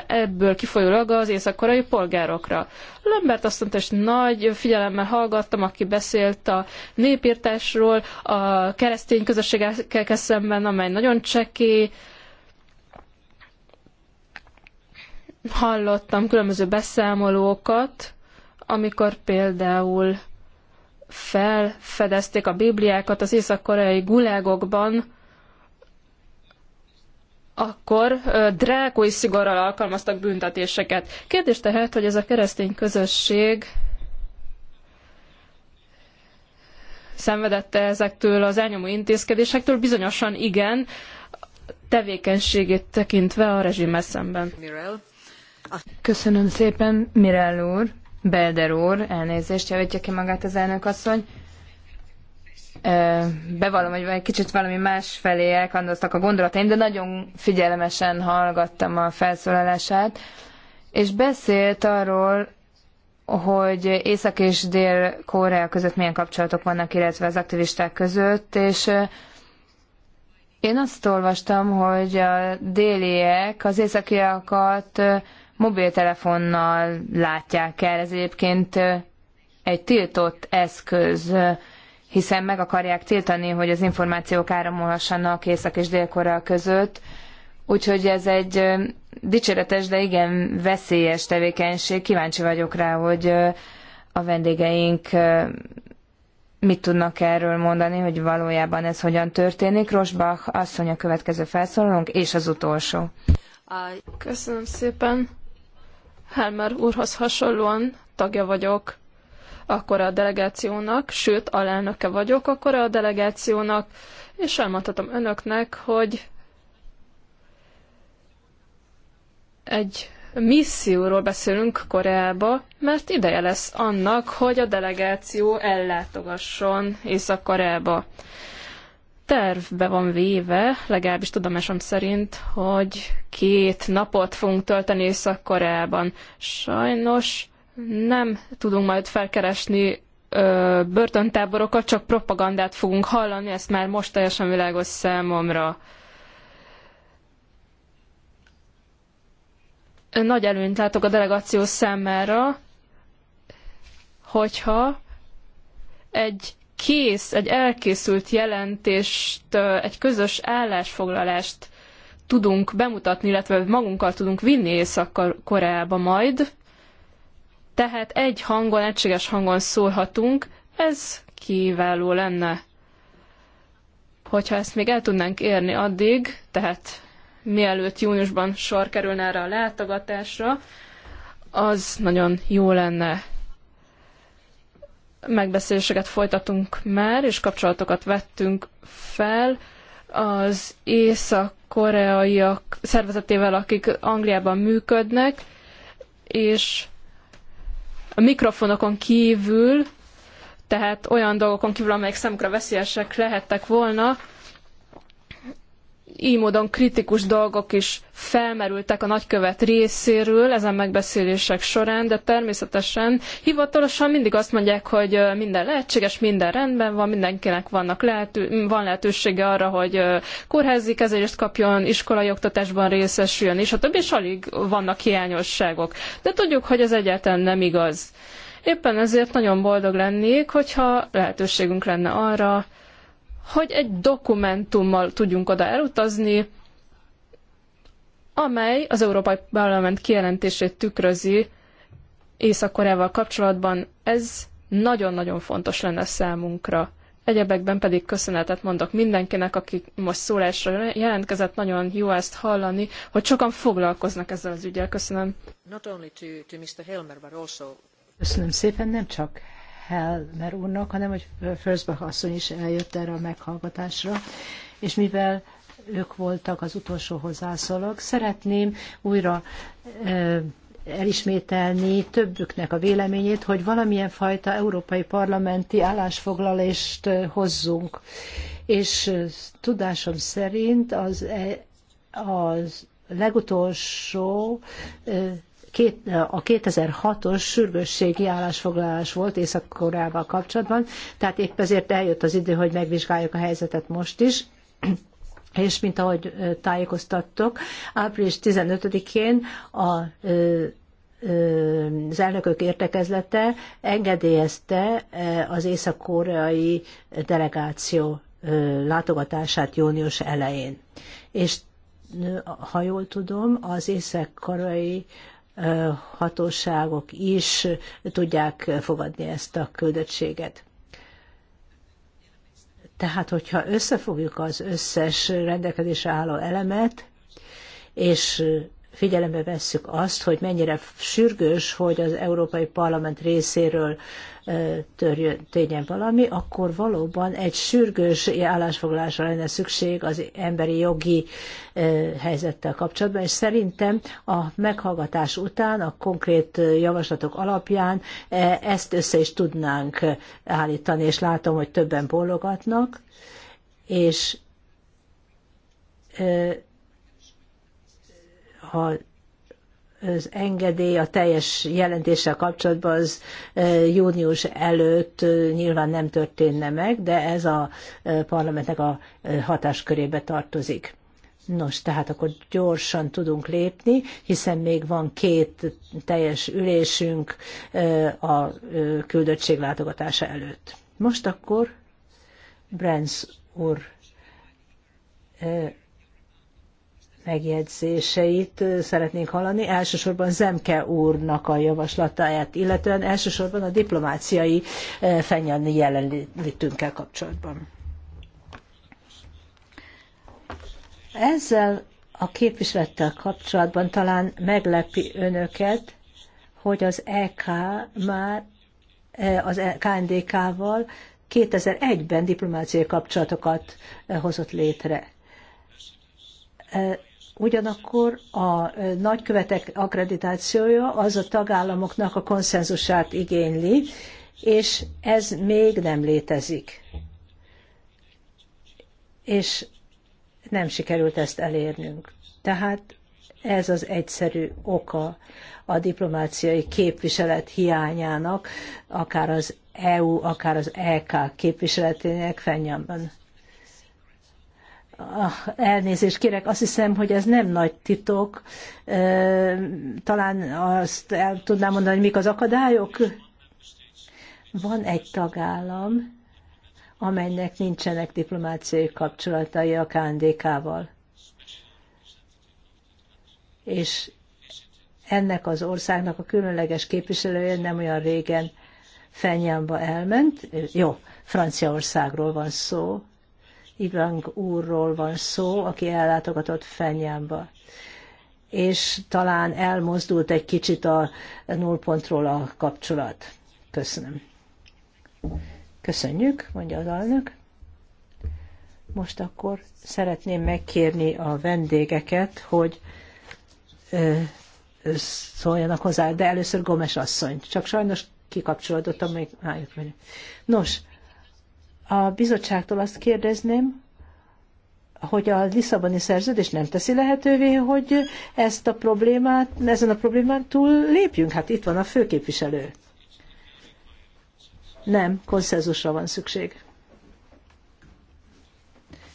ebből kifolyólag az észak-koreai polgárokra. Lambert azt mondta, és nagy figyelemmel hallgattam, aki beszélt a népírtásról, a keresztény közösségekkel szemben, amely nagyon csekély, hallottam különböző beszámolókat, amikor például felfedezték a Bibliákat az észak-koreai gulágokban, akkor drákói szigorral alkalmaztak büntetéseket. Kérdés tehát, hogy ez a keresztény közösség szenvedette ezektől az elnyomó intézkedésektől? Bizonyosan igen, tevékenységét tekintve a rezsimmel szemben. Köszönöm szépen, Mirel úr. Belder úr, elnézést, javítja ki magát az elnök asszony. Bevallom, hogy egy kicsit valami más felé elkandoztak a gondolataim, de nagyon figyelmesen hallgattam a felszólalását, és beszélt arról, hogy Észak és Dél-Korea között milyen kapcsolatok vannak, illetve az aktivisták között, és én azt olvastam, hogy a déliek az északiakat mobiltelefonnal látják el. Ez egyébként egy tiltott eszköz, hiszen meg akarják tiltani, hogy az információk áramolhassanak Észak és Dél-Korea között. Úgyhogy ez egy dicséretes, de igen veszélyes tevékenység. Kíváncsi vagyok rá, hogy a vendégeink mit tudnak erről mondani, hogy valójában ez hogyan történik. Rosbach asszony a következő felszólalónk, és az utolsó. Köszönöm szépen. Helmer úrhoz hasonlóan tagja vagyok akkor a delegációnak, sőt, alelnöke vagyok akkor a delegációnak, és elmondhatom önöknek, hogy egy misszióról beszélünk Koreába, mert ideje lesz annak, hogy a delegáció ellátogasson Észak-Koreába tervbe van véve, legalábbis tudomásom szerint, hogy két napot fogunk tölteni Észak-Koreában. Sajnos nem tudunk majd felkeresni ö, börtöntáborokat, csak propagandát fogunk hallani, ezt már most teljesen világos számomra. Nagy előnyt látok a delegáció számára, hogyha egy kész, egy elkészült jelentést, egy közös állásfoglalást tudunk bemutatni, illetve magunkkal tudunk vinni Észak-Koreába majd. Tehát egy hangon, egységes hangon szólhatunk, ez kiváló lenne. Hogyha ezt még el tudnánk érni addig, tehát mielőtt júniusban sor kerülne erre a látogatásra, az nagyon jó lenne megbeszéléseket folytatunk már, és kapcsolatokat vettünk fel az észak-koreaiak szervezetével, akik Angliában működnek, és a mikrofonokon kívül, tehát olyan dolgokon kívül, amelyek számukra veszélyesek lehettek volna, így módon kritikus dolgok is felmerültek a nagykövet részéről ezen megbeszélések során, de természetesen hivatalosan mindig azt mondják, hogy minden lehetséges, minden rendben van, mindenkinek vannak lehető, van lehetősége arra, hogy kórházi kezelést kapjon, iskolai oktatásban részesüljön, és a többi, és alig vannak hiányosságok. De tudjuk, hogy ez egyáltalán nem igaz. Éppen ezért nagyon boldog lennék, hogyha lehetőségünk lenne arra, hogy egy dokumentummal tudjunk oda elutazni, amely az Európai Parlament kijelentését tükrözi Észak-Koreával kapcsolatban. Ez nagyon-nagyon fontos lenne számunkra. Egyebekben pedig köszönetet mondok mindenkinek, aki most szólásra jelentkezett, nagyon jó ezt hallani, hogy sokan foglalkoznak ezzel az ügyel. Köszönöm. Köszönöm szépen, nem csak Helmer úrnak, hanem hogy Förzbach asszony is eljött erre a meghallgatásra, és mivel ők voltak az utolsó hozzászólók, szeretném újra elismételni többüknek a véleményét, hogy valamilyen fajta európai parlamenti állásfoglalást hozzunk. És tudásom szerint az, e, az legutolsó a 2006-os sürgősségi állásfoglalás volt Észak-Koreával kapcsolatban, tehát épp ezért eljött az idő, hogy megvizsgáljuk a helyzetet most is. És mint ahogy tájékoztattok, április 15-én a az elnökök értekezlete engedélyezte az észak-koreai delegáció látogatását június elején. És ha jól tudom, az észak-koreai hatóságok is tudják fogadni ezt a küldöttséget. Tehát, hogyha összefogjuk az összes rendelkezésre álló elemet, és figyelembe vesszük azt, hogy mennyire sürgős, hogy az Európai Parlament részéről történjen valami, akkor valóban egy sürgős állásfoglalásra lenne szükség az emberi jogi helyzettel kapcsolatban, és szerintem a meghallgatás után, a konkrét javaslatok alapján ezt össze is tudnánk állítani, és látom, hogy többen bólogatnak, és ha az engedély a teljes jelentéssel kapcsolatban az június előtt nyilván nem történne meg, de ez a parlamentnek a hatáskörébe tartozik. Nos, tehát akkor gyorsan tudunk lépni, hiszen még van két teljes ülésünk a küldöttség látogatása előtt. Most akkor Brenz úr megjegyzéseit szeretnénk hallani, elsősorban Zemke úrnak a javaslatáját, illetően elsősorban a diplomáciai fenyelni jelenlétünkkel kapcsolatban. Ezzel a képviselettel kapcsolatban talán meglepi önöket, hogy az EK már az e- KNDK-val 2001-ben diplomáciai kapcsolatokat hozott létre Ugyanakkor a nagykövetek akkreditációja az a tagállamoknak a konszenzusát igényli, és ez még nem létezik. És nem sikerült ezt elérnünk. Tehát ez az egyszerű oka a diplomáciai képviselet hiányának, akár az EU, akár az EK képviseletének fennyamban. Ah, elnézést kérek, azt hiszem, hogy ez nem nagy titok. Talán azt el tudnám mondani, hogy mik az akadályok? Van egy tagállam, amelynek nincsenek diplomáciai kapcsolatai a KNDK-val. És ennek az országnak a különleges képviselője nem olyan régen Fenyámba elment. Jó, Franciaországról van szó, Ibrang úrról van szó, aki ellátogatott Fenyámba és talán elmozdult egy kicsit a nullpontról a kapcsolat. Köszönöm. Köszönjük, mondja az alnök. Most akkor szeretném megkérni a vendégeket, hogy ö, szóljanak hozzá, de először Gomes asszony. Csak sajnos kikapcsolódott a még... Nos, a bizottságtól azt kérdezném, hogy a Lisszaboni szerződés nem teszi lehetővé, hogy ezt a problémát, ezen a problémán túl lépjünk. Hát itt van a főképviselő. Nem, konszenzusra van szükség.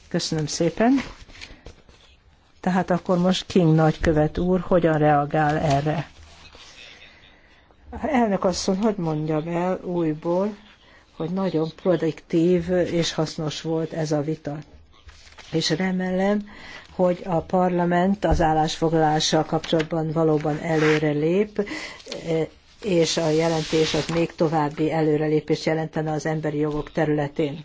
Köszönöm szépen. Tehát akkor most King nagykövet úr hogyan reagál erre? Elnök asszony, hogy mondjam el újból, hogy nagyon produktív és hasznos volt ez a vita. És remélem, hogy a parlament az állásfoglalással kapcsolatban valóban előre lép, és a jelentés az még további előrelépést jelentene az emberi jogok területén.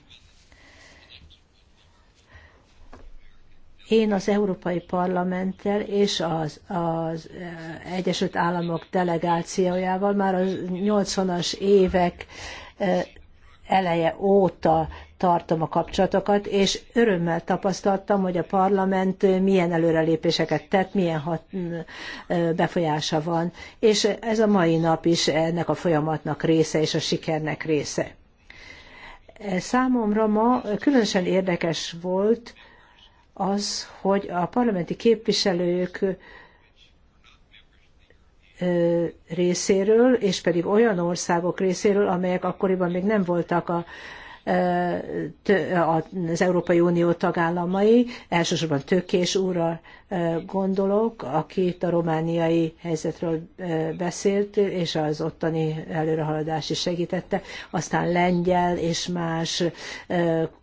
Én az Európai Parlamenttel és az, az eh, Egyesült Államok delegációjával már a 80-as évek eh, eleje óta tartom a kapcsolatokat, és örömmel tapasztaltam, hogy a parlament milyen előrelépéseket tett, milyen hat, mm, befolyása van, és ez a mai nap is ennek a folyamatnak része és a sikernek része. E, számomra ma különösen érdekes volt az, hogy a parlamenti képviselők részéről, és pedig olyan országok részéről, amelyek akkoriban még nem voltak a, az Európai Unió tagállamai, elsősorban Tökés úrra gondolok, aki itt a romániai helyzetről beszélt, és az ottani előrehaladás is segítette. Aztán lengyel és más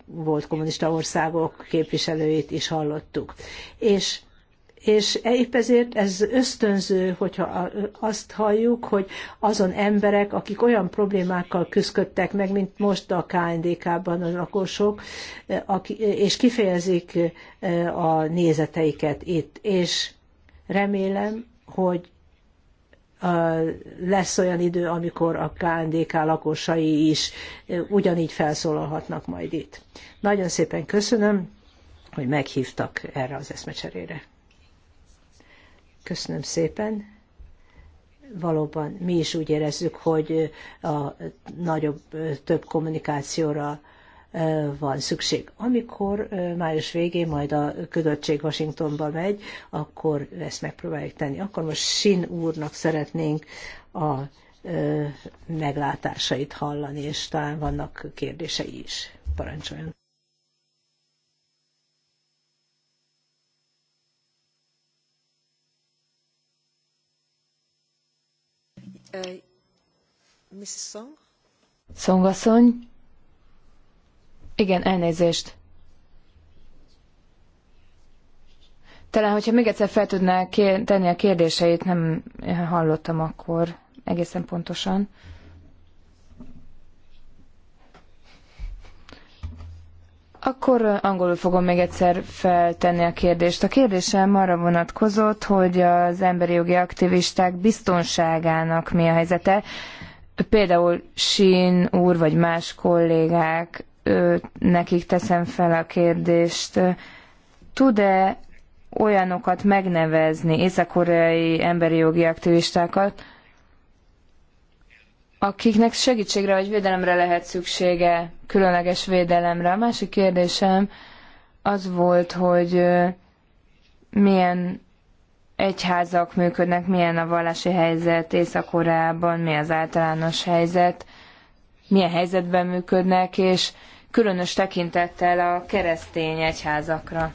volt kommunista országok képviselőit is hallottuk. És és épp ezért ez ösztönző, hogyha azt halljuk, hogy azon emberek, akik olyan problémákkal küzdködtek meg, mint most a KNDK-ban a lakosok, és kifejezik eh, a nézeteiket itt. És remélem, hogy eh, lesz olyan idő, amikor a KNDK lakosai is eh, ugyanígy felszólalhatnak majd itt. Nagyon szépen köszönöm, hogy meghívtak erre az eszmecserére. Köszönöm szépen. Valóban mi is úgy érezzük, hogy a nagyobb, több kommunikációra van szükség. Amikor május végén majd a ködöttség Washingtonba megy, akkor ezt megpróbáljuk tenni. Akkor most Sin úrnak szeretnénk a meglátásait hallani, és talán vannak kérdései is. Parancsoljon! Uh, Song? Igen, elnézést. Talán, hogyha még egyszer fel tudná tenni a kérdéseit, nem hallottam akkor egészen pontosan. Akkor angolul fogom még egyszer feltenni a kérdést. A kérdésem arra vonatkozott, hogy az emberi jogi aktivisták biztonságának mi a helyzete. Például Sin úr vagy más kollégák, nekik teszem fel a kérdést, tud-e olyanokat megnevezni, észak-koreai emberi jogi aktivistákat, akiknek segítségre vagy védelemre lehet szüksége, különleges védelemre. A másik kérdésem az volt, hogy milyen egyházak működnek, milyen a vallási helyzet észak mi az általános helyzet, milyen helyzetben működnek, és különös tekintettel a keresztény egyházakra.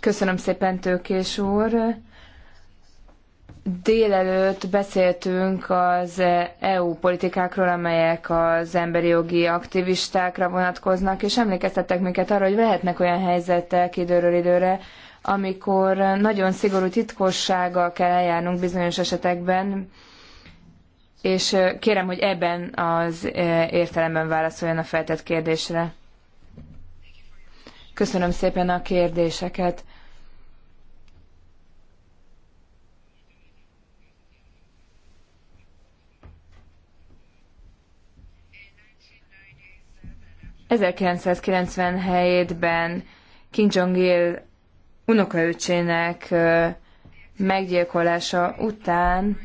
Köszönöm szépen, Tőkés úr délelőtt beszéltünk az EU politikákról, amelyek az emberi jogi aktivistákra vonatkoznak, és emlékeztettek minket arra, hogy lehetnek olyan helyzetek időről időre, amikor nagyon szigorú titkossággal kell eljárnunk bizonyos esetekben, és kérem, hogy ebben az értelemben válaszoljon a feltett kérdésre. Köszönöm szépen a kérdéseket. 1997-ben Kim Jong-il unokaöcsének meggyilkolása után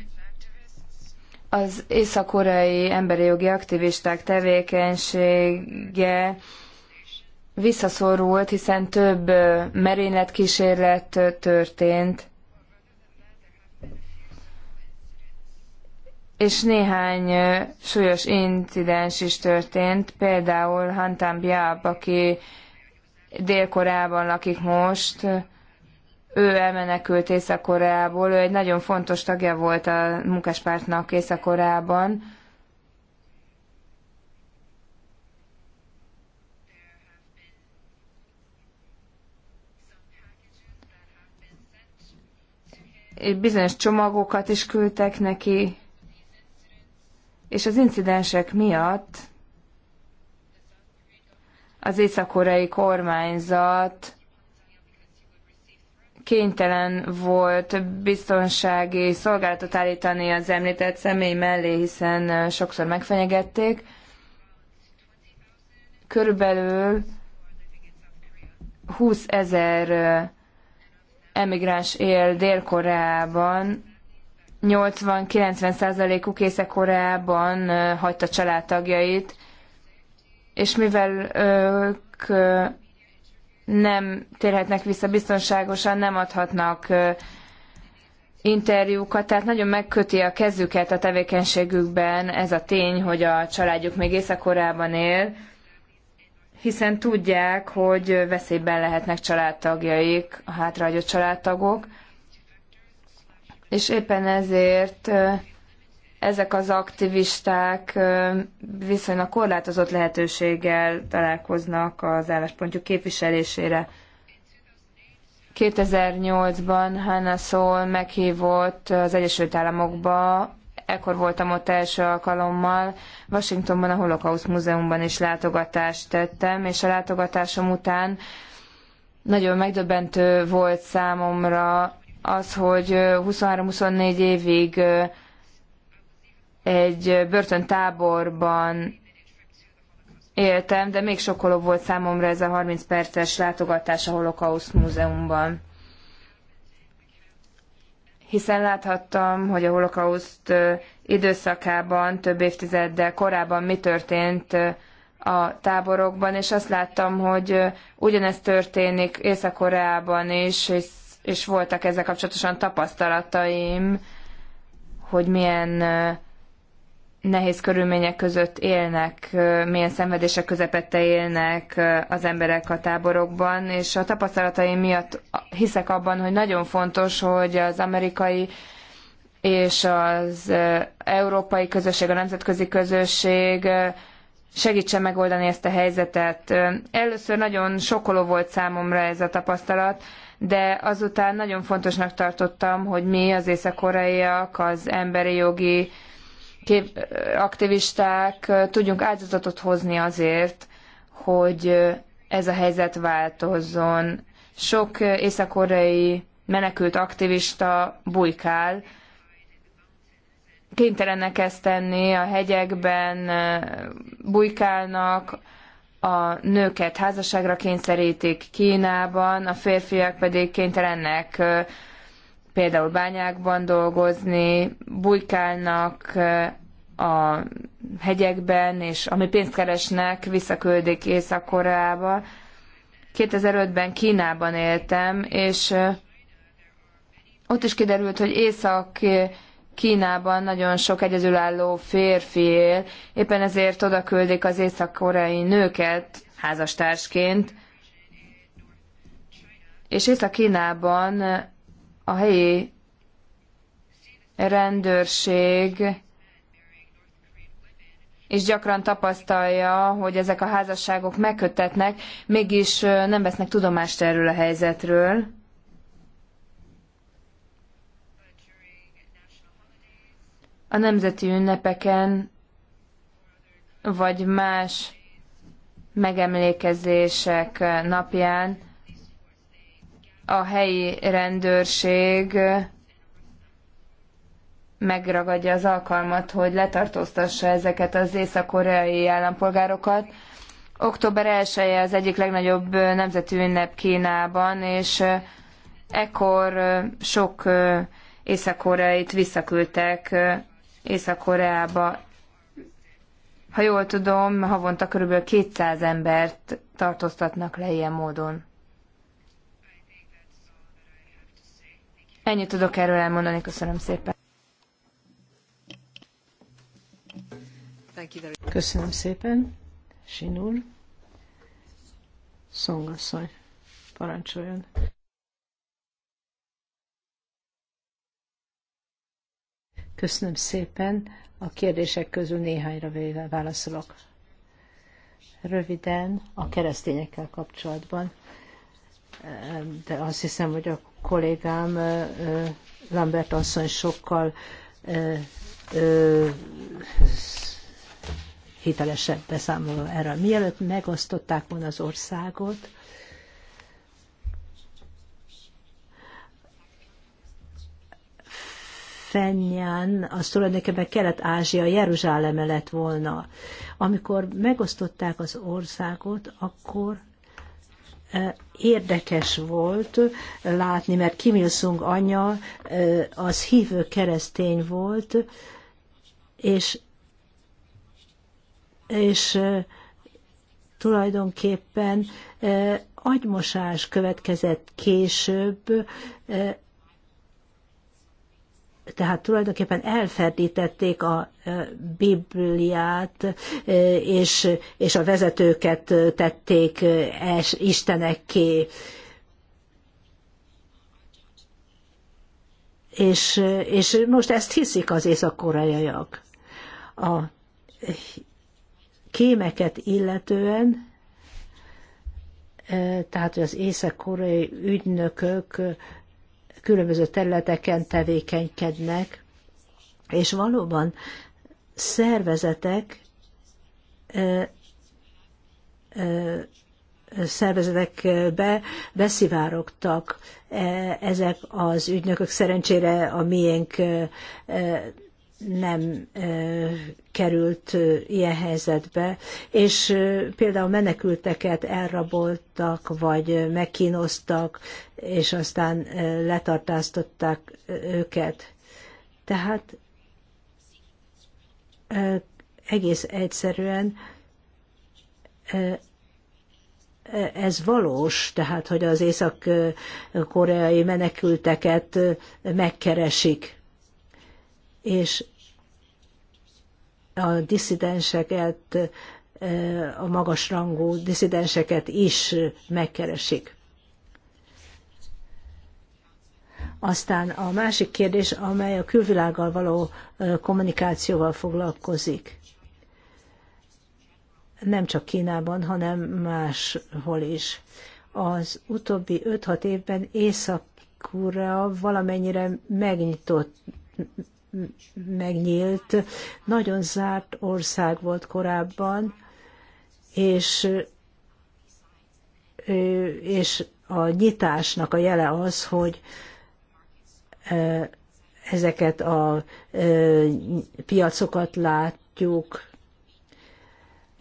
az észak-koreai emberi jogi aktivisták tevékenysége visszaszorult, hiszen több merényletkísérlet történt és néhány súlyos incidens is történt, például Hantan Biab, aki Dél-Koreában lakik most, ő elmenekült Észak-Koreából, ő egy nagyon fontos tagja volt a munkáspártnak Észak-Koreában, bizonyos csomagokat is küldtek neki, és az incidensek miatt az észak-koreai kormányzat kénytelen volt biztonsági szolgálatot állítani az említett személy mellé, hiszen sokszor megfenyegették. Körülbelül 20 ezer emigráns él Dél-Koreában, 80-90 százalékuk Észak-Koreában hagyta családtagjait, és mivel ők nem térhetnek vissza biztonságosan, nem adhatnak interjúkat, tehát nagyon megköti a kezüket a tevékenységükben ez a tény, hogy a családjuk még Észak-Koreában él, hiszen tudják, hogy veszélyben lehetnek családtagjaik, a hátrahagyott családtagok és éppen ezért ezek az aktivisták viszonylag korlátozott lehetőséggel találkoznak az álláspontjuk képviselésére. 2008-ban Hannah Szól meghívott az Egyesült Államokba, ekkor voltam ott első alkalommal, Washingtonban a Holocaust Múzeumban is látogatást tettem, és a látogatásom után nagyon megdöbbentő volt számomra az, hogy 23-24 évig egy börtöntáborban éltem, de még sokkoló volt számomra ez a 30 perces látogatás a Holocaust Múzeumban. Hiszen láthattam, hogy a holokauszt időszakában, több évtizeddel korábban mi történt a táborokban, és azt láttam, hogy ugyanezt történik Észak-Koreában is, és és voltak ezzel kapcsolatosan tapasztalataim, hogy milyen nehéz körülmények között élnek, milyen szenvedések közepette élnek az emberek a táborokban, és a tapasztalataim miatt hiszek abban, hogy nagyon fontos, hogy az amerikai és az európai közösség, a nemzetközi közösség segítsen megoldani ezt a helyzetet. Először nagyon sokkoló volt számomra ez a tapasztalat, de azután nagyon fontosnak tartottam, hogy mi az észak-koreaiak, az emberi jogi kép- aktivisták tudjunk áldozatot hozni azért, hogy ez a helyzet változzon. Sok észak-koreai menekült aktivista bujkál, kénytelenek ezt tenni, a hegyekben bujkálnak, a nőket házasságra kényszerítik Kínában, a férfiak pedig kénytelenek például bányákban dolgozni, bujkálnak a hegyekben, és ami pénzt keresnek, visszaküldik Észak-Koreába. 2005-ben Kínában éltem, és ott is kiderült, hogy észak Kínában nagyon sok egyedülálló férfi él, éppen ezért oda küldik az észak-koreai nőket házastársként, és Észak-Kínában a helyi rendőrség és gyakran tapasztalja, hogy ezek a házasságok megkötetnek, mégis nem vesznek tudomást erről a helyzetről. a nemzeti ünnepeken vagy más megemlékezések napján a helyi rendőrség megragadja az alkalmat, hogy letartóztassa ezeket az észak-koreai állampolgárokat. Október 1 -e az egyik legnagyobb nemzeti ünnep Kínában, és ekkor sok észak-koreait visszaküldtek Észak-Koreába. Ha jól tudom, havonta körülbelül 200 embert tartóztatnak le ilyen módon. Ennyit tudok erről elmondani, köszönöm szépen. Köszönöm szépen. Sinul. Szongasszony. Parancsoljon. Köszönöm szépen. A kérdések közül néhányra válaszolok. Röviden a keresztényekkel kapcsolatban, de azt hiszem, hogy a kollégám Lambert asszony sokkal hitelesebb beszámoló erről. Mielőtt megosztották volna az országot, Fenyán, az tulajdonképpen Kelet-Ázsia Jeruzsálem lett volna. Amikor megosztották az országot, akkor e, érdekes volt e, látni, mert Kim Il-sung anyja e, az hívő keresztény volt, és, és tulajdonképpen agymosás következett később, tehát tulajdonképpen elferdítették a Bibliát, és, és a vezetőket tették istenekké. És, és most ezt hiszik az észak-koreaiak. A kémeket illetően, tehát az észak-koreai ügynökök különböző területeken tevékenykednek, és valóban szervezetek szervezetekbe beszivárogtak e, ezek az ügynökök. Szerencsére a miénk nem került ilyen helyzetbe, és például menekülteket elraboltak, vagy megkínoztak, és aztán letartáztották őket. Tehát egész egyszerűen ez valós, tehát hogy az észak-koreai menekülteket megkeresik. És a disszidenseket, a magasrangú disszidenseket is megkeresik. Aztán a másik kérdés, amely a külvilággal való kommunikációval foglalkozik. Nem csak Kínában, hanem máshol is. Az utóbbi 5-6 évben észak korea valamennyire megnyitott, megnyílt. Nagyon zárt ország volt korábban, és, és a nyitásnak a jele az, hogy ezeket a piacokat látjuk,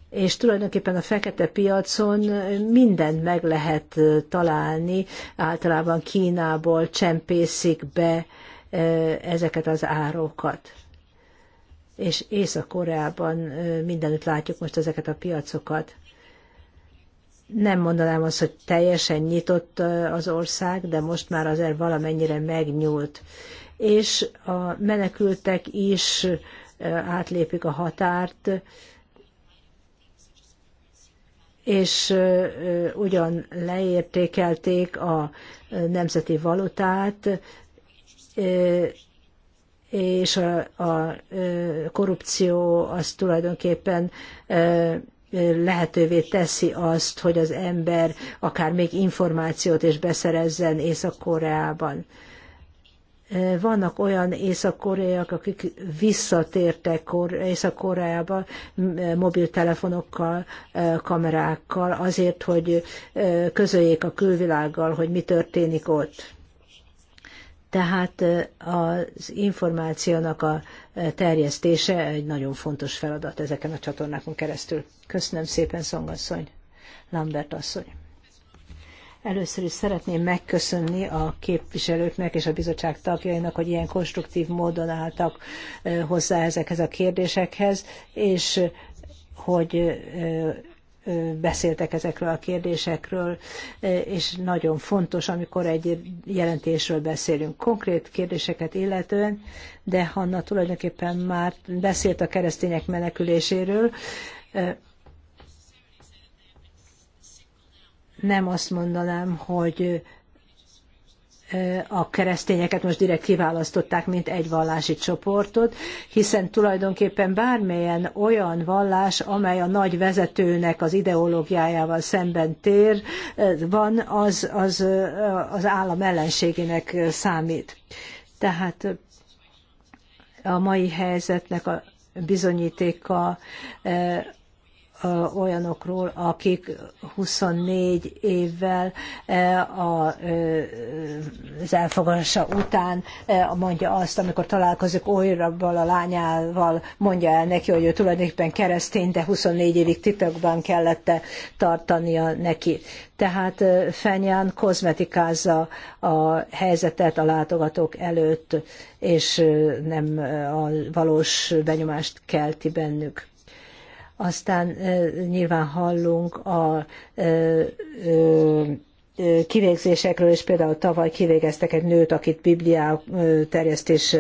és tulajdonképpen a fekete piacon mindent meg lehet találni, általában Kínából csempészik be ezeket az árokat. És Észak-Koreában mindenütt látjuk most ezeket a piacokat. Nem mondanám azt, hogy teljesen nyitott az ország, de most már azért valamennyire megnyúlt. És a menekültek is átlépik a határt, és ugyan leértékelték a nemzeti valutát, és a, a korrupció az tulajdonképpen lehetővé teszi azt, hogy az ember akár még információt is beszerezzen Észak-Koreában. Vannak olyan észak-koreaiak, akik visszatértek Észak-Koreába mobiltelefonokkal, kamerákkal azért, hogy közöljék a külvilággal, hogy mi történik ott tehát az információnak a terjesztése egy nagyon fontos feladat ezeken a csatornákon keresztül. Köszönöm szépen, Szongasszony, Lambert asszony. Először is szeretném megköszönni a képviselőknek és a bizottság tagjainak, hogy ilyen konstruktív módon álltak hozzá ezekhez a kérdésekhez, és hogy beszéltek ezekről a kérdésekről, és nagyon fontos, amikor egy jelentésről beszélünk konkrét kérdéseket illetően, de Hanna tulajdonképpen már beszélt a keresztények meneküléséről, nem azt mondanám, hogy a keresztényeket most direkt kiválasztották, mint egy vallási csoportot, hiszen tulajdonképpen bármilyen olyan vallás, amely a nagy vezetőnek az ideológiájával szemben tér, eh, van, az az, eh, az állam ellenségének eh, számít. Tehát a mai helyzetnek a bizonyítéka olyanokról, akik 24 évvel az elfogadása után mondja azt, amikor találkozik olyabbal a lányával, mondja el neki, hogy ő tulajdonképpen keresztény, de 24 évig titokban kellett tartania neki. Tehát Fenyán kozmetikázza a helyzetet a látogatók előtt, és nem a valós benyomást kelti bennük aztán nyilván hallunk a kivégzésekről, és például tavaly kivégeztek egy nőt, akit Bibliá terjesztés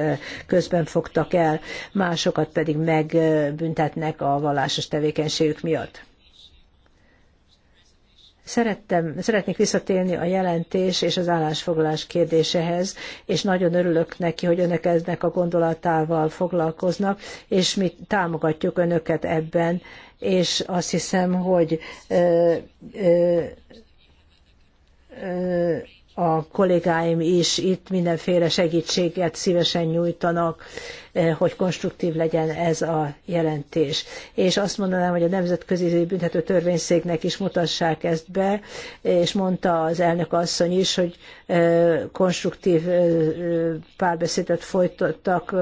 közben fogtak el, másokat pedig megbüntetnek a vallásos tevékenységük miatt. Szerettem, szeretnék visszatérni a jelentés és az állásfoglalás kérdésehez, és nagyon örülök neki, hogy önök eznek a gondolatával foglalkoznak, és mi támogatjuk önöket ebben, és azt hiszem, hogy ö, ö, ö, a kollégáim is itt mindenféle segítséget szívesen nyújtanak, eh, hogy konstruktív legyen ez a jelentés. És azt mondanám, hogy a Nemzetközi Büntető Törvényszéknek is mutassák ezt be, és mondta az elnök asszony is, hogy eh, konstruktív eh, párbeszédet folytattak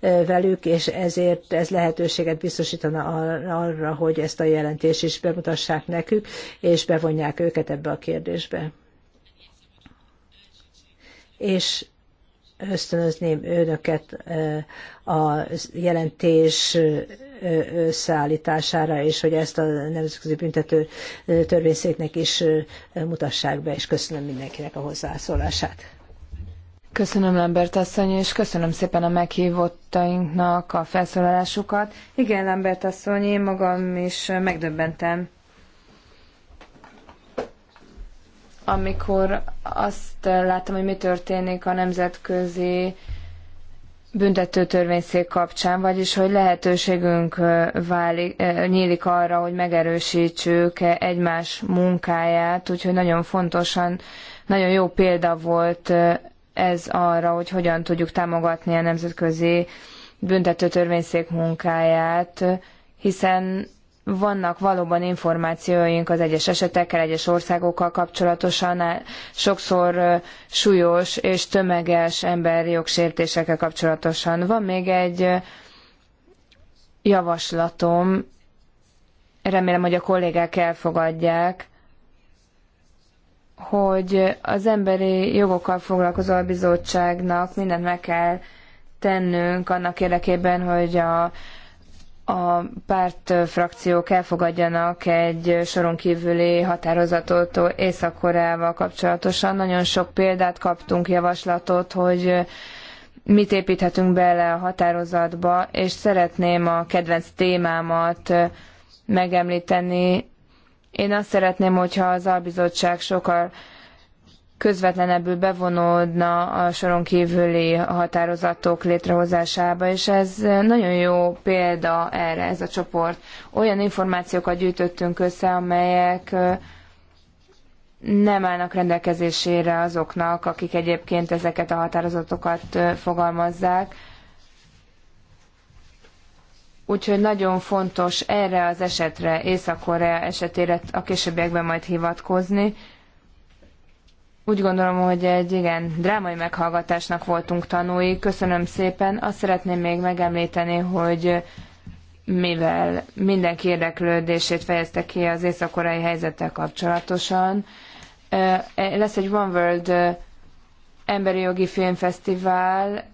velük, és ezért ez lehetőséget biztosítana arra, hogy ezt a jelentést is bemutassák nekük, és bevonják őket ebbe a kérdésbe és ösztönözném önöket a jelentés összeállítására, és hogy ezt a Nemzetközi Büntető Törvényszéknek is mutassák be, és köszönöm mindenkinek a hozzászólását. Köszönöm Lambert asszony, és köszönöm szépen a meghívottainknak a felszólalásukat. Igen, Lambert asszony, én magam is megdöbbentem amikor azt eh, láttam, hogy mi történik a nemzetközi büntetőtörvényszék kapcsán, vagyis hogy lehetőségünk eh, válik, eh, nyílik arra, hogy megerősítsük egymás munkáját, úgyhogy nagyon fontosan, nagyon jó példa volt ez arra, hogy hogyan tudjuk támogatni a nemzetközi büntetőtörvényszék munkáját, hiszen vannak valóban információink az egyes esetekkel, egyes országokkal kapcsolatosan, sokszor súlyos és tömeges emberi jogsértésekkel kapcsolatosan. Van még egy javaslatom, remélem, hogy a kollégák elfogadják, hogy az emberi jogokkal foglalkozó bizottságnak mindent meg kell tennünk annak érdekében, hogy a a párt frakciók elfogadjanak egy soron kívüli határozatot Észak-Koreával kapcsolatosan. Nagyon sok példát kaptunk, javaslatot, hogy mit építhetünk bele a határozatba, és szeretném a kedvenc témámat megemlíteni. Én azt szeretném, hogyha az albizottság sokkal közvetlenebbül bevonódna a soron kívüli határozatok létrehozásába, és ez nagyon jó példa erre, ez a csoport. Olyan információkat gyűjtöttünk össze, amelyek nem állnak rendelkezésére azoknak, akik egyébként ezeket a határozatokat fogalmazzák. Úgyhogy nagyon fontos erre az esetre, Észak-Korea esetére a későbbiekben majd hivatkozni, úgy gondolom, hogy egy igen drámai meghallgatásnak voltunk tanúi. Köszönöm szépen. Azt szeretném még megemlíteni, hogy mivel mindenki érdeklődését fejezte ki az északorai helyzettel kapcsolatosan, e, lesz egy One World emberi jogi filmfesztivál,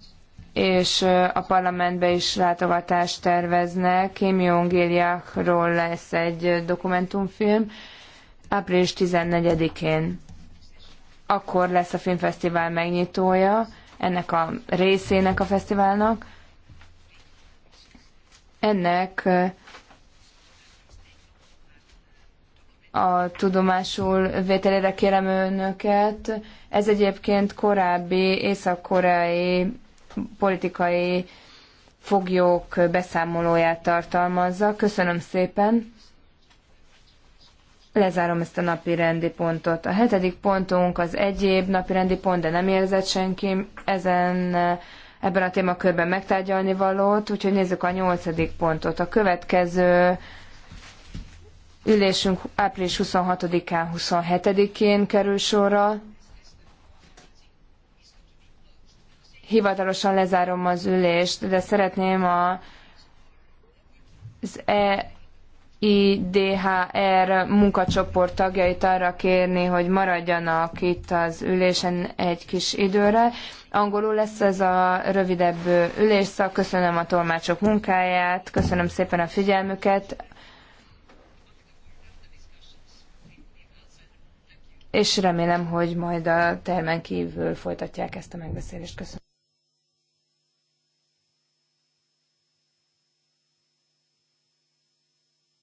és a parlamentbe is látogatást terveznek. Kim jong lesz egy dokumentumfilm április 14-én akkor lesz a filmfesztivál megnyitója ennek a részének a fesztiválnak. Ennek a tudomásul vételére kérem önöket. Ez egyébként korábbi észak-koreai politikai foglyok beszámolóját tartalmazza. Köszönöm szépen! Lezárom ezt a napi rendi pontot. A hetedik pontunk az egyéb napi rendi pont, de nem érzett senki ezen ebben a témakörben megtárgyalni valót, úgyhogy nézzük a nyolcadik pontot. A következő ülésünk április 26-án, 27-én kerül sorra. Hivatalosan lezárom az ülést, de szeretném a, az e IDHR munkacsoport tagjait arra kérni, hogy maradjanak itt az ülésen egy kis időre. Angolul lesz ez a rövidebb ülésszak. Köszönöm a tolmácsok munkáját, köszönöm szépen a figyelmüket. És remélem, hogy majd a termen kívül folytatják ezt a megbeszélést. Köszönöm.